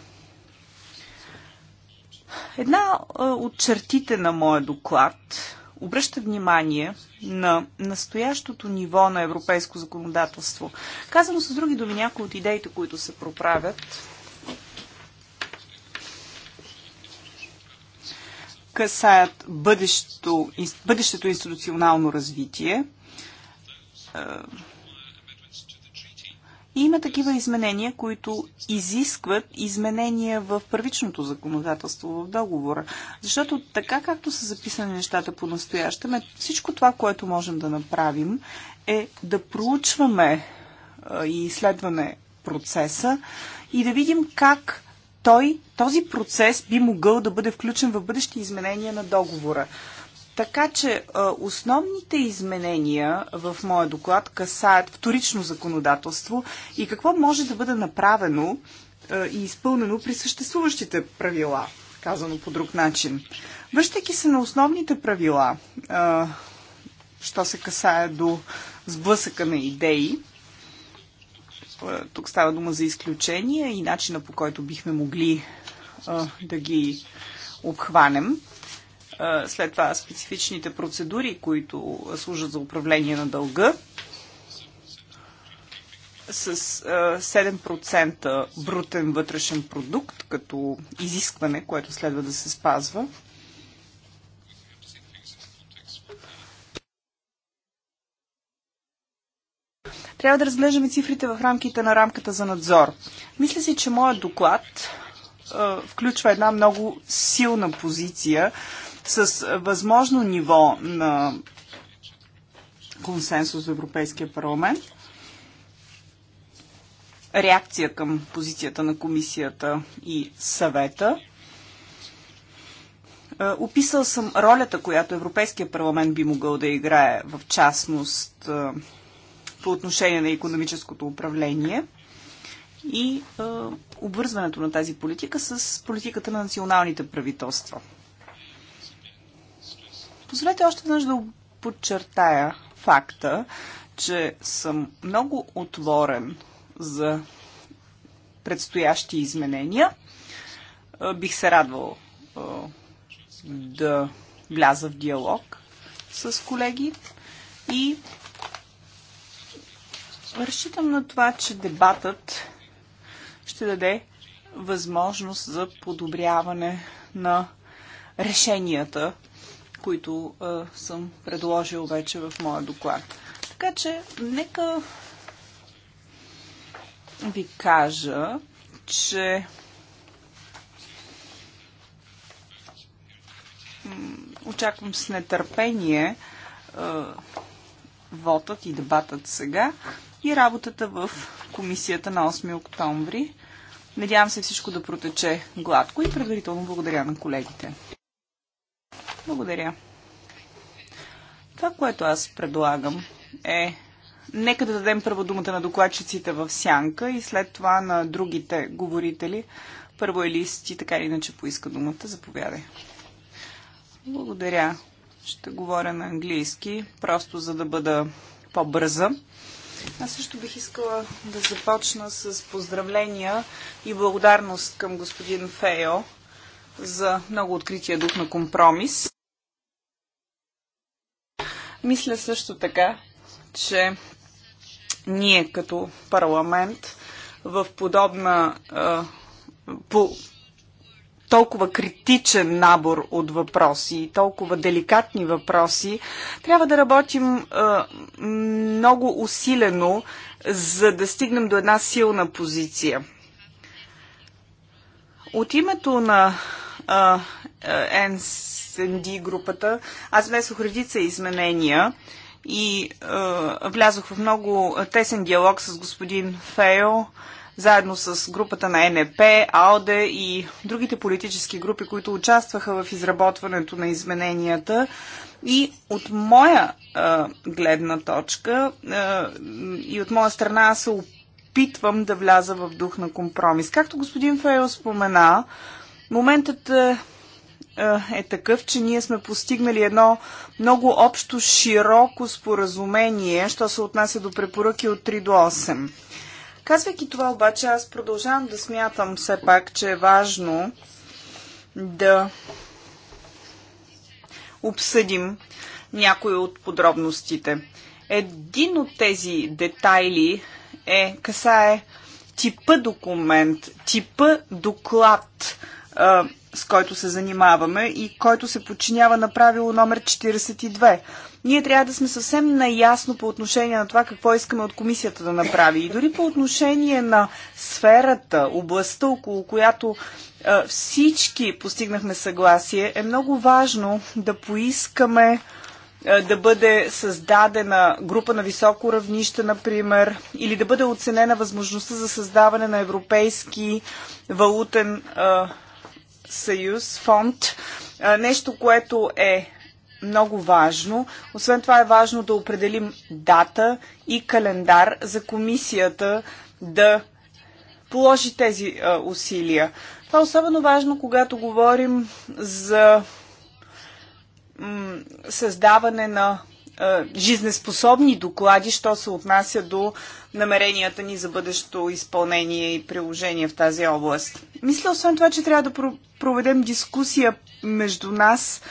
Една е, от чертите на моя доклад обръща внимание на настоящото ниво на европейско законодателство. Казано с други думи някои от идеите, които се проправят, касаят бъдещето, бъдещето институционално развитие е, и има такива изменения, които изискват изменения в първичното законодателство в договора. Защото така както са записани нещата по настоящем, е всичко това, което можем да направим, е да проучваме и изследваме процеса и да видим как той, този процес би могъл да бъде включен в бъдещи изменения на договора. Така че е, основните изменения в моя доклад касаят вторично законодателство и какво може да бъде направено е, и изпълнено при съществуващите правила, казано по друг начин. Връщайки се на основните правила, е, що се касае до сблъсъка на идеи, тук става дума за изключения и начина по който бихме могли да ги обхванем след това специфичните процедури, които служат за управление на дълга, с 7% брутен вътрешен продукт като изискване, което следва да се спазва. Трябва да разглеждаме цифрите в рамките на рамката за надзор. Мисля си, че моят доклад включва една много силна позиция с възможно ниво на консенсус в Европейския парламент. Реакция към позицията на комисията и съвета. Описал съм ролята, която Европейския парламент би могъл да играе в частност по отношение на економическото управление и обвързването на тази политика с политиката на националните правителства. Позволете още веднъж да подчертая факта, че съм много отворен за предстоящи изменения. Е, бих се радвал е, да вляза в диалог с колеги и разчитам на това, че дебатът ще даде възможност за подобряване на решенията, които а, съм предложил вече в моя доклад. Така че, нека ви кажа, че очаквам с нетърпение а, вотът и дебатът сега и работата в комисията на 8 октомври. Надявам се всичко да протече гладко и предварително благодаря на колегите. Благодаря. Това, което аз предлагам е нека да дадем първо думата на докладчиците в сянка и след това на другите говорители. Първо Елис, ти така или иначе поиска думата. Заповядай. Благодаря. Ще говоря на английски, просто за да бъда по-бърза. Аз също бих искала да започна с поздравления и благодарност към господин Фейо за много открития дух на компромис. Мисля също така, че ние като парламент в подобна а, по толкова критичен набор от въпроси и толкова деликатни въпроси, трябва да работим а, много усилено, за да стигнем до една силна позиция. От името на NSD групата, аз внесох редица изменения и а, влязох в много тесен диалог с господин Фейл, заедно с групата на НП, АОДЕ и другите политически групи, които участваха в изработването на измененията. И от моя а, гледна точка а, и от моя страна аз се опитвам да вляза в дух на компромис. Както господин Фейл спомена, а, Моментът е, е, е такъв, че ние сме постигнали едно много общо широко споразумение, що се отнася до препоръки от 3 до 8. Казвайки това обаче, аз продължавам да смятам все пак, че е важно да обсъдим някои от подробностите. Един от тези детайли е, касае типа документ, типа доклад, с който се занимаваме и който се подчинява на правило номер 42. Ние трябва да сме съвсем наясно по отношение на това какво искаме от комисията да направи. И дори по отношение на сферата, областта, около която всички постигнахме съгласие, е много важно да поискаме да бъде създадена група на високо равнище, например, или да бъде оценена възможността за създаване на европейски валутен съюз, фонд, нещо, което е много важно. Освен това е важно да определим дата и календар за комисията да положи тези усилия. Това е особено важно, когато говорим за създаване на жизнеспособни доклади, що се отнася до намеренията ни за бъдещо изпълнение и приложение в тази област. Мисля, освен това, че трябва да проведем дискусия между нас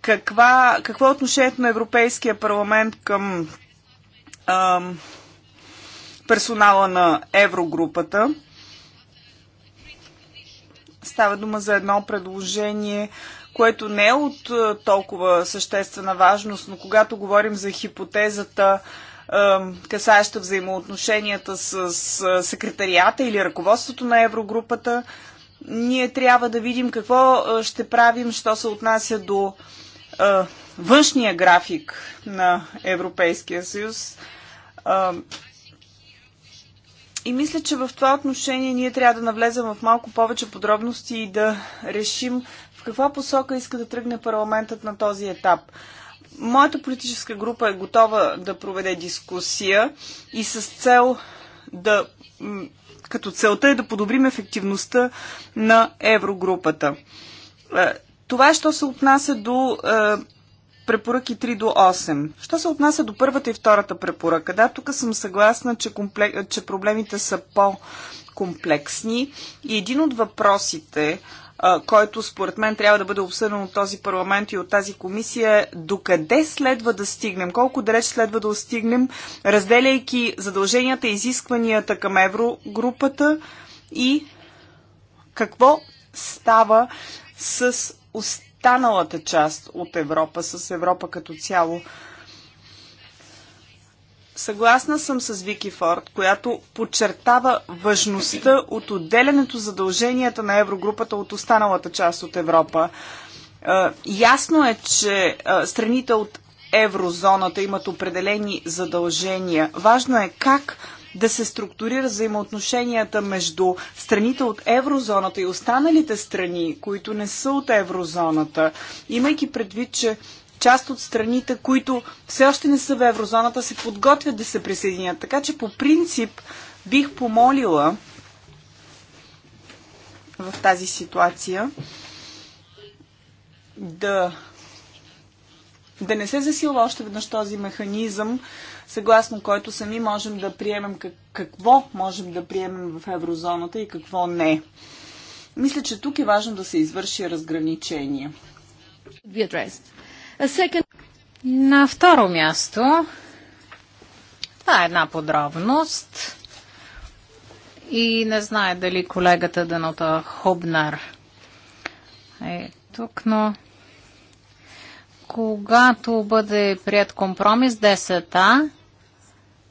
каква, какво е отношението на Европейския парламент към а, персонала на Еврогрупата. Става дума за едно предложение, което не е от е, толкова съществена важност, но когато говорим за хипотезата, е, касаеща взаимоотношенията с е, секретарията или ръководството на Еврогрупата, ние трябва да видим какво ще правим, що се отнася до външния график на Европейския съюз. И мисля, че в това отношение ние трябва да навлезем в малко повече подробности и да решим в каква посока иска да тръгне парламентът на този етап. Моята политическа група е готова да проведе дискусия и с цел да като целта е да подобрим ефективността на еврогрупата. Е, това е, що се отнася до е, препоръки 3 до 8. Що се отнася до първата и втората препоръка? Да, тук съм съгласна, че, комплек... че проблемите са по-комплексни и един от въпросите, който според мен трябва да бъде обсъден от този парламент и от тази комисия, докъде следва да стигнем, колко далеч следва да стигнем, разделяйки задълженията и изискванията към еврогрупата и какво става с останалата част от Европа, с Европа като цяло. Съгласна съм с Вики Форд, която подчертава важността от отделянето задълженията на Еврогрупата от останалата част от Европа. Е, ясно е, че е, страните от еврозоната имат определени задължения. Важно е как да се структурира взаимоотношенията между страните от еврозоната и останалите страни, които не са от еврозоната, имайки предвид, че част от страните, които все още не са в еврозоната, се подготвят да се присъединят. Така че по принцип бих помолила в тази ситуация да, да не се засилва още веднъж този механизъм, съгласно който сами можем да приемем как, какво можем да приемем в еврозоната и какво не. Мисля, че тук е важно да се извърши разграничение. На второ място, това е една подробност и не знае дали колегата Данота Хобнар е тук, но когато бъде прият компромис 10 та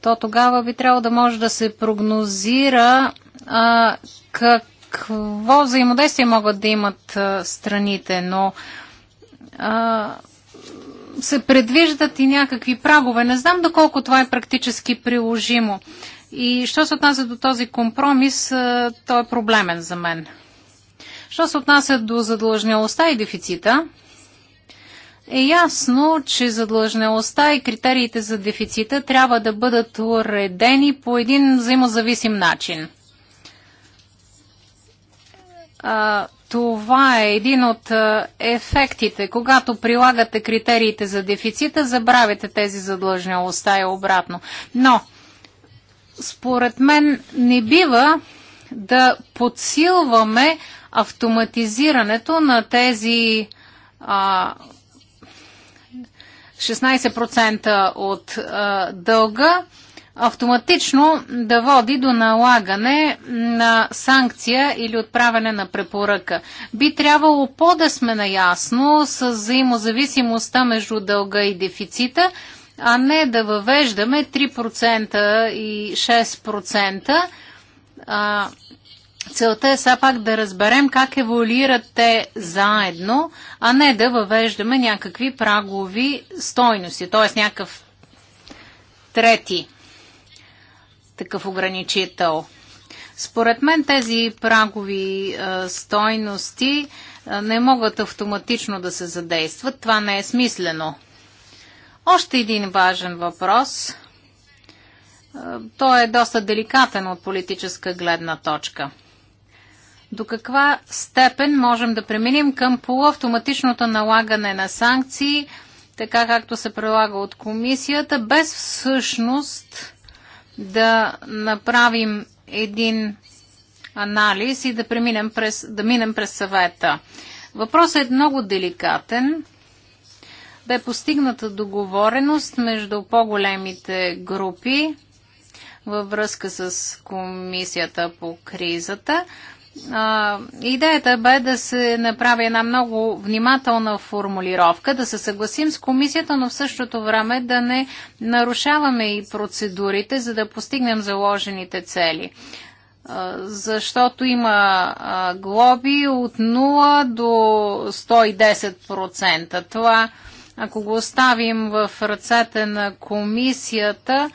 то тогава би трябвало да може да се прогнозира а, какво взаимодействие могат да имат а, страните, но а, се предвиждат и някакви прагове. Не знам доколко това е практически приложимо. И що се отнася до този компромис, той е проблемен за мен. Що се отнася до задлъжнялостта и дефицита, е ясно, че задлъжнялостта и критериите за дефицита трябва да бъдат уредени по един взаимозависим начин. Това е един от е, ефектите. Когато прилагате критериите за дефицита, забравяте тези задлъжнялостта и обратно. Но, според мен, не бива да подсилваме автоматизирането на тези а, 16% от а, дълга автоматично да води до налагане на санкция или отправяне на препоръка. Би трябвало по да сме наясно с взаимозависимостта между дълга и дефицита, а не да въвеждаме 3% и 6%. целта е сега пак да разберем как еволюират те заедно, а не да въвеждаме някакви прагови стойности, т.е. някакъв трети такъв ограничител. Според мен тези прагови а, стойности а, не могат автоматично да се задействат. Това не е смислено. Още един важен въпрос. А, той е доста деликатен от политическа гледна точка. До каква степен можем да преминем към полуавтоматичното налагане на санкции, така както се прилага от комисията, без всъщност да направим един анализ и да, преминем през, да минем през съвета. Въпросът е много деликатен. Бе постигната договореност между по-големите групи във връзка с комисията по кризата а, идеята бе да се направи една много внимателна формулировка, да се съгласим с комисията, но в същото време да не нарушаваме и процедурите, за да постигнем заложените цели. А, защото има а, глоби от 0 до 110%. Това, ако го оставим в ръцете на комисията,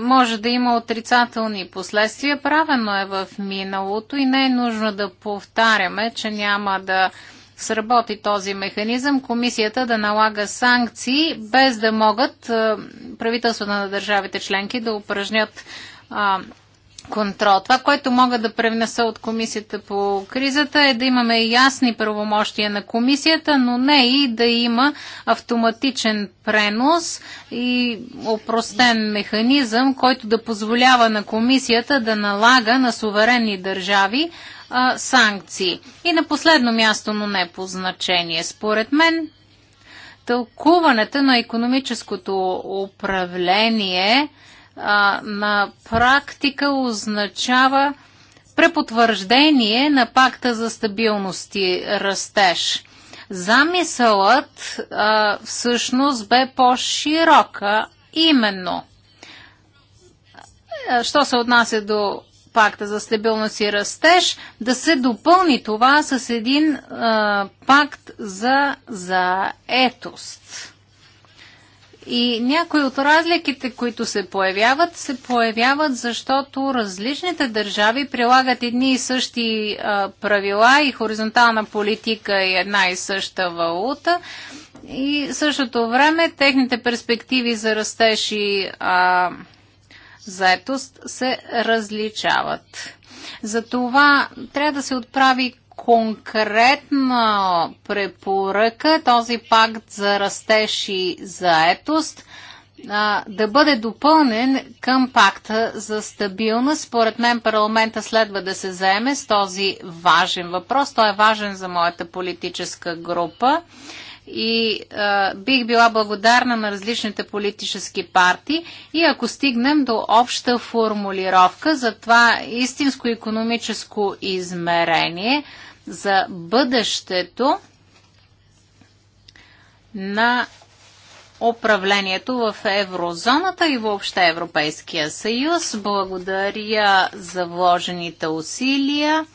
може да има отрицателни последствия. Правено е в миналото и не е нужно да повтаряме, че няма да сработи този механизъм, комисията да налага санкции, без да могат правителствата на държавите членки да упражнят контрол. Това, което мога да превнеса от комисията по кризата е да имаме ясни правомощия на комисията, но не и да има автоматичен пренос и опростен механизъм, който да позволява на комисията да налага на суверенни държави а, санкции. И на последно място, но не по значение. Според мен, тълкуването на економическото управление – а, на практика означава препотвърждение на пакта за стабилност и растеж. Замисълът а, всъщност бе по-широка, именно. Що се отнася до пакта за стабилност и растеж, да се допълни това с един а, пакт за заетост. И някои от разликите, които се появяват, се появяват, защото различните държави прилагат едни и същи а, правила и хоризонтална политика и една и съща валута. И същото време техните перспективи за растеж и а, заетост се различават. Затова трябва да се отправи конкретна препоръка този пакт за растеж и заетост а, да бъде допълнен към пакта за стабилност. Според мен парламента следва да се заеме с този важен въпрос. Той е важен за моята политическа група и а, бих била благодарна на различните политически партии и ако стигнем до обща формулировка за това истинско економическо измерение – за бъдещето на управлението в еврозоната и въобще Европейския съюз. Благодаря за вложените усилия.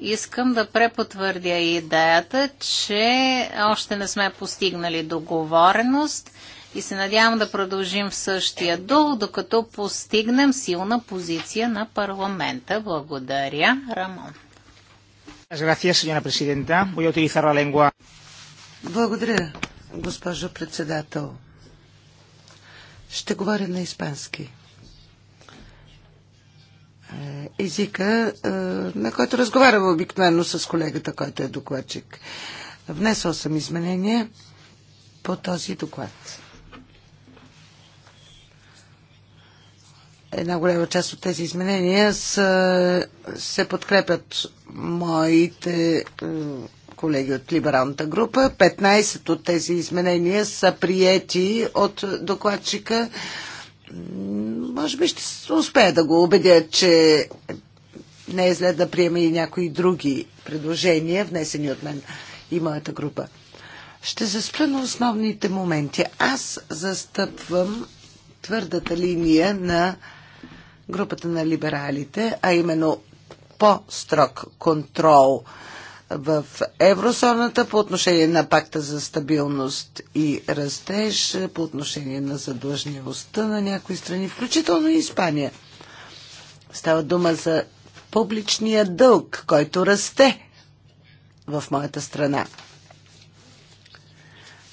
Искам да препотвърдя идеята, че още не сме постигнали договореност и се надявам да продължим в същия дух, докато постигнем силна позиция на парламента. Благодаря, Рамон. Благодаря, госпожо председател. Ще говоря на испански. Е, езика, е, на който разговарям обикновено с колегата, който е докладчик. Внесъл съм изменения по този доклад. една голяма част от тези изменения са, се подкрепят моите е, колеги от либералната група. 15 от тези изменения са приети от докладчика. Може би ще успея да го убедя, че не е зле да приеме и някои други предложения, внесени от мен и моята група. Ще се спра на основните моменти. Аз застъпвам твърдата линия на групата на либералите, а именно по-строг контрол в еврозоната по отношение на пакта за стабилност и растеж, по отношение на задлъжнивостта на някои страни, включително и Испания. Става дума за публичния дълг, който расте в моята страна.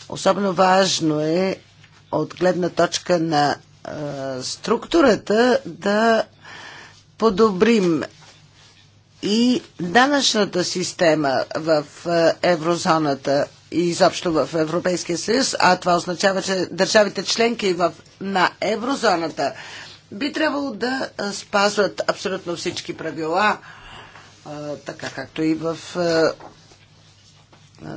Особено важно е от гледна точка на структурата да подобрим и данъчната система в еврозоната и изобщо в Европейския съюз, а това означава, че държавите членки в, на еврозоната би трябвало да спазват абсолютно всички правила, така както и в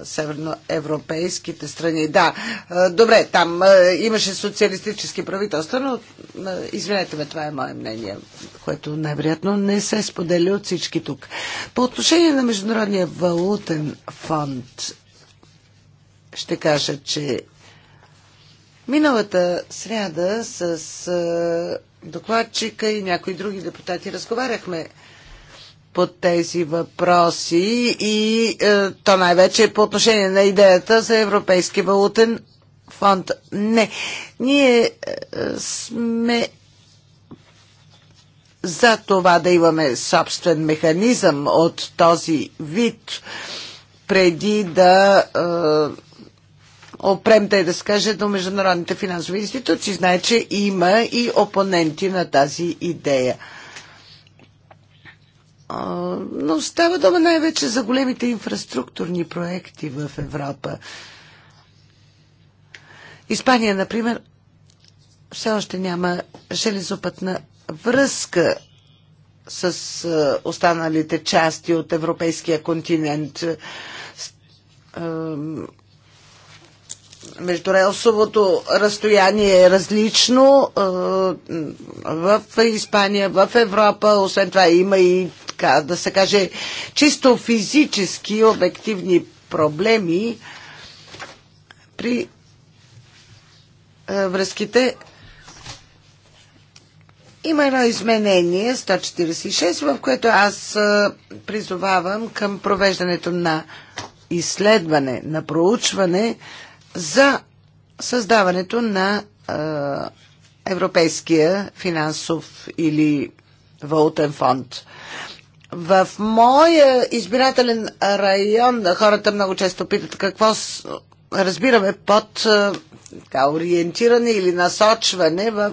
северноевропейските страни. Да, добре, там имаше социалистически правителства, но извинете ме, това е мое мнение, което най-вероятно не се споделя от всички тук. По отношение на Международния валутен фонд, ще кажа, че миналата сряда с докладчика и някои други депутати разговаряхме по тези въпроси и е, то най-вече е по отношение на идеята за Европейски валутен фонд. Не, ние е, сме за това да имаме собствен механизъм от този вид, преди да е, опрем, да да скаже, до международните финансови институции. Знае, че има и опоненти на тази идея но става дума най-вече за големите инфраструктурни проекти в Европа. Испания, например, все още няма железопътна връзка с останалите части от европейския континент. релсовото разстояние е различно в Испания, в Европа. Освен това има и така да се каже, чисто физически обективни проблеми при е, връзките има едно изменение 146, в което аз е, призовавам към провеждането на изследване, на проучване за създаването на е, Европейския финансов или валутен фонд. В моя избирателен район хората много често питат какво разбираме под така, ориентиране или насочване в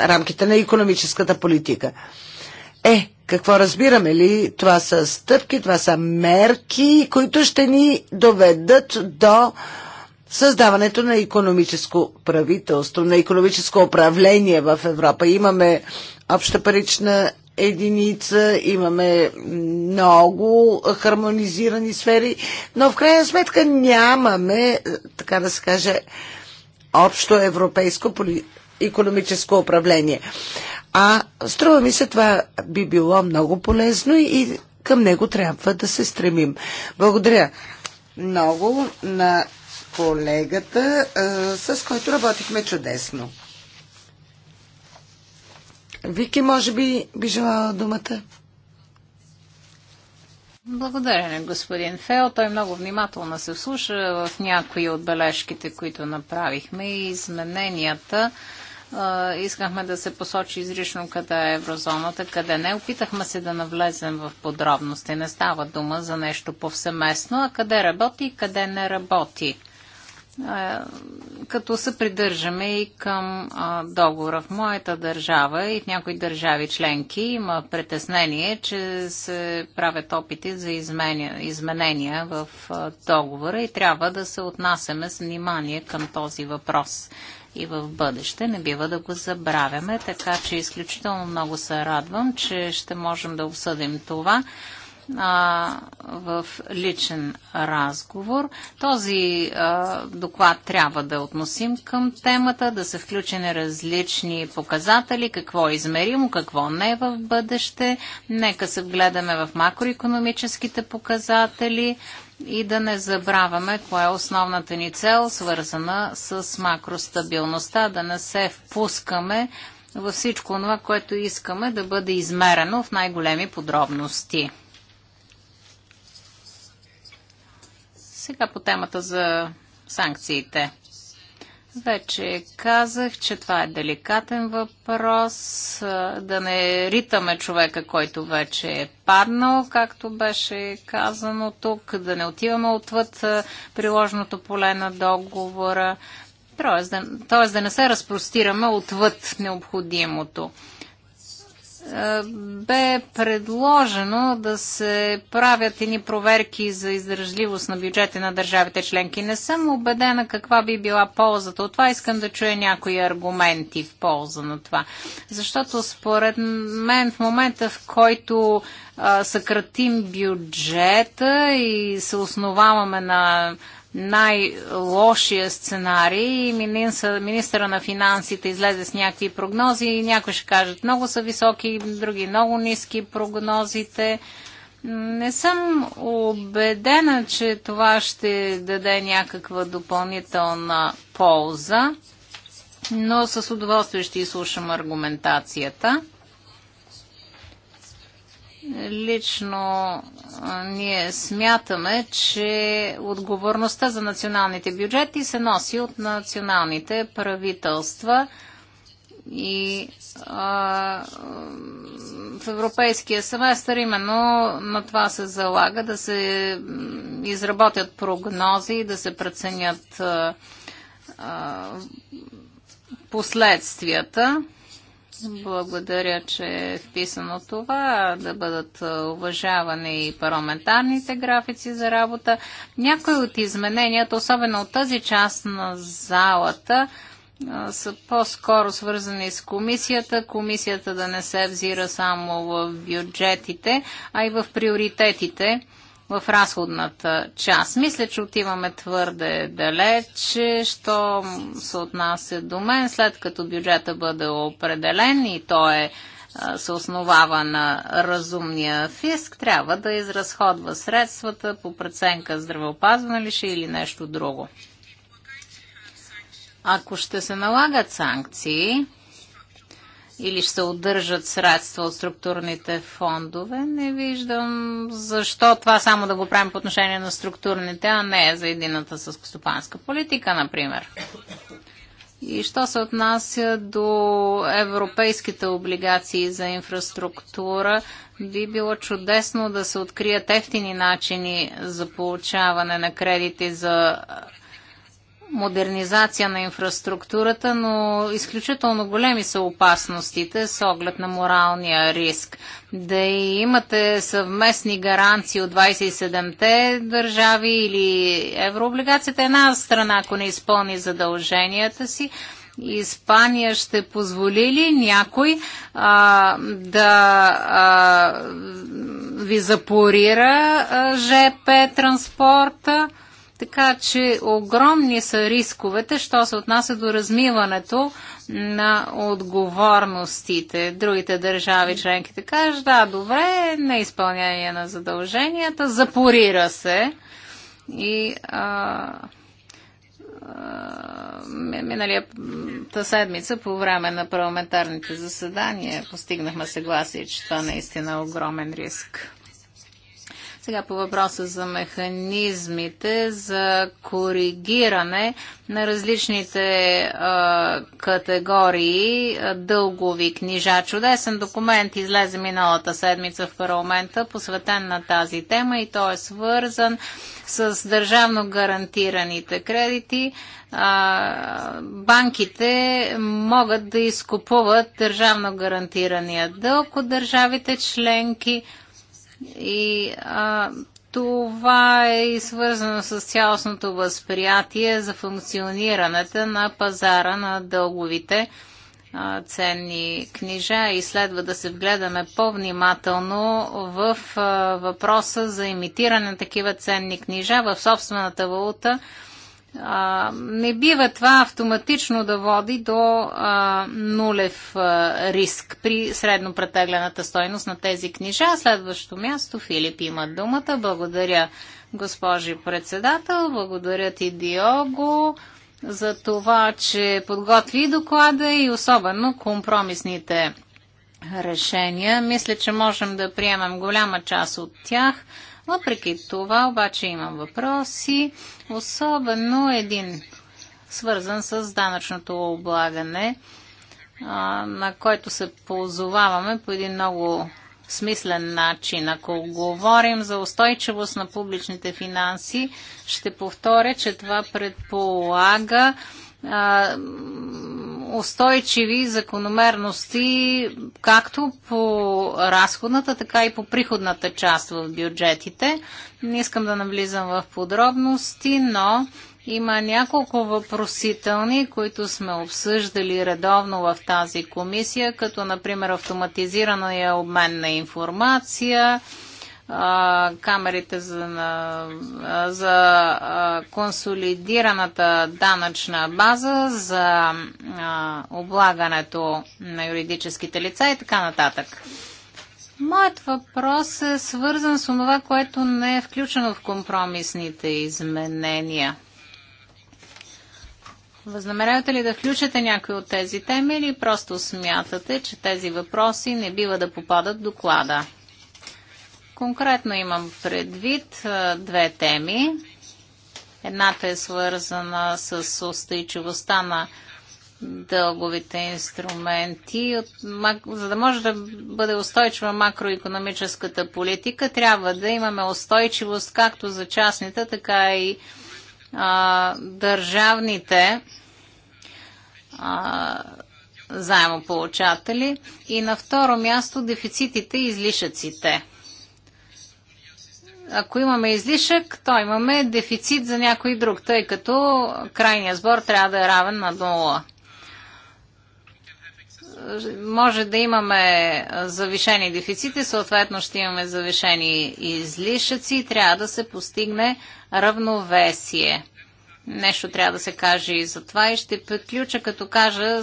рамките на економическата политика. Е, какво разбираме ли? Това са стъпки, това са мерки, които ще ни доведат до създаването на економическо правителство, на економическо управление в Европа. Имаме обща парична единица, имаме много хармонизирани сфери, но в крайна сметка нямаме, е, така да се каже, общо европейско економическо управление. А струва ми се, това би било много полезно и към него трябва да се стремим. Благодаря много на колегата, е, с който работихме чудесно. Вики, може би, би желала думата. Благодаря на господин Фел. Той много внимателно се слуша в някои от бележките, които направихме и измененията. Искахме да се посочи изрично къде е еврозоната, къде не. Опитахме се да навлезем в подробности. Не става дума за нещо повсеместно, а къде работи и къде не работи като се придържаме и към договора. В моята държава и в някои държави членки има притеснение, че се правят опити за изменя, изменения в договора и трябва да се отнасяме с внимание към този въпрос и в бъдеще. Не бива да го забравяме, така че изключително много се радвам, че ще можем да обсъдим това а, в личен разговор. Този а, доклад трябва да относим към темата, да включи включени различни показатели, какво е измеримо, какво не е в бъдеще. Нека се вгледаме в макроекономическите показатели и да не забравяме коя е основната ни цел, свързана с макростабилността, да не се впускаме във всичко това, което искаме да бъде измерено в най-големи подробности. Сега по темата за санкциите. Вече казах, че това е деликатен въпрос. Да не ритаме човека, който вече е паднал, както беше казано тук, да не отиваме отвъд приложното поле на договора, т.е. да, да не се разпростираме отвъд необходимото. Е, бе предложено да се правят ини проверки за издържливост на бюджета на държавите членки. Не съм убедена каква би била ползата от това. Искам да чуя някои аргументи в полза на това. Защото според мен в момента, в който а, съкратим бюджета и се основаваме на най-лошия сценарий и министъра на финансите излезе с някакви прогнози и някои ще кажат много са високи, други много ниски прогнозите. Не съм убедена, че това ще даде някаква допълнителна полза, но с удоволствие ще изслушам аргументацията. Лично ние смятаме, че отговорността за националните бюджети се носи от националните правителства и а, в Европейския семестър именно на това се залага да се изработят прогнози, да се преценят а, а, последствията. Благодаря, че е вписано това, да бъдат е, уважавани и парламентарните графици за работа. Някои от измененията, особено от тази част на залата, е, са по-скоро свързани с комисията. Комисията да не се взира само в бюджетите, а и в приоритетите в разходната част. Мисля, че отиваме твърде далече, що се отнася до мен, след като бюджета бъде определен и той е се основава на разумния фиск, трябва да изразходва средствата по преценка здравеопазване ли ще или нещо друго. Ако ще се налагат санкции, или ще се удържат средства от структурните фондове. Не виждам защо това само да го правим по отношение на структурните, а не за едината с стопанска политика, например. И що се отнася до европейските облигации за инфраструктура, би било чудесно да се открият ефтини начини за получаване на кредити за модернизация на инфраструктурата, но изключително големи са опасностите с оглед на моралния риск. Да имате съвместни гаранции от 27-те държави или еврооблигацията, една страна, ако не изпълни задълженията си, Испания ще позволи ли някой а, да а, ви запорира а, ЖП транспорта? Така че огромни са рисковете, що се отнася до размиването на отговорностите. Другите държави членките кажат, да, добре, не изпълнение на задълженията, запорира се и а, миналията седмица по време на парламентарните заседания постигнахме съгласие, че това наистина е огромен риск. Сега по въпроса за механизмите за коригиране на различните а, категории дългови книжа. Чудесен документ излезе миналата седмица в парламента, посветен на тази тема и той е свързан с държавно гарантираните кредити. А, банките могат да изкупуват държавно гарантирания дълг от държавите членки и а, това е и свързано с цялостното възприятие за функционирането на пазара на дълговите а, ценни книжа и следва да се вгледаме по-внимателно в а, въпроса за имитиране на такива ценни книжа в собствената валута а, не бива това автоматично да води до а, нулев а, риск при средно претеглената стойност на тези книжа. Следващото място Филип има думата. Благодаря, госпожи председател. Благодаря ти, Диого, за това, че подготви доклада и особено компромисните решения. Мисля, че можем да приемем голяма част от тях. Въпреки това обаче имам въпроси, особено един свързан с данъчното облагане, на който се позоваваме по един много смислен начин. Ако говорим за устойчивост на публичните финанси, ще повторя, че това предполага а, устойчиви закономерности както по разходната, така и по приходната част в бюджетите. Не искам да навлизам в подробности, но има няколко въпросителни, които сме обсъждали редовно в тази комисия, като например автоматизирания обмен на информация, камерите за, на, за консолидираната данъчна база, за облагането на юридическите лица и така нататък. Моят въпрос е свързан с това, което не е включено в компромисните изменения. Възнамерявате ли да включите някои от тези теми или просто смятате, че тези въпроси не бива да попадат в доклада? Конкретно имам предвид две теми. Едната е свързана с устойчивостта на дълговите инструменти. За да може да бъде устойчива макроекономическата политика, трябва да имаме устойчивост както за частните, така и а, държавните а, заемополучатели. И на второ място дефицитите и излишъците ако имаме излишък, то имаме дефицит за някой друг, тъй като крайният сбор трябва да е равен на 0 може да имаме завишени дефицити, съответно ще имаме завишени излишъци и трябва да се постигне равновесие. Нещо трябва да се каже и за това и ще приключа като кажа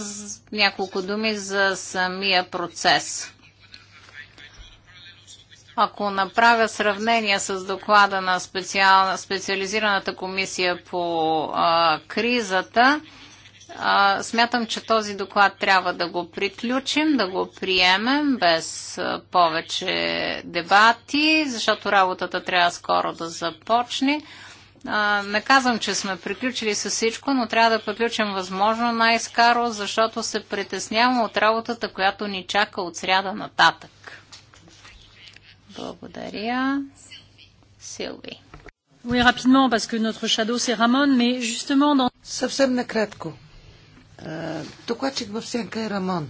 няколко думи за самия процес. Ако направя сравнение с доклада на специал, специализираната комисия по а, кризата, а, смятам, че този доклад трябва да го приключим, да го приемем без а, повече дебати, защото работата трябва скоро да започне. А, не казвам, че сме приключили с всичко, но трябва да приключим възможно най-скаро, защото се притеснявам от работата, която ни чака от сряда нататък. Благодаря. Силви. Oui, rapidement, parce que notre shadow c'est mais justement dans... Съвсем накратко. Докладчик в сянка е Рамон.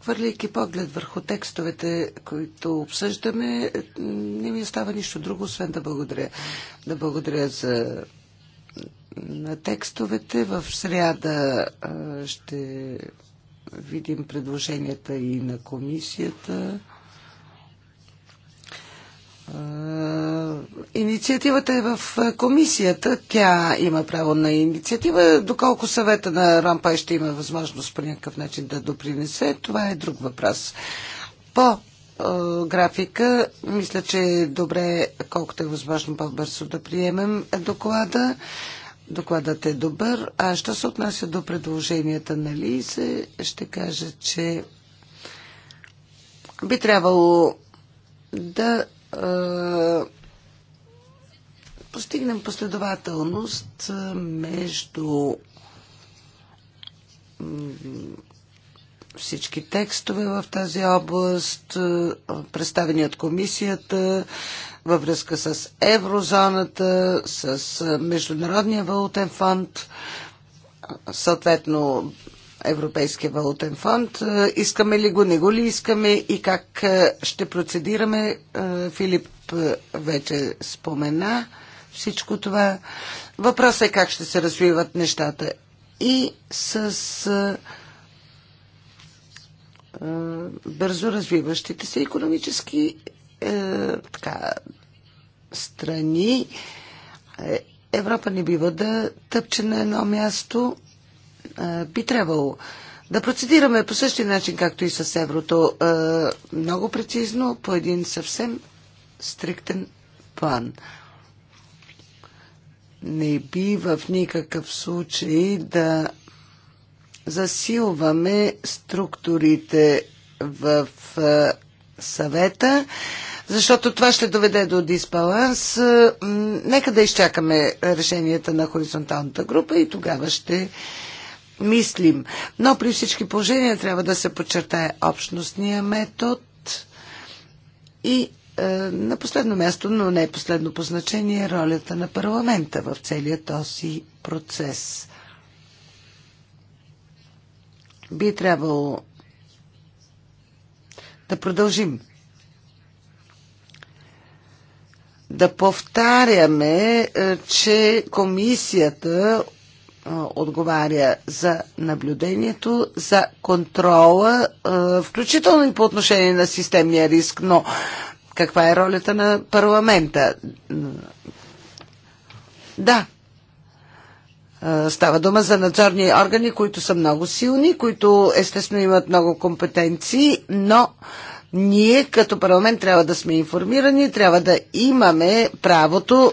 Хвърляйки поглед върху текстовете, които обсъждаме, не ми остава нищо друго, освен да благодаря. Да благодаря за на текстовете. В среда ще видим предложенията и на комисията. Инициативата е в комисията. Тя има право на инициатива. Доколко съвета на Рампай ще има възможност по някакъв начин да допринесе, това е друг въпрос. По графика, мисля, че е добре, колкото е възможно по-бързо да приемем доклада. Докладът е добър. А що се отнася до предложенията на Лизе, ще кажа, че би трябвало да е, постигнем последователност между всички текстове в тази област, представени от комисията, във връзка с еврозоната, с Международния валутен фонд, съответно Европейския валутен фонд. Искаме ли го, не го ли искаме и как ще процедираме? Филип вече спомена всичко това. Въпросът е как ще се развиват нещата. И с бързо развиващите се економически е, така, страни. Е, Европа не бива да тъпче на едно място. Е, би трябвало да процедираме по същия начин, както и с еврото. Много прецизно, по един съвсем стриктен план. Не би в никакъв случай да засилваме структурите в съвета, защото това ще доведе до дисбаланс. Е, нека да изчакаме решенията на хоризонталната група и тогава ще мислим. Но при всички положения трябва да се подчертае общностния метод и е, на последно място, но не последно по значение, ролята на парламента в целия този процес. Би трябвало да продължим да повтаряме, е, че комисията е, отговаря за наблюдението, за контрола, е, включително и по отношение на системния риск, но каква е ролята на парламента? Да, Става дума за надзорни органи, които са много силни, които естествено имат много компетенции, но ние като парламент трябва да сме информирани, трябва да имаме правото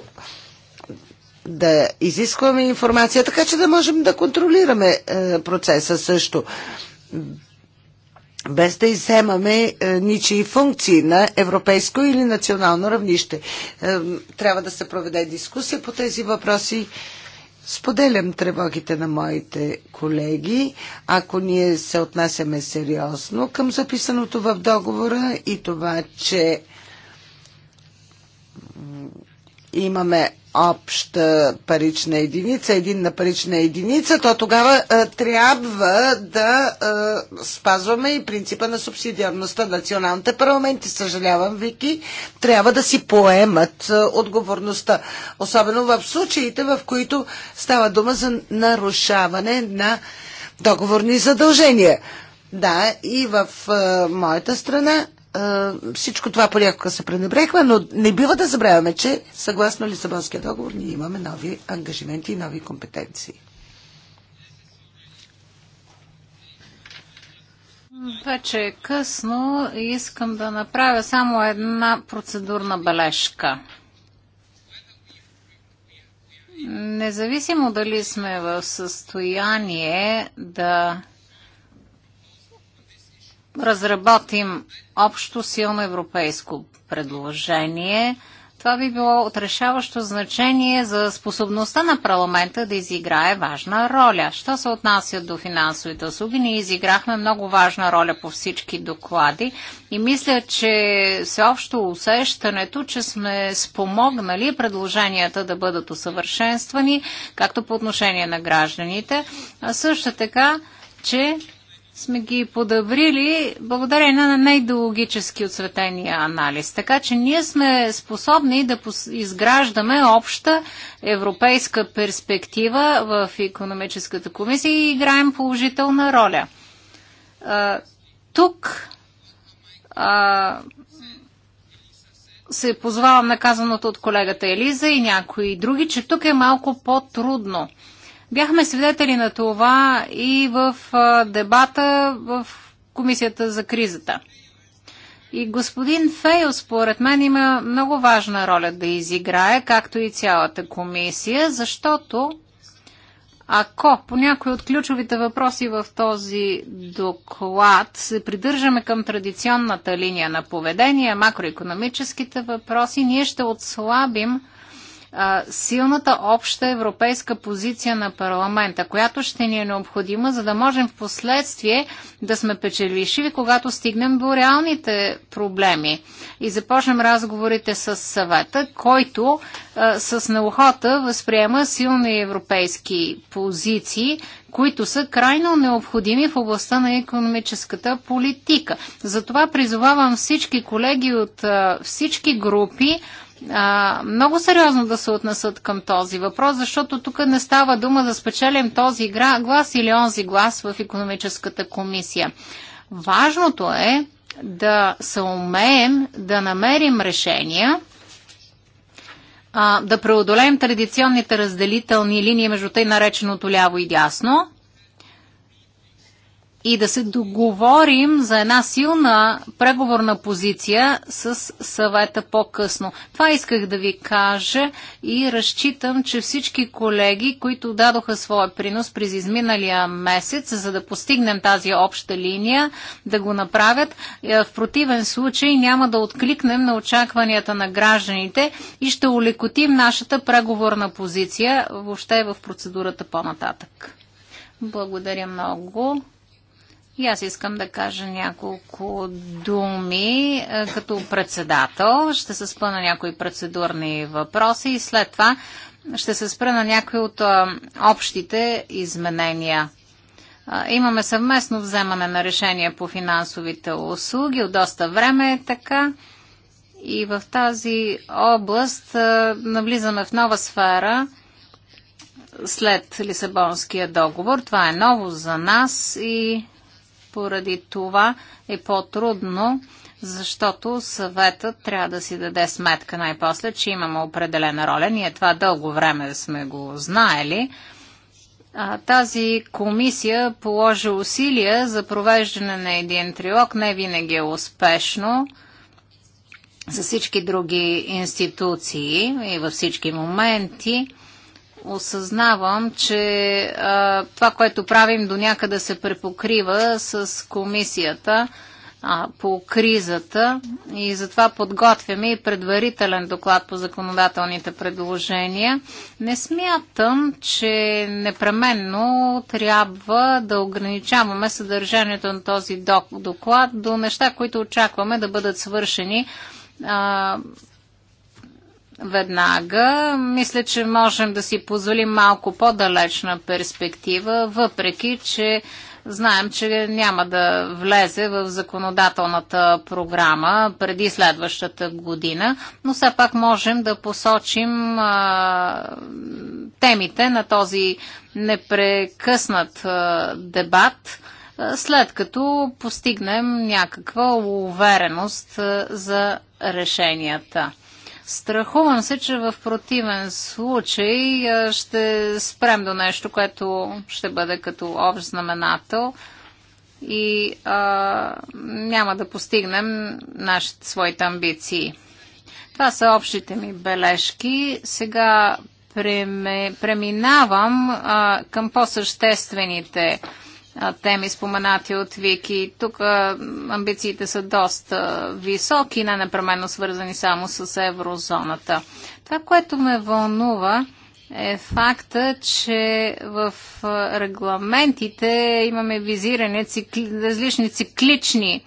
да изискваме информация, така че да можем да контролираме е, процеса също без да иземаме е, ничии функции на европейско или национално равнище. Е, трябва да се проведе дискусия по тези въпроси. Споделям тревогите на моите колеги. Ако ние се отнасяме сериозно към записаното в договора и това, че имаме обща парична единица, единна парична единица, то тогава а, е, трябва да а, е, спазваме и принципа на субсидиарността. Националните парламенти, съжалявам, Вики, трябва да си поемат а, е, отговорността. Особено в случаите, в които става дума за нарушаване на договорни задължения. Да, и в а, моята страна всичко това понякога се пренебрехме, но не бива да забравяме, че съгласно Лисабонския договор ние имаме нови ангажименти и нови компетенции. Вече е късно и искам да направя само една процедурна бележка. Независимо дали сме в състояние да разработим общо силно европейско предложение, това би било отрешаващо значение за способността на парламента да изиграе важна роля. Що се отнася до финансовите услуги, ние изиграхме много важна роля по всички доклади и мисля, че всеобщо усещането, че сме спомогнали предложенията да бъдат усъвършенствани, както по отношение на гражданите, а също така, че сме ги подобрили благодарение на най-идеологически отсветения анализ. Така че ние сме способни да изграждаме обща европейска перспектива в економическата комисия и играем положителна роля. А, тук а, се позвавам на казаното от колегата Елиза и някои други, че тук е малко по-трудно. Бяхме свидетели на това и в дебата в Комисията за кризата. И господин Фейл, според мен, има много важна роля да изиграе, както и цялата комисия, защото ако по някои от ключовите въпроси в този доклад се придържаме към традиционната линия на поведение, макроекономическите въпроси, ние ще отслабим а, силната обща европейска позиция на парламента, която ще ни е необходима, за да можем в последствие да сме печелишиви, когато стигнем до реалните проблеми и започнем разговорите с съвета, който а, с неохота възприема силни европейски позиции, които са крайно необходими в областта на економическата политика. Затова призовавам всички колеги от а, всички групи а, много сериозно да се отнесат към този въпрос, защото тук не става дума да спечелим този глас или онзи глас в економическата комисия. Важното е да се умеем да намерим решения, а, да преодолеем традиционните разделителни линии между тъй нареченото ляво и дясно и да се договорим за една силна преговорна позиция с съвета по-късно. Това исках да ви кажа и разчитам, че всички колеги, които дадоха своя принос през изминалия месец, за да постигнем тази обща линия, да го направят. Е, в противен случай няма да откликнем на очакванията на гражданите и ще улекотим нашата преговорна позиция въобще в процедурата по-нататък. Благодаря много. И аз искам да кажа няколко думи е, като председател. Ще се спъна на някои процедурни въпроси и след това ще се спра на някои от е, общите изменения. Е, имаме съвместно вземане на решения по финансовите услуги от доста време е така. И в тази област навлизаме в нова сфера след Лисабонския договор. Това е ново за нас и поради това е по-трудно, защото съветът трябва да си даде сметка най-после, че имаме определена роля. Ние това дълго време сме го знаели. А, тази комисия положи усилия за провеждане на един трилог. Не винаги е успешно за всички други институции и във всички моменти осъзнавам, че а, това, което правим до някъде се препокрива с комисията а, по кризата и затова подготвяме и предварителен доклад по законодателните предложения. Не смятам, че непременно трябва да ограничаваме съдържанието на този доклад до неща, които очакваме да бъдат свършени а, веднага. Мисля, че можем да си позволим малко по-далечна перспектива, въпреки, че знаем, че няма да влезе в законодателната програма преди следващата година, но все пак можем да посочим а, темите на този непрекъснат а, дебат след като постигнем някаква увереност за решенията. Страхувам се, че в противен случай ще спрем до нещо, което ще бъде като общ знаменател и а, няма да постигнем нашите, своите амбиции. Това са общите ми бележки. Сега преминавам а, към по-съществените теми, споменати от Вики. Тук амбициите са доста високи, не непременно свързани само с еврозоната. Това, което ме вълнува, е факта, че в регламентите имаме визиране цикли, различни циклични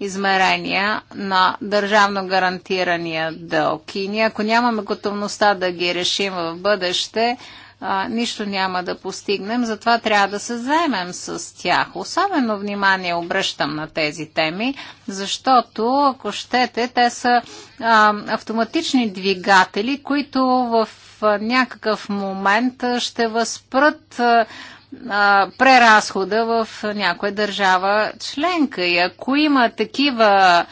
измерения на държавно гарантирания дълг. И ние, ако нямаме готовността да ги решим в бъдеще, а, нищо няма да постигнем, затова трябва да се заемем с тях. Особено внимание обръщам на тези теми, защото, ако щете, те са а, автоматични двигатели, които в а, някакъв момент ще възпрат. А, преразхода в някоя държава членка. И ако има такива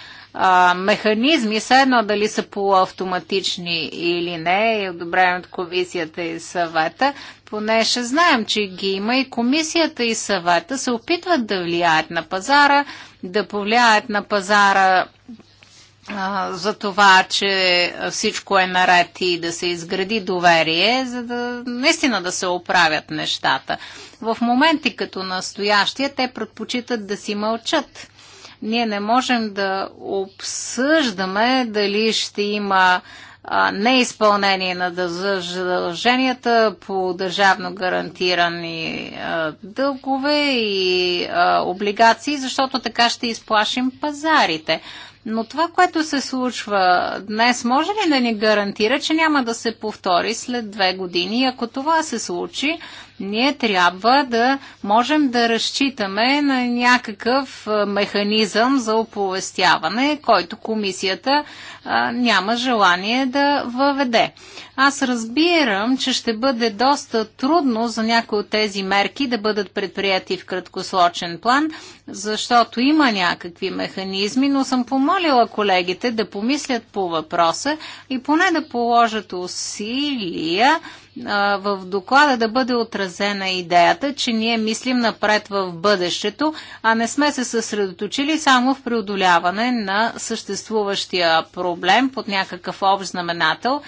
механизми, все едно дали са полуавтоматични или не, и одобряем от комисията и съвета, поне ще знаем, че ги има и комисията и съвета се опитват да влияят на пазара, да повлияят на пазара за това, че всичко е наред и да се изгради доверие, за да наистина да се оправят нещата. В моменти като настоящия те предпочитат да си мълчат ние не можем да обсъждаме дали ще има неизпълнение на задълженията по държавно гарантирани дългове и облигации, защото така ще изплашим пазарите. Но това, което се случва днес, може ли да ни гарантира, че няма да се повтори след две години? И ако това се случи, ние трябва да можем да разчитаме на някакъв механизъм за оповестяване, който комисията а, няма желание да въведе. Аз разбирам, че ще бъде доста трудно за някои от тези мерки да бъдат предприяти в краткосрочен план, защото има някакви механизми, но съм помолила колегите да помислят по въпроса и поне да положат усилия в доклада да бъде отразена идеята, че ние мислим напред в бъдещето, а не сме се съсредоточили само в преодоляване на съществуващия проблем под някакъв общ знаменател,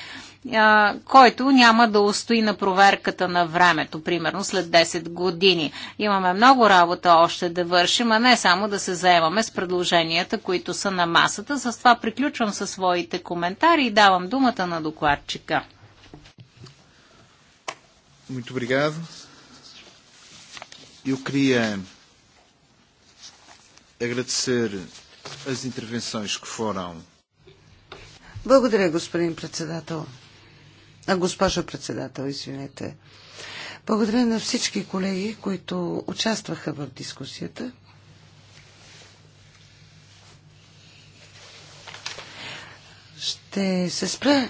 който няма да устои на проверката на времето, примерно след 10 години. Имаме много работа още да вършим, а не само да се заемаме с предложенията, които са на масата. С това приключвам със своите коментари и давам думата на докладчика. Muito obrigado. Eu queria agradecer as intervenções que foram. Благодаря, господин председател. А, госпожо председател, извинете. Благодаря на всички колеги, които участваха в дискусията. Ще се спра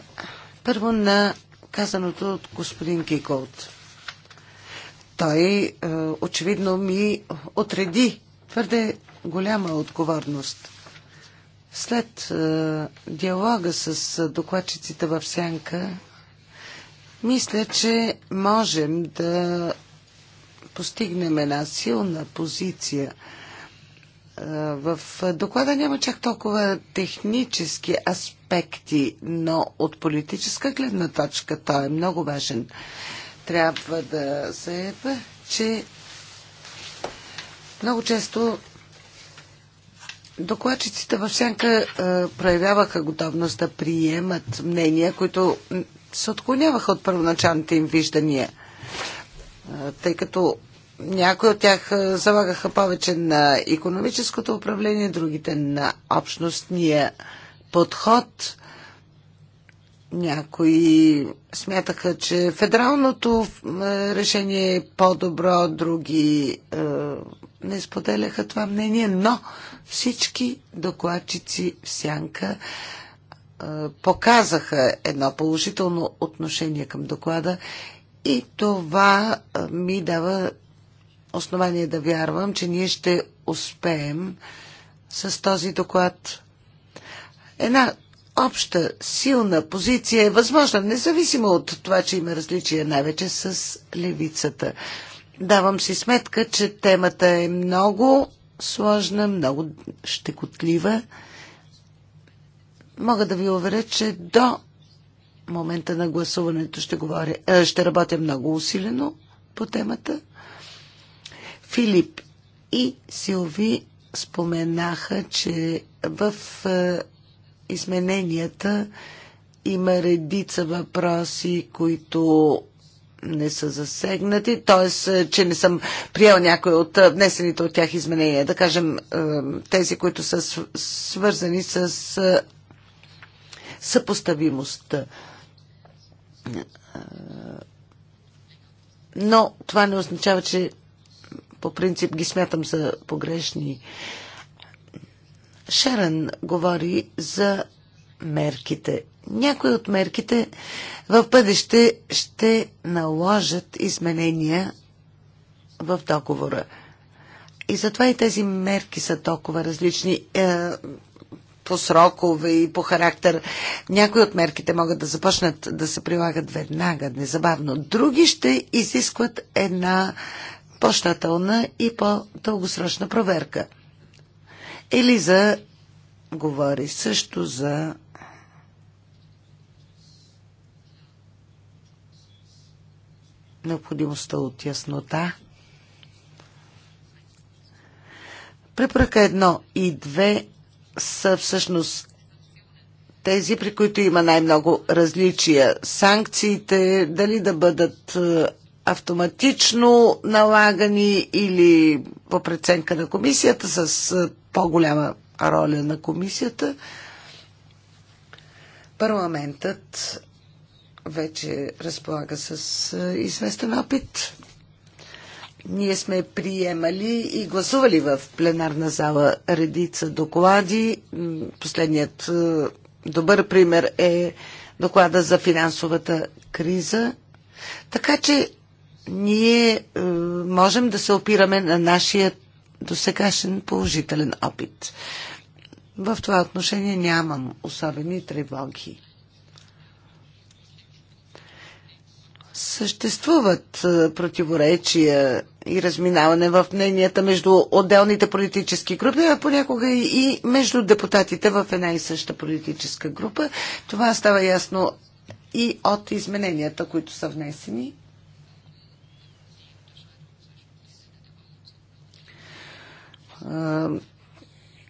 първо на казаното от господин Киколт. Той е, очевидно ми отреди твърде голяма отговорност. След е, диалога с докладчиците в Сянка, мисля, че можем да постигнем една силна позиция – в доклада няма чак толкова технически аспекти, но от политическа гледна точка той е много важен. Трябва да заеба, че много често докладчиците в сянка е, проявяваха готовност да приемат мнения, които се отклоняваха от първоначалните им виждания, е, тъй като някои от тях залагаха повече на економическото управление, другите на общностния подход. Някои смятаха, че федералното решение е по-добро, други е, не споделяха това мнение, но всички докладчици в Сянка е, показаха едно положително отношение към доклада и това ми дава основание да вярвам, че ние ще успеем с този доклад. Една обща, силна позиция е възможна, независимо от това, че има различия най-вече с левицата. Давам си сметка, че темата е много сложна, много щекотлива. Мога да ви уверя, че до момента на гласуването ще, говоря, е, ще работя много усилено по темата. Филип и Силви споменаха, че в е, измененията има редица въпроси, които не са засегнати, т.е. Е, че не съм приел някои от е, внесените от тях изменения, да кажем тези, които са свързани с съпоставимостта. Но това не означава, че по принцип ги смятам за погрешни. Шарън говори за мерките. Някои от мерките в бъдеще ще наложат изменения в договора. И затова и тези мерки са толкова различни е, по срокове и по характер. Някои от мерките могат да започнат да се прилагат веднага, незабавно. Други ще изискват една по-щателна и по-дългосрочна проверка. Елиза говори също за необходимостта от яснота. Препоръка едно и две са всъщност тези, при които има най-много различия. Санкциите, дали да бъдат е, автоматично налагани или по преценка на комисията с по-голяма роля на комисията. Парламентът вече разполага с известен опит. Ние сме приемали и гласували в пленарна зала редица доклади. Последният добър пример е доклада за финансовата криза. Така че ние е, можем да се опираме на нашия досегашен положителен опит. В това отношение нямам особени тревоги. Съществуват е, противоречия и разминаване в мненията между отделните политически групи, а понякога и между депутатите в една и съща политическа група. Това става ясно и от измененията, които са внесени.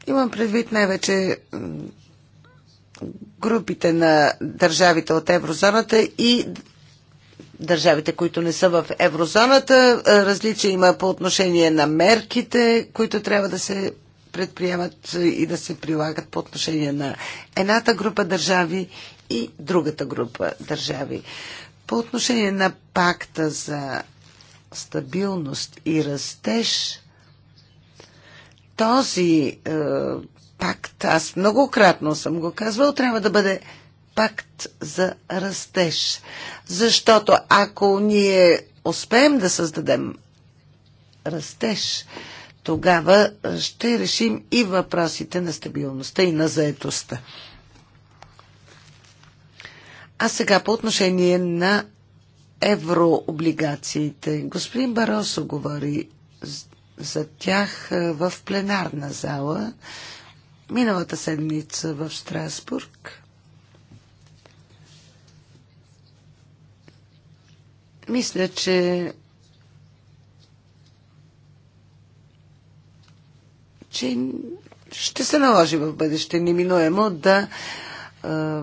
Имам предвид най-вече групите на държавите от еврозоната и държавите, които не са в еврозоната. Различия има по отношение на мерките, които трябва да се предприемат и да се прилагат по отношение на едната група държави и другата група държави. По отношение на пакта за стабилност и растеж, този е, пакт, аз многократно съм го казвал, трябва да бъде пакт за растеж. Защото ако ние успеем да създадем растеж, тогава ще решим и въпросите на стабилността и на заетостта. А сега по отношение на еврооблигациите. Господин Баросо говори за тях в пленарна зала миналата седмица в Страсбург. Мисля, че че ще се наложи в бъдеще неминуемо да а,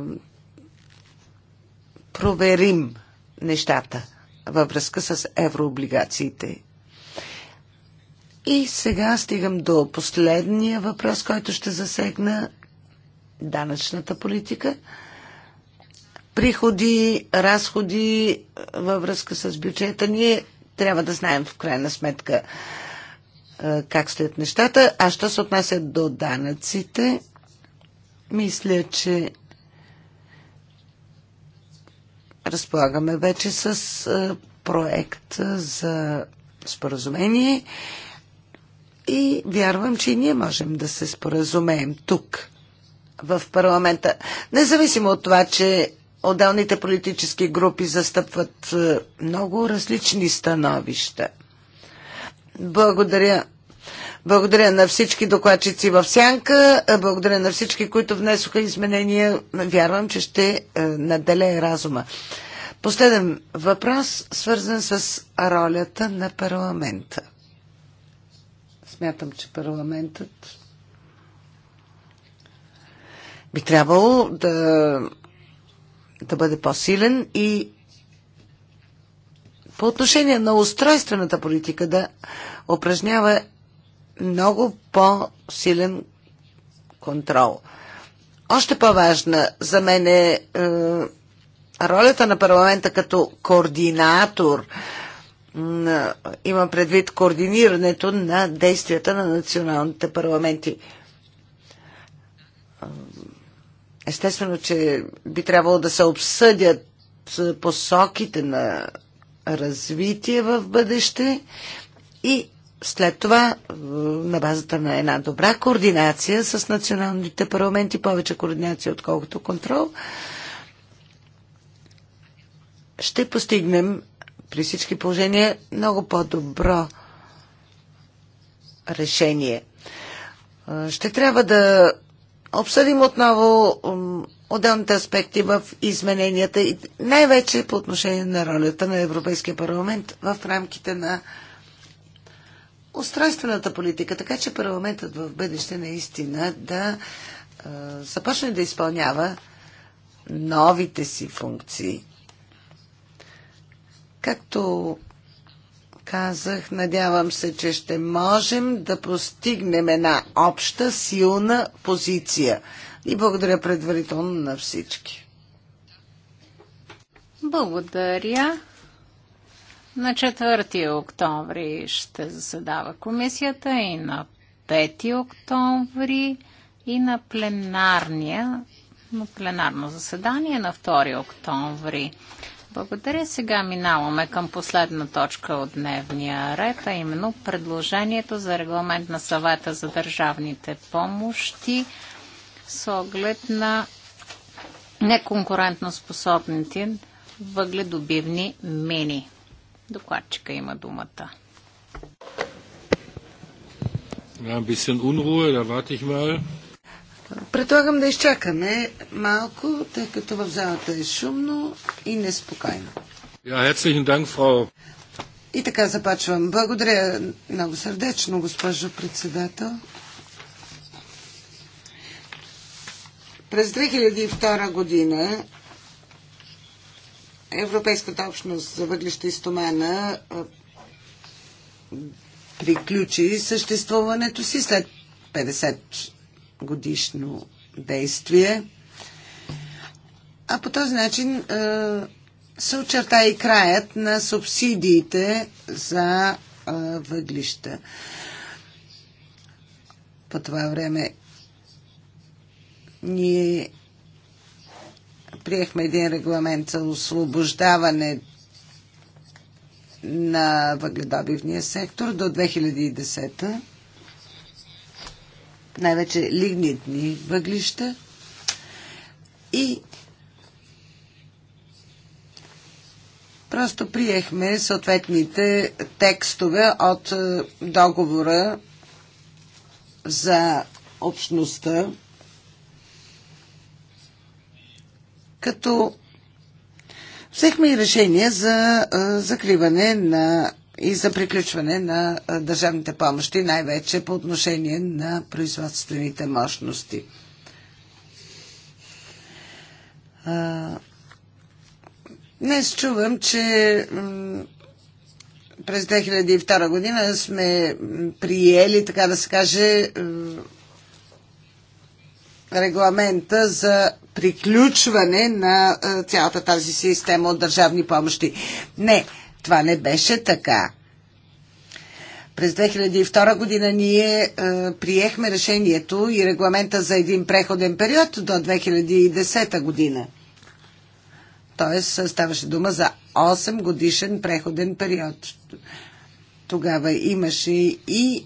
проверим нещата във връзка с еврооблигациите и сега стигам до последния въпрос, който ще засегна данъчната политика. Приходи, разходи във връзка с бюджета. Ние трябва да знаем в крайна сметка как стоят нещата. А що се отнася до данъците, мисля, че разполагаме вече с проект за споразумение и вярвам, че и ние можем да се споразумеем тук, в парламента. Независимо от това, че отделните политически групи застъпват е, много различни становища. Благодаря. Благодаря на всички докладчици в Сянка, е, благодаря на всички, които внесоха изменения. Вярвам, че ще е, наделее разума. Последен въпрос, свързан с ролята на парламента. Смятам, че парламентът би трябвало да, да бъде по-силен и по отношение на устройствената политика да упражнява много по-силен контрол. Още по-важна за мен е, е ролята на парламента като координатор е, има предвид координирането на действията на националните парламенти. Естествено, че би трябвало да се обсъдят посоките на развитие в бъдеще и след това на базата на една добра координация с националните парламенти, повече координация отколкото контрол, ще постигнем при всички положения много по-добро решение. Ще трябва да обсъдим отново отделните аспекти в измененията и най-вече по отношение на ролята на Европейския парламент в рамките на устройствената политика, така че парламентът в бъдеще наистина да започне да изпълнява новите си функции. Както казах, надявам се, че ще можем да постигнем една обща силна позиция. И благодаря предварително на всички. Благодаря. На 4 октомври ще заседава комисията и на 5 октомври и на пленарния на пленарно заседание на 2 октомври. Благодаря. Сега минаваме към последна точка от дневния ред, а именно предложението за регламент на съвета за държавните помощи с оглед на неконкурентно способните въгледобивни мини. Докладчика има думата. Ja, ein bisschen Unruhe, da warte ich mal. Предлагам да изчакаме малко, тъй като в залата е шумно и неспокойно. И така започвам. Благодаря много сърдечно, госпожо председател. През 2002 година Европейската общност за въглища и стомана приключи съществуването си след 50 годишно действие. А по този начин е, се очерта и краят на субсидиите за е, въглища. По това време ние приехме един регламент за освобождаване на въгледобивния сектор до 2010 най-вече лигнитни въглища и просто приехме съответните текстове от е, договора за общността, като взехме и решение за е, закриване на и за приключване на държавните помощи, най-вече по отношение на производствените мощности. Днес чувам, че през 2002 година сме приели, така да се каже, регламента за приключване на цялата тази система от държавни помощи. Не, това не беше така. През 2002 година ние е, приехме решението и регламента за един преходен период до 2010 година. Тоест ставаше дума за 8 годишен преходен период. Тогава имаше и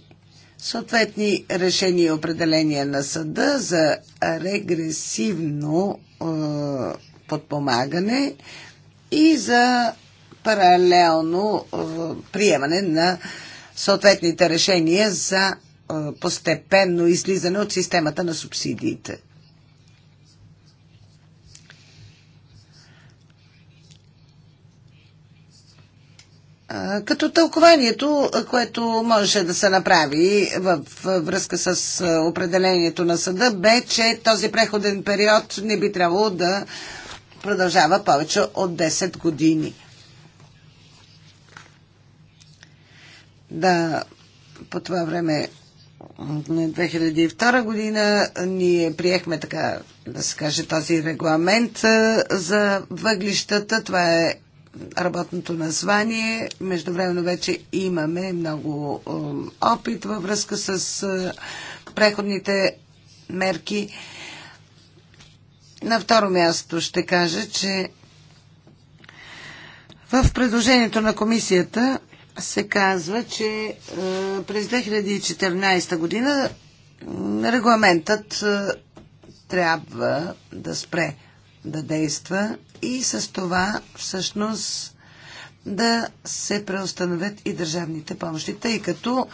съответни решения и определения на съда за регресивно е, подпомагане и за паралелно приемане на съответните решения за постепенно излизане от системата на субсидиите. Като тълкованието, което можеше да се направи в връзка с определението на съда, бе, че този преходен период не би трябвало да продължава повече от 10 години. Да, по това време 2002 година ние приехме така, да се каже, този регламент за въглищата. Това е работното название. Междувременно вече имаме много опит във връзка с преходните мерки. На второ място ще кажа, че в предложението на комисията се казва, че е, през 2014 година регламентът е, трябва да спре да действа и с това всъщност да се преустановят и държавните помощи, тъй като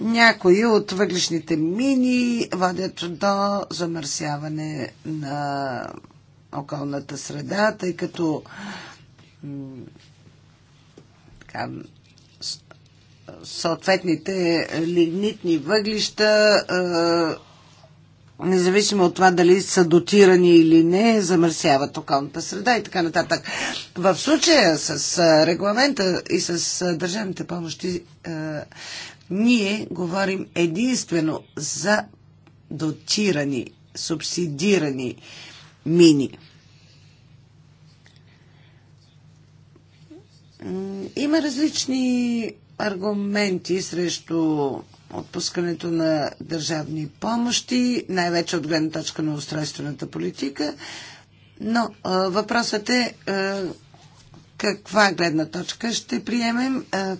някои от въглишните мини водят до замърсяване на околната среда, тъй като така, съответните лигнитни въглища, независимо от това дали са дотирани или не, замърсяват околната среда и така нататък. В случая с регламента и с държавните помощи ние говорим единствено за дотирани, субсидирани мини. Има различни аргументи срещу отпускането на държавни помощи, най-вече от гледна точка на устройствената политика. Но а, въпросът е а, каква гледна точка ще приемем, а,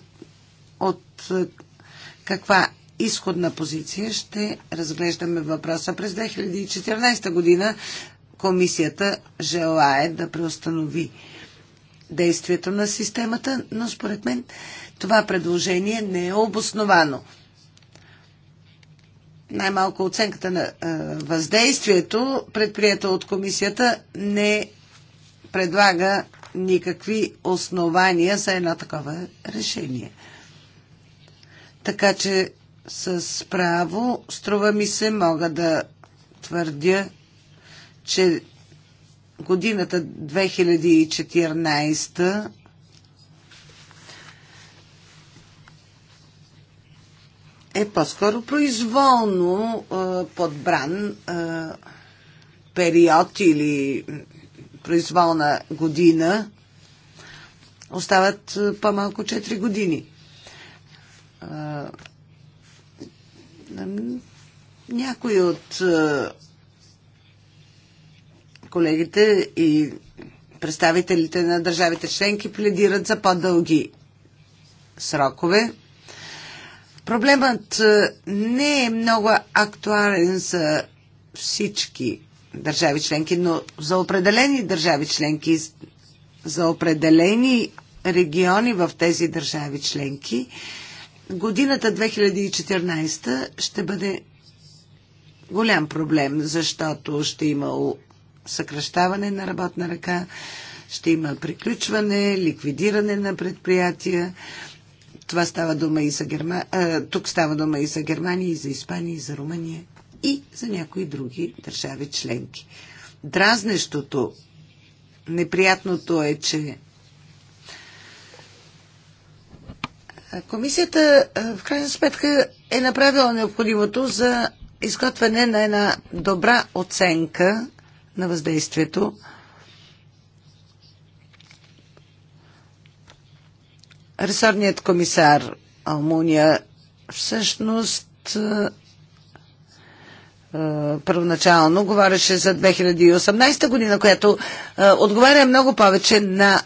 от а, каква изходна позиция ще разглеждаме въпроса. През 2014 година комисията желая да преустанови действието на системата, но според мен това предложение не е обосновано. Най-малко оценката на въздействието, предприето от комисията, не предлага никакви основания за едно такова решение. Така че с право, струва ми се, мога да твърдя, че годината 2014 е по-скоро произволно подбран период или произволна година. Остават по-малко 4 години. Някои от колегите и представителите на държавите членки пледират за по-дълги срокове. Проблемът е, не е много актуален за всички държави членки, но за определени държави членки, за определени региони в тези държави членки, годината 2014 ще бъде голям проблем, защото ще има съкръщаване на работна ръка, ще има приключване, ликвидиране на предприятия. Това става дума и за Герма... Тук става дума и за Германия, и за Испания, и за Румъния, и за някои други държави членки. Дразнещото, неприятното е, че Комисията в крайна сметка е направила необходимото за изготвяне на една добра оценка на въздействието. Ресорният комисар Алмуния всъщност е, е, първоначално говореше за 2018 година, която е, отговаря много повече на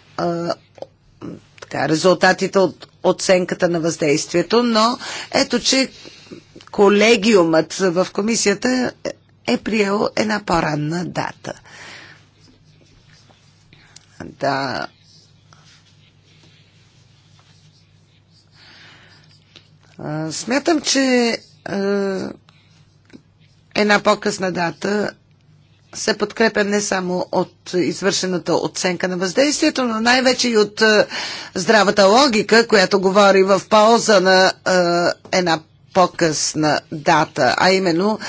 така, резултатите от оценката на въздействието, но ето, че колегиумът в комисията е приел една по-ранна дата. Да. Смятам, че една по-късна дата се подкрепя не само от извършената оценка на въздействието, но най-вече и от здравата логика, която говори в полза на една по-късна дата, а именно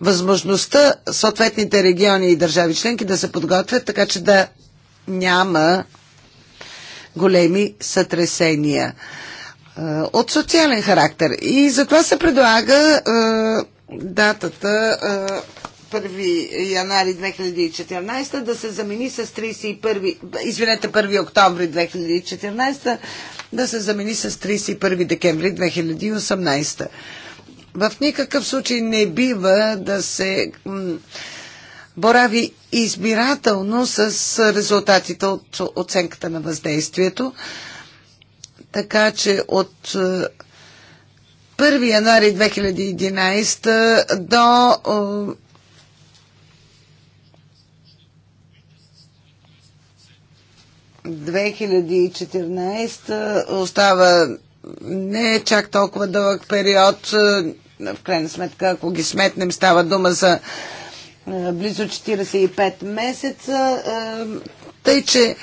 възможността съответните региони и държави членки да се подготвят, така че да няма големи сътресения е, от социален характер. И затова се предлага е, датата е, 1 януари 2014 да се замени с 31, извинете, 1 октомври 2014 да се замени с 31 декември 2018. В никакъв случай не бива да се борави избирателно с резултатите от оценката на въздействието. Така че от 1 е, януари 2011 до е, 2014 остава не чак толкова дълъг период. Е, в крайна сметка, ако ги сметнем, става дума за е, близо 45 месеца. Е, тъй, че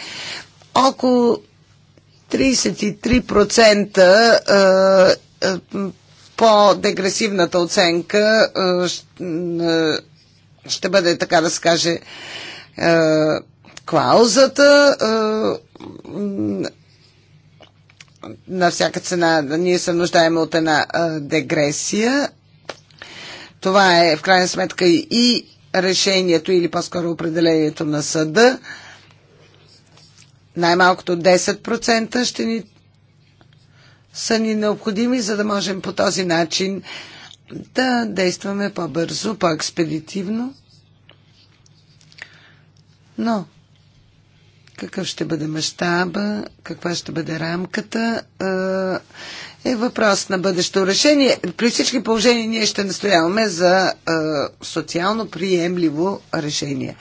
около 33% по дегресивната оценка ще бъде, така да се каже, клаузата на всяка цена ние се нуждаем от една дегресия. Това е в крайна сметка и решението или по-скоро определението на съда. Най-малкото 10% ще ни са ни необходими, за да можем по този начин да действаме по-бързо, по-експедитивно. Но какъв ще бъде мащаба, каква ще бъде рамката, е, е въпрос на бъдещо решение. При всички положения ние ще настояваме за е, социално приемливо решение.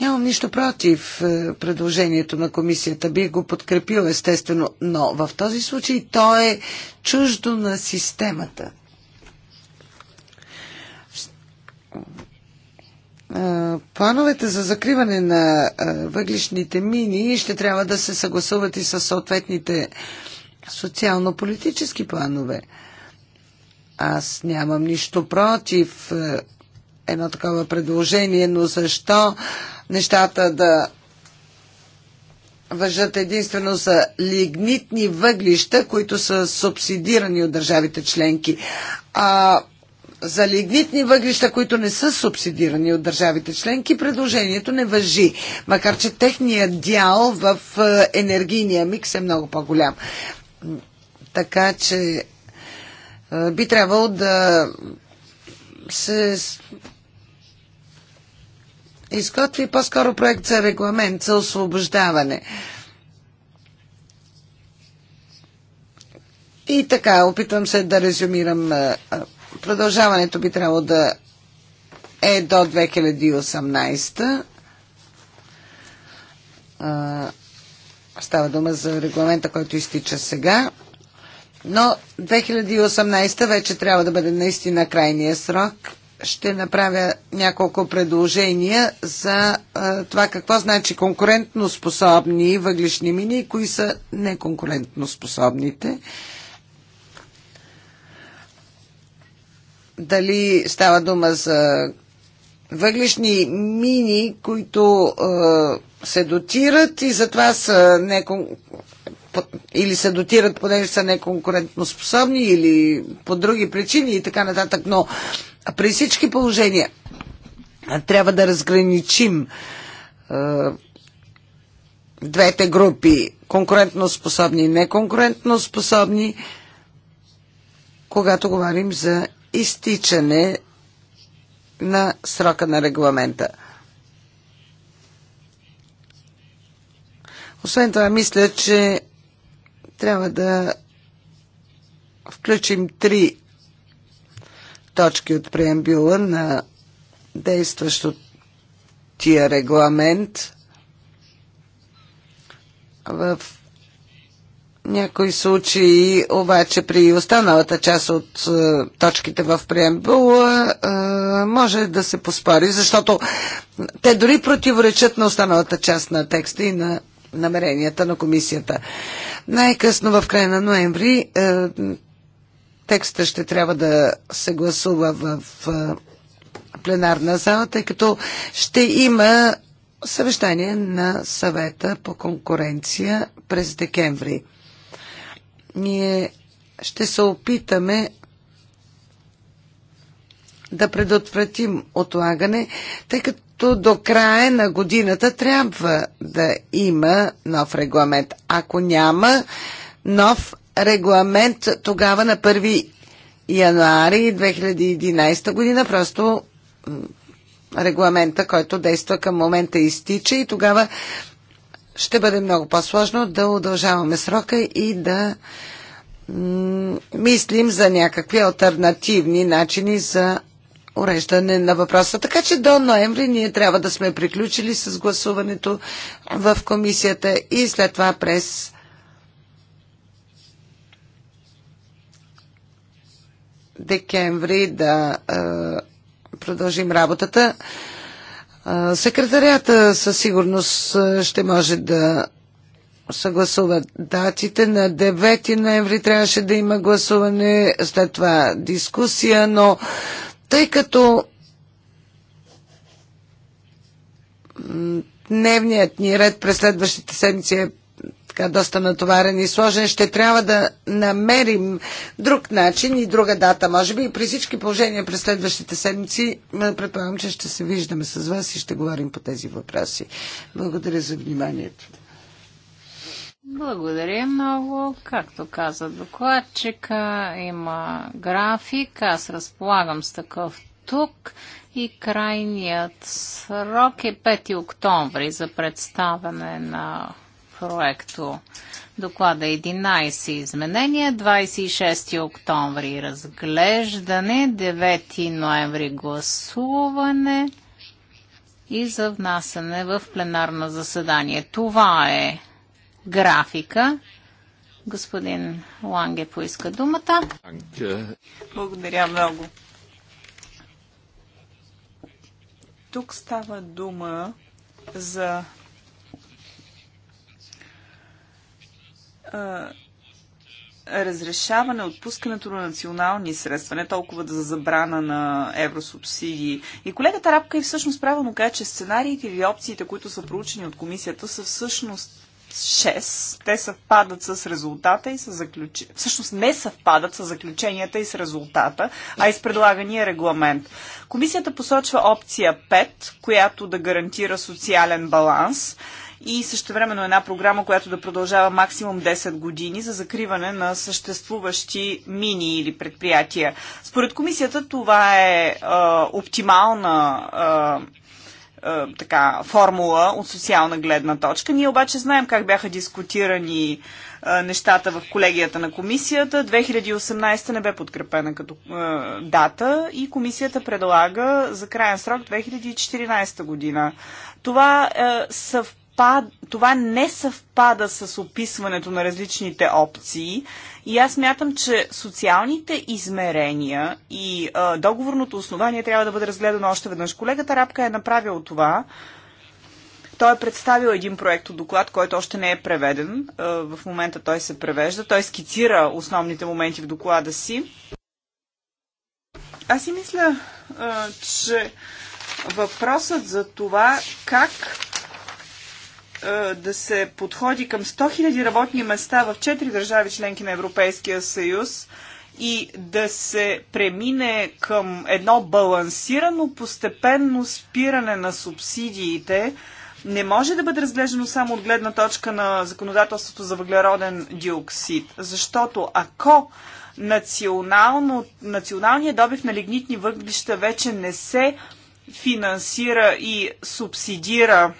Нямам нищо против е, предложението на комисията. Би го подкрепил, естествено, но в този случай то е чуждо на системата. Плановете за закриване на въглишните мини ще трябва да се съгласуват и с съответните социално-политически планове. Аз нямам нищо против едно такова предложение, но защо нещата да въжат единствено за лигнитни въглища, които са субсидирани от държавите членки. А за лигнитни въглища, които не са субсидирани от държавите членки, предложението не въжи, макар че техният дял в е, енергийния микс е много по-голям. Така че е, би трябвало да се изготви по-скоро проект за регламент за освобождаване. И така, опитвам се да резюмирам е, Продължаването би трябвало да е до 2018. Става дума за регламента, който изтича сега. Но 2018 вече трябва да бъде наистина крайния срок. Ще направя няколко предложения за а, това какво значи конкурентно способни въглишни мини и кои са неконкурентно способните. А, Дали става дума за въглишни мини, които е, се дотират и затова са не, или се дотират, понеже са неконкурентноспособни, или по други причини и така нататък. Но при всички положения трябва да разграничим е, двете групи конкурентноспособни и неконкурентоспособни, когато говорим за изтичане на срока на регламента. Освен това, мисля, че трябва да включим три точки от преамбюла на действащия регламент в някои случаи, обаче при останалата част от е, точките в преембула е, може да се поспори, защото те дори противоречат на останалата част на текста и на намеренията на комисията. Най-късно в края на ноември е, текста ще трябва да се гласува в е, пленарна зала, тъй като ще има съвещание на съвета по конкуренция през декември ние ще се опитаме да предотвратим отлагане, тъй като до края на годината трябва да има нов регламент. Ако няма нов регламент, тогава на 1 януари 2011 година просто регламента, който действа към момента изтича и тогава ще бъде много по-сложно да удължаваме срока и да мислим за някакви альтернативни начини за уреждане на въпроса. Така че до ноември ние трябва да сме приключили с гласуването в комисията и след това през декември да е, продължим работата. Секретарията със сигурност ще може да съгласува датите. На 9 ноември трябваше да има гласуване, след това дискусия, но тъй като дневният ни ред през следващите седмици е така доста натоварен и сложен, ще трябва да намерим друг начин и друга дата. Може би и при всички положения през следващите седмици предполагам, че ще се виждаме с вас и ще говорим по тези въпроси. Благодаря за вниманието. Благодаря много. Както каза докладчика, има график. Аз разполагам с такъв тук и крайният срок е 5 октомври за представяне на проекто доклада 11 е изменения, 26 октомври разглеждане, 9 ноември гласуване и за внасяне в пленарно заседание. Това е графика. Господин Ланге поиска думата. Благодаря много. Тук става дума за разрешаване отпускането на национални средства, не толкова да за забрана на евросубсидии. И колегата Рапка и всъщност правилно каза, че сценариите или опциите, които са проучени от комисията, са всъщност 6. Те съвпадат с резултата и с заключенията. Всъщност не съвпадат с заключенията и с резултата, а и с предлагания регламент. Комисията посочва опция 5, която да гарантира социален баланс и също времено една програма, която да продължава максимум 10 години за закриване на съществуващи мини или предприятия. Според комисията това е а, оптимална а, а, така, формула от социална гледна точка. Ние обаче знаем как бяха дискутирани а, нещата в колегията на комисията. 2018 не бе подкрепена като а, дата и комисията предлага за крайен срок 2014 година. Това е, съвпада съвпад... това не съвпада с описването на различните опции. И аз мятам, че социалните измерения и а, договорното основание трябва да бъде разгледано още веднъж. Колегата Рапка е направил това. Той е представил един проект от доклад, който още не е преведен. А, в момента той се превежда. Той скицира основните моменти в доклада си. Аз си мисля, а, че въпросът за това как е, да се подходи към 100 000 работни места в 4 държави членки на Европейския съюз и да се премине към едно балансирано постепенно спиране на субсидиите, не може да бъде разглеждано само от гледна точка на законодателството за въглероден диоксид, защото ако националният добив на лигнитни въглища вече не се финансира и субсидира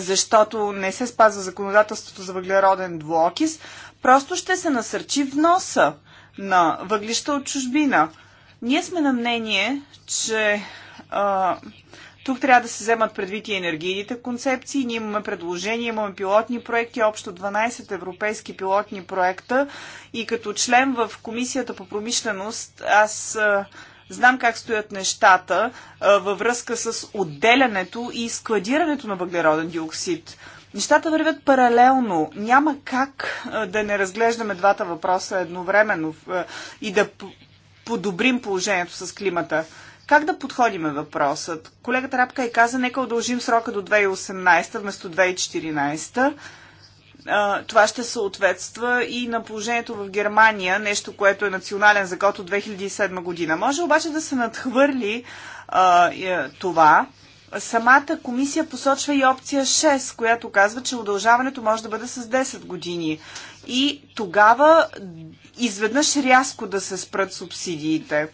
защото не се спазва законодателството за въглероден двуокис, просто ще се насърчи вноса на въглища от чужбина. Ние сме на мнение, че а, тук трябва да се вземат предвид и енергийните концепции. Ние имаме предложения, имаме пилотни проекти, общо 12 европейски пилотни проекта. И като член в Комисията по промишленост, аз а, Знам как стоят нещата във връзка с отделянето и складирането на въглероден диоксид. Нещата вървят паралелно. Няма как да не разглеждаме двата въпроса едновременно и да подобрим положението с климата. Как да подходиме въпросът? Колегата Рапка и е каза, нека удължим срока до 2018 вместо 2014 това ще съответства и на положението в Германия, нещо, което е национален закон от 2007 година. Може обаче да се надхвърли а, е, това. Самата комисия посочва и опция 6, която казва, че удължаването може да бъде с 10 години. И тогава изведнъж рязко да се спрат субсидиите.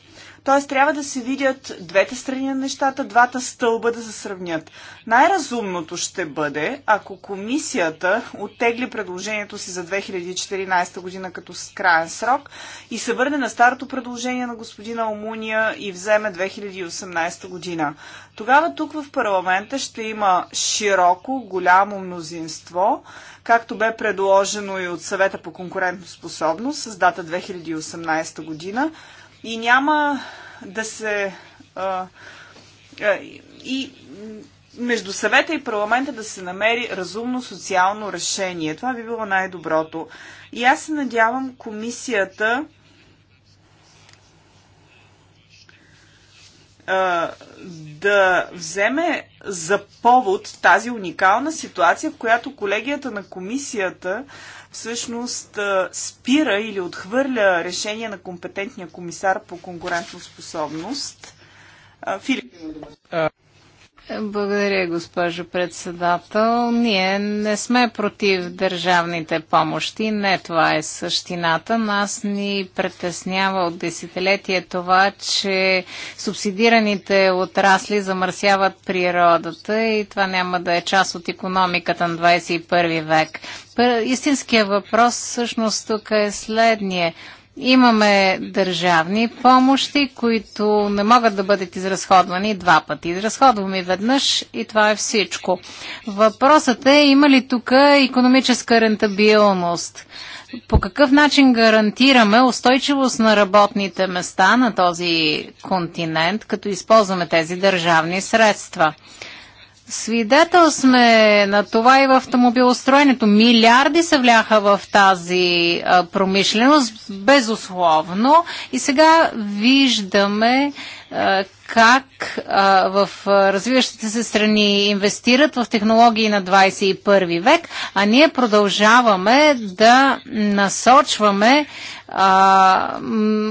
Тоест трябва да се видят двете страни на нещата, двата стълба да се сравнят. Най-разумното ще бъде, ако комисията оттегли предложението си за 2014 година като крайен срок и се върне на старото предложение на господина Омуния и вземе 2018 година. Тогава тук в парламента ще има широко, голямо мнозинство, както бе предложено и от съвета по конкурентоспособност с дата 2018 година, и няма да се. и между съвета и парламента да се намери разумно социално решение. Това би било най-доброто. И аз се надявам комисията да вземе за повод тази уникална ситуация, в която колегията на комисията всъщност спира или отхвърля решение на компетентния комисар по конкурентоспособност. Филип. Благодаря, госпожо председател. Ние не сме против държавните помощи. Не, това е същината. Нас ни притеснява от десетилетие това, че субсидираните отрасли замърсяват природата и това няма да е част от економиката на 21 век. Истинският въпрос всъщност тук е следния. Имаме държавни помощи, които не могат да бъдат изразходвани два пъти. Изразходваме веднъж и това е всичко. Въпросът е има ли тук економическа рентабилност? По какъв начин гарантираме устойчивост на работните места на този континент, като използваме тези държавни средства? Свидетел сме на това и в автомобилостроенето. Милиарди се вляха в тази промишленост, безусловно. И сега виждаме как в развиващите се страни инвестират в технологии на 21 век, а ние продължаваме да насочваме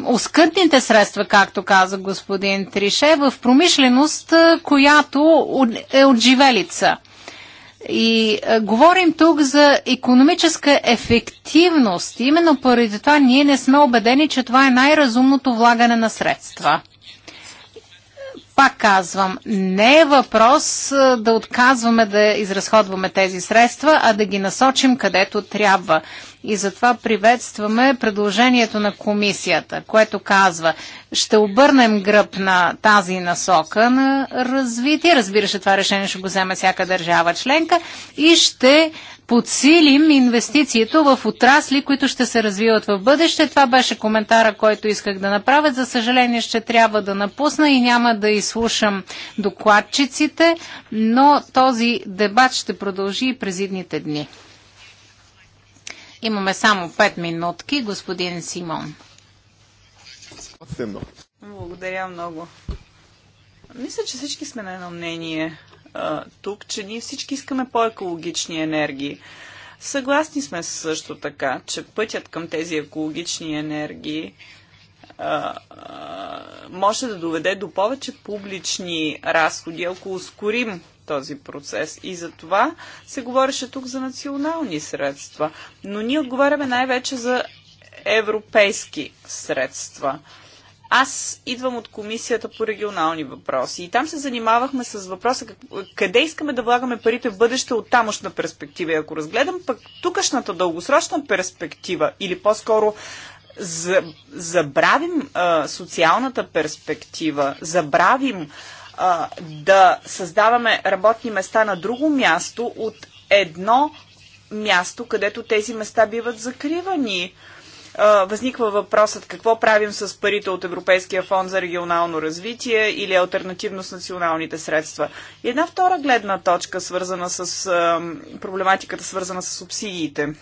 оскъдните средства, както каза господин Трише, в промишленост, която е отживелица. И а, говорим тук за економическа ефективност. Именно поради това ние не сме убедени, че това е най-разумното влагане на средства. Пак казвам, не е въпрос да отказваме да изразходваме тези средства, а да ги насочим където трябва. И затова приветстваме предложението на комисията, което казва, ще обърнем гръб на тази насока на развитие. Разбира се, това решение ще го вземе всяка държава членка и ще подсилим инвестицията в отрасли, които ще се развиват в бъдеще. Това беше коментара, който исках да направя. За съжаление ще трябва да напусна и няма да изслушам докладчиците, но този дебат ще продължи и през идните дни. Имаме само 5 минутки, господин Симон. Благодаря много. Мисля, че всички сме на едно мнение а, тук, че ние всички искаме по-екологични енергии. Съгласни сме също така, че пътят към тези екологични енергии а, а, може да доведе до повече публични разходи, ако ускорим този процес. И за това се говореше тук за национални средства. Но ние отговаряме най-вече за европейски средства. Аз идвам от комисията по регионални въпроси и там се занимавахме с въпроса как, къде искаме да влагаме парите в бъдеще от тамошна перспектива. И ако разгледам пък тукашната дългосрочна перспектива или по-скоро забравим а, социалната перспектива, забравим а, да създаваме работни места на друго място от едно място, където тези места биват закривани възниква въпросът какво правим с парите от Европейския фонд за регионално развитие или альтернативно с националните средства. И една втора гледна точка, свързана с проблематиката, свързана с субсидиите.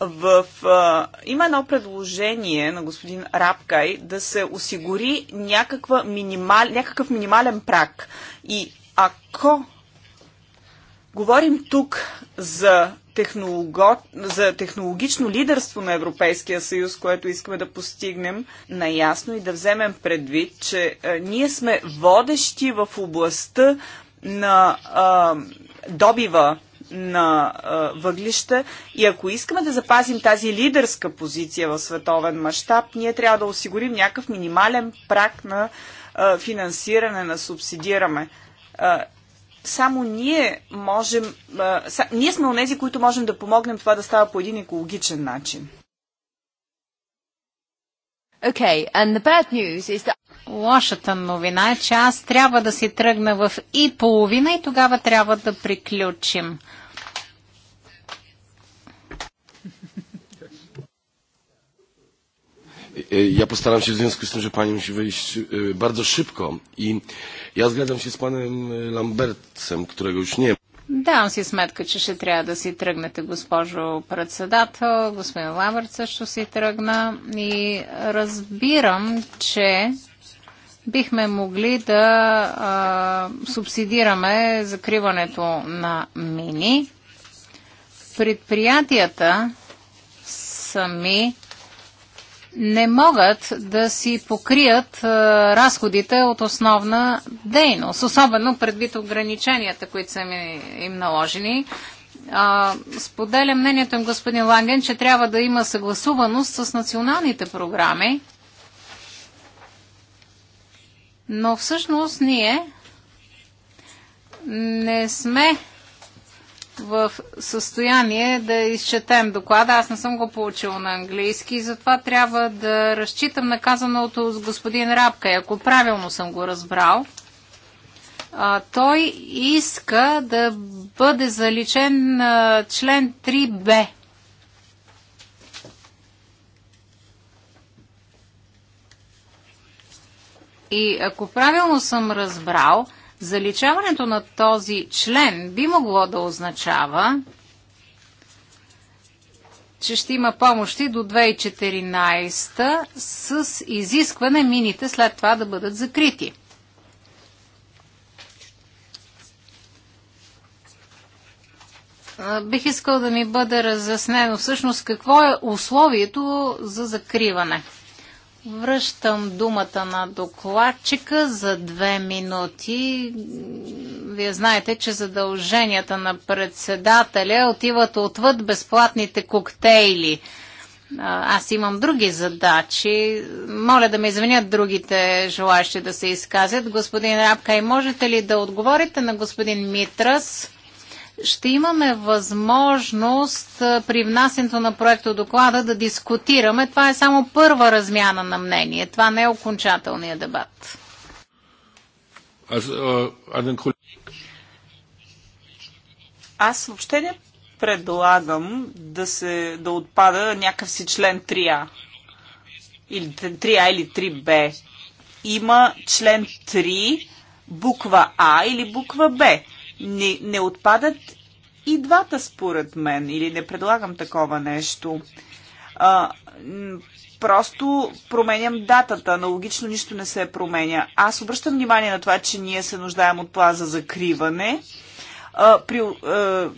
В, а, има едно предложение на господин Рапкай да се осигури някаква минимал, някакъв минимален прак. И ако Говорим тук за, технолого... за технологично лидерство на Европейския съюз, което искаме да постигнем наясно и да вземем предвид, че а, ние сме водещи в областта на а, добива на а, въглища и ако искаме да запазим тази лидерска позиция в световен мащаб, ние трябва да осигурим някакъв минимален прак на а, финансиране, на субсидираме. А, само ние можем, ние сме онези, които можем да помогнем това да става по един екологичен начин. Okay, and the bad news is that... Лошата новина е, че аз трябва да си тръгна в и половина и тогава трябва да приключим. E, ja postaram się w związku z tym, że pani musi wyjść e, bardzo szybko i ja zgadzam się z panem e, Lambertsem, którego już nie ma. он си сметка, че ще трябва да си тръгнете, госпожо председател. Господин Лабърт също си тръгна. И разбирам, че бихме могли да а, субсидираме закриването на мини. Предприятията сами не могат да си покрият разходите от основна дейност, особено предвид ограниченията, които са им наложени. споделя мнението им господин Ланген, че трябва да има съгласуваност с националните програми, но всъщност ние не сме в състояние да изчетем доклада. Аз не съм го получил на английски, затова трябва да разчитам наказаното с господин Рапка. И ако правилно съм го разбрал, а, той иска да бъде заличен а, член 3б. И ако правилно съм разбрал, Заличаването на този член би могло да означава, че ще има помощи до 2014 с изискване мините след това да бъдат закрити. Бих искал да ми бъде разяснено всъщност какво е условието за закриване. Връщам думата на докладчика за две минути. Вие знаете, че задълженията на председателя отиват отвъд безплатните коктейли. Аз имам други задачи. Моля да ме извинят другите желащи да се изказят. Господин Рапкай, можете ли да отговорите на господин Митрас? ще имаме възможност при внасенето на проекта доклада да дискутираме. Това е само първа размяна на мнение. Това не е окончателният дебат. Аз въобще не предлагам да се да отпада някакъв си член 3А или 3А или 3Б. Има член 3, буква А или буква Б не, не отпадат и двата, според мен, или не предлагам такова нещо. А, просто променям датата. Аналогично нищо не се променя. Аз обръщам внимание на това, че ние се нуждаем от план за закриване. А, при, а,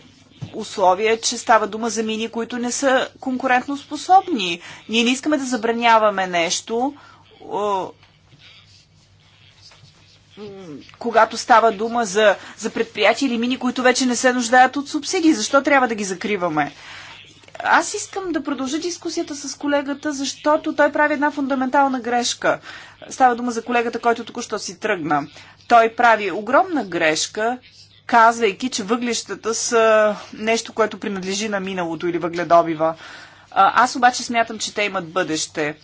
условие, че става дума за мини, които не са конкурентно способни. Ние не искаме да забраняваме нещо, когато става дума за, за предприятия или мини, които вече не се нуждаят от субсидии. Защо трябва да ги закриваме? Аз искам да продължа дискусията с колегата, защото той прави една фундаментална грешка. Става дума за колегата, който току-що си тръгна. Той прави огромна грешка, казвайки, че въглищата са нещо, което принадлежи на миналото или въгледобива. Аз обаче смятам, че те имат бъдеще.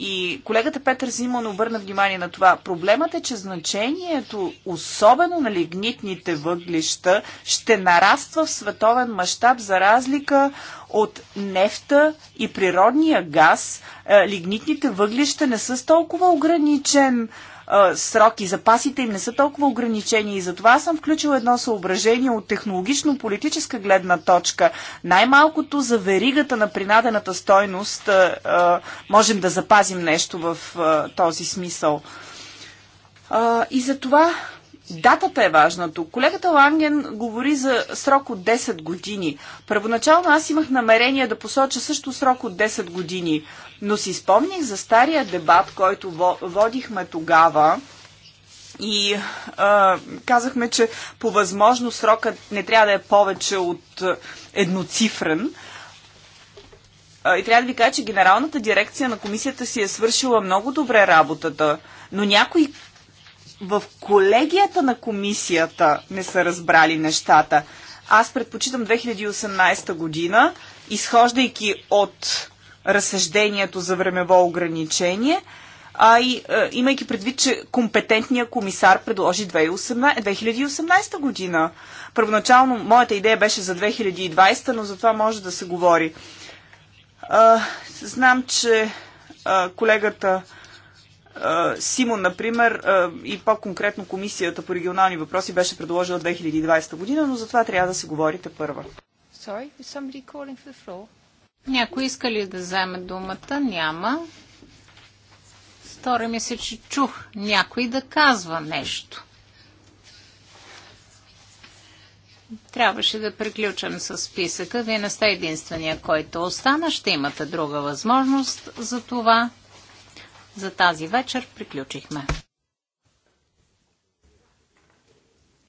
И колегата Петър Зимон обърна внимание на това. Проблемът е, че значението, особено на лигнитните въглища, ще нараства в световен мащаб за разлика от нефта и природния газ. Е, лигнитните въглища не са с толкова ограничен срок и запасите им не са толкова ограничени и затова съм включила едно съображение от технологично-политическа гледна точка. Най-малкото за веригата на принадената стойност можем да запазим нещо в този смисъл. И и затова Датата е важна Колегата Ланген говори за срок от 10 години. Първоначално аз имах намерение да посоча също срок от 10 години, но си спомних за стария дебат, който водихме тогава. И а, казахме, че по възможност срокът не трябва да е повече от едноцифрен. И трябва да ви кажа, че генералната дирекция на комисията си е свършила много добре работата, но някои в колегията на комисията не са разбрали нещата. Аз предпочитам 2018 година, изхождайки от разсъждението за времево ограничение, а и а, е, имайки предвид, че компетентния комисар предложи 2018, 2018 година. Първоначално моята идея беше за 2020, но за това може да се говори. А, е, знам, че а, е, колегата Симон, например, и по-конкретно Комисията по регионални въпроси беше предложила 2020 година, но за това трябва да се говорите първа. Sorry, Някой иска ли да вземе думата? Няма. Стори ми се, че чух някой да казва нещо. Трябваше да приключам с списъка. Вие не сте единствения, който остана. Ще имате друга възможност за това. За тази вечер приключихме.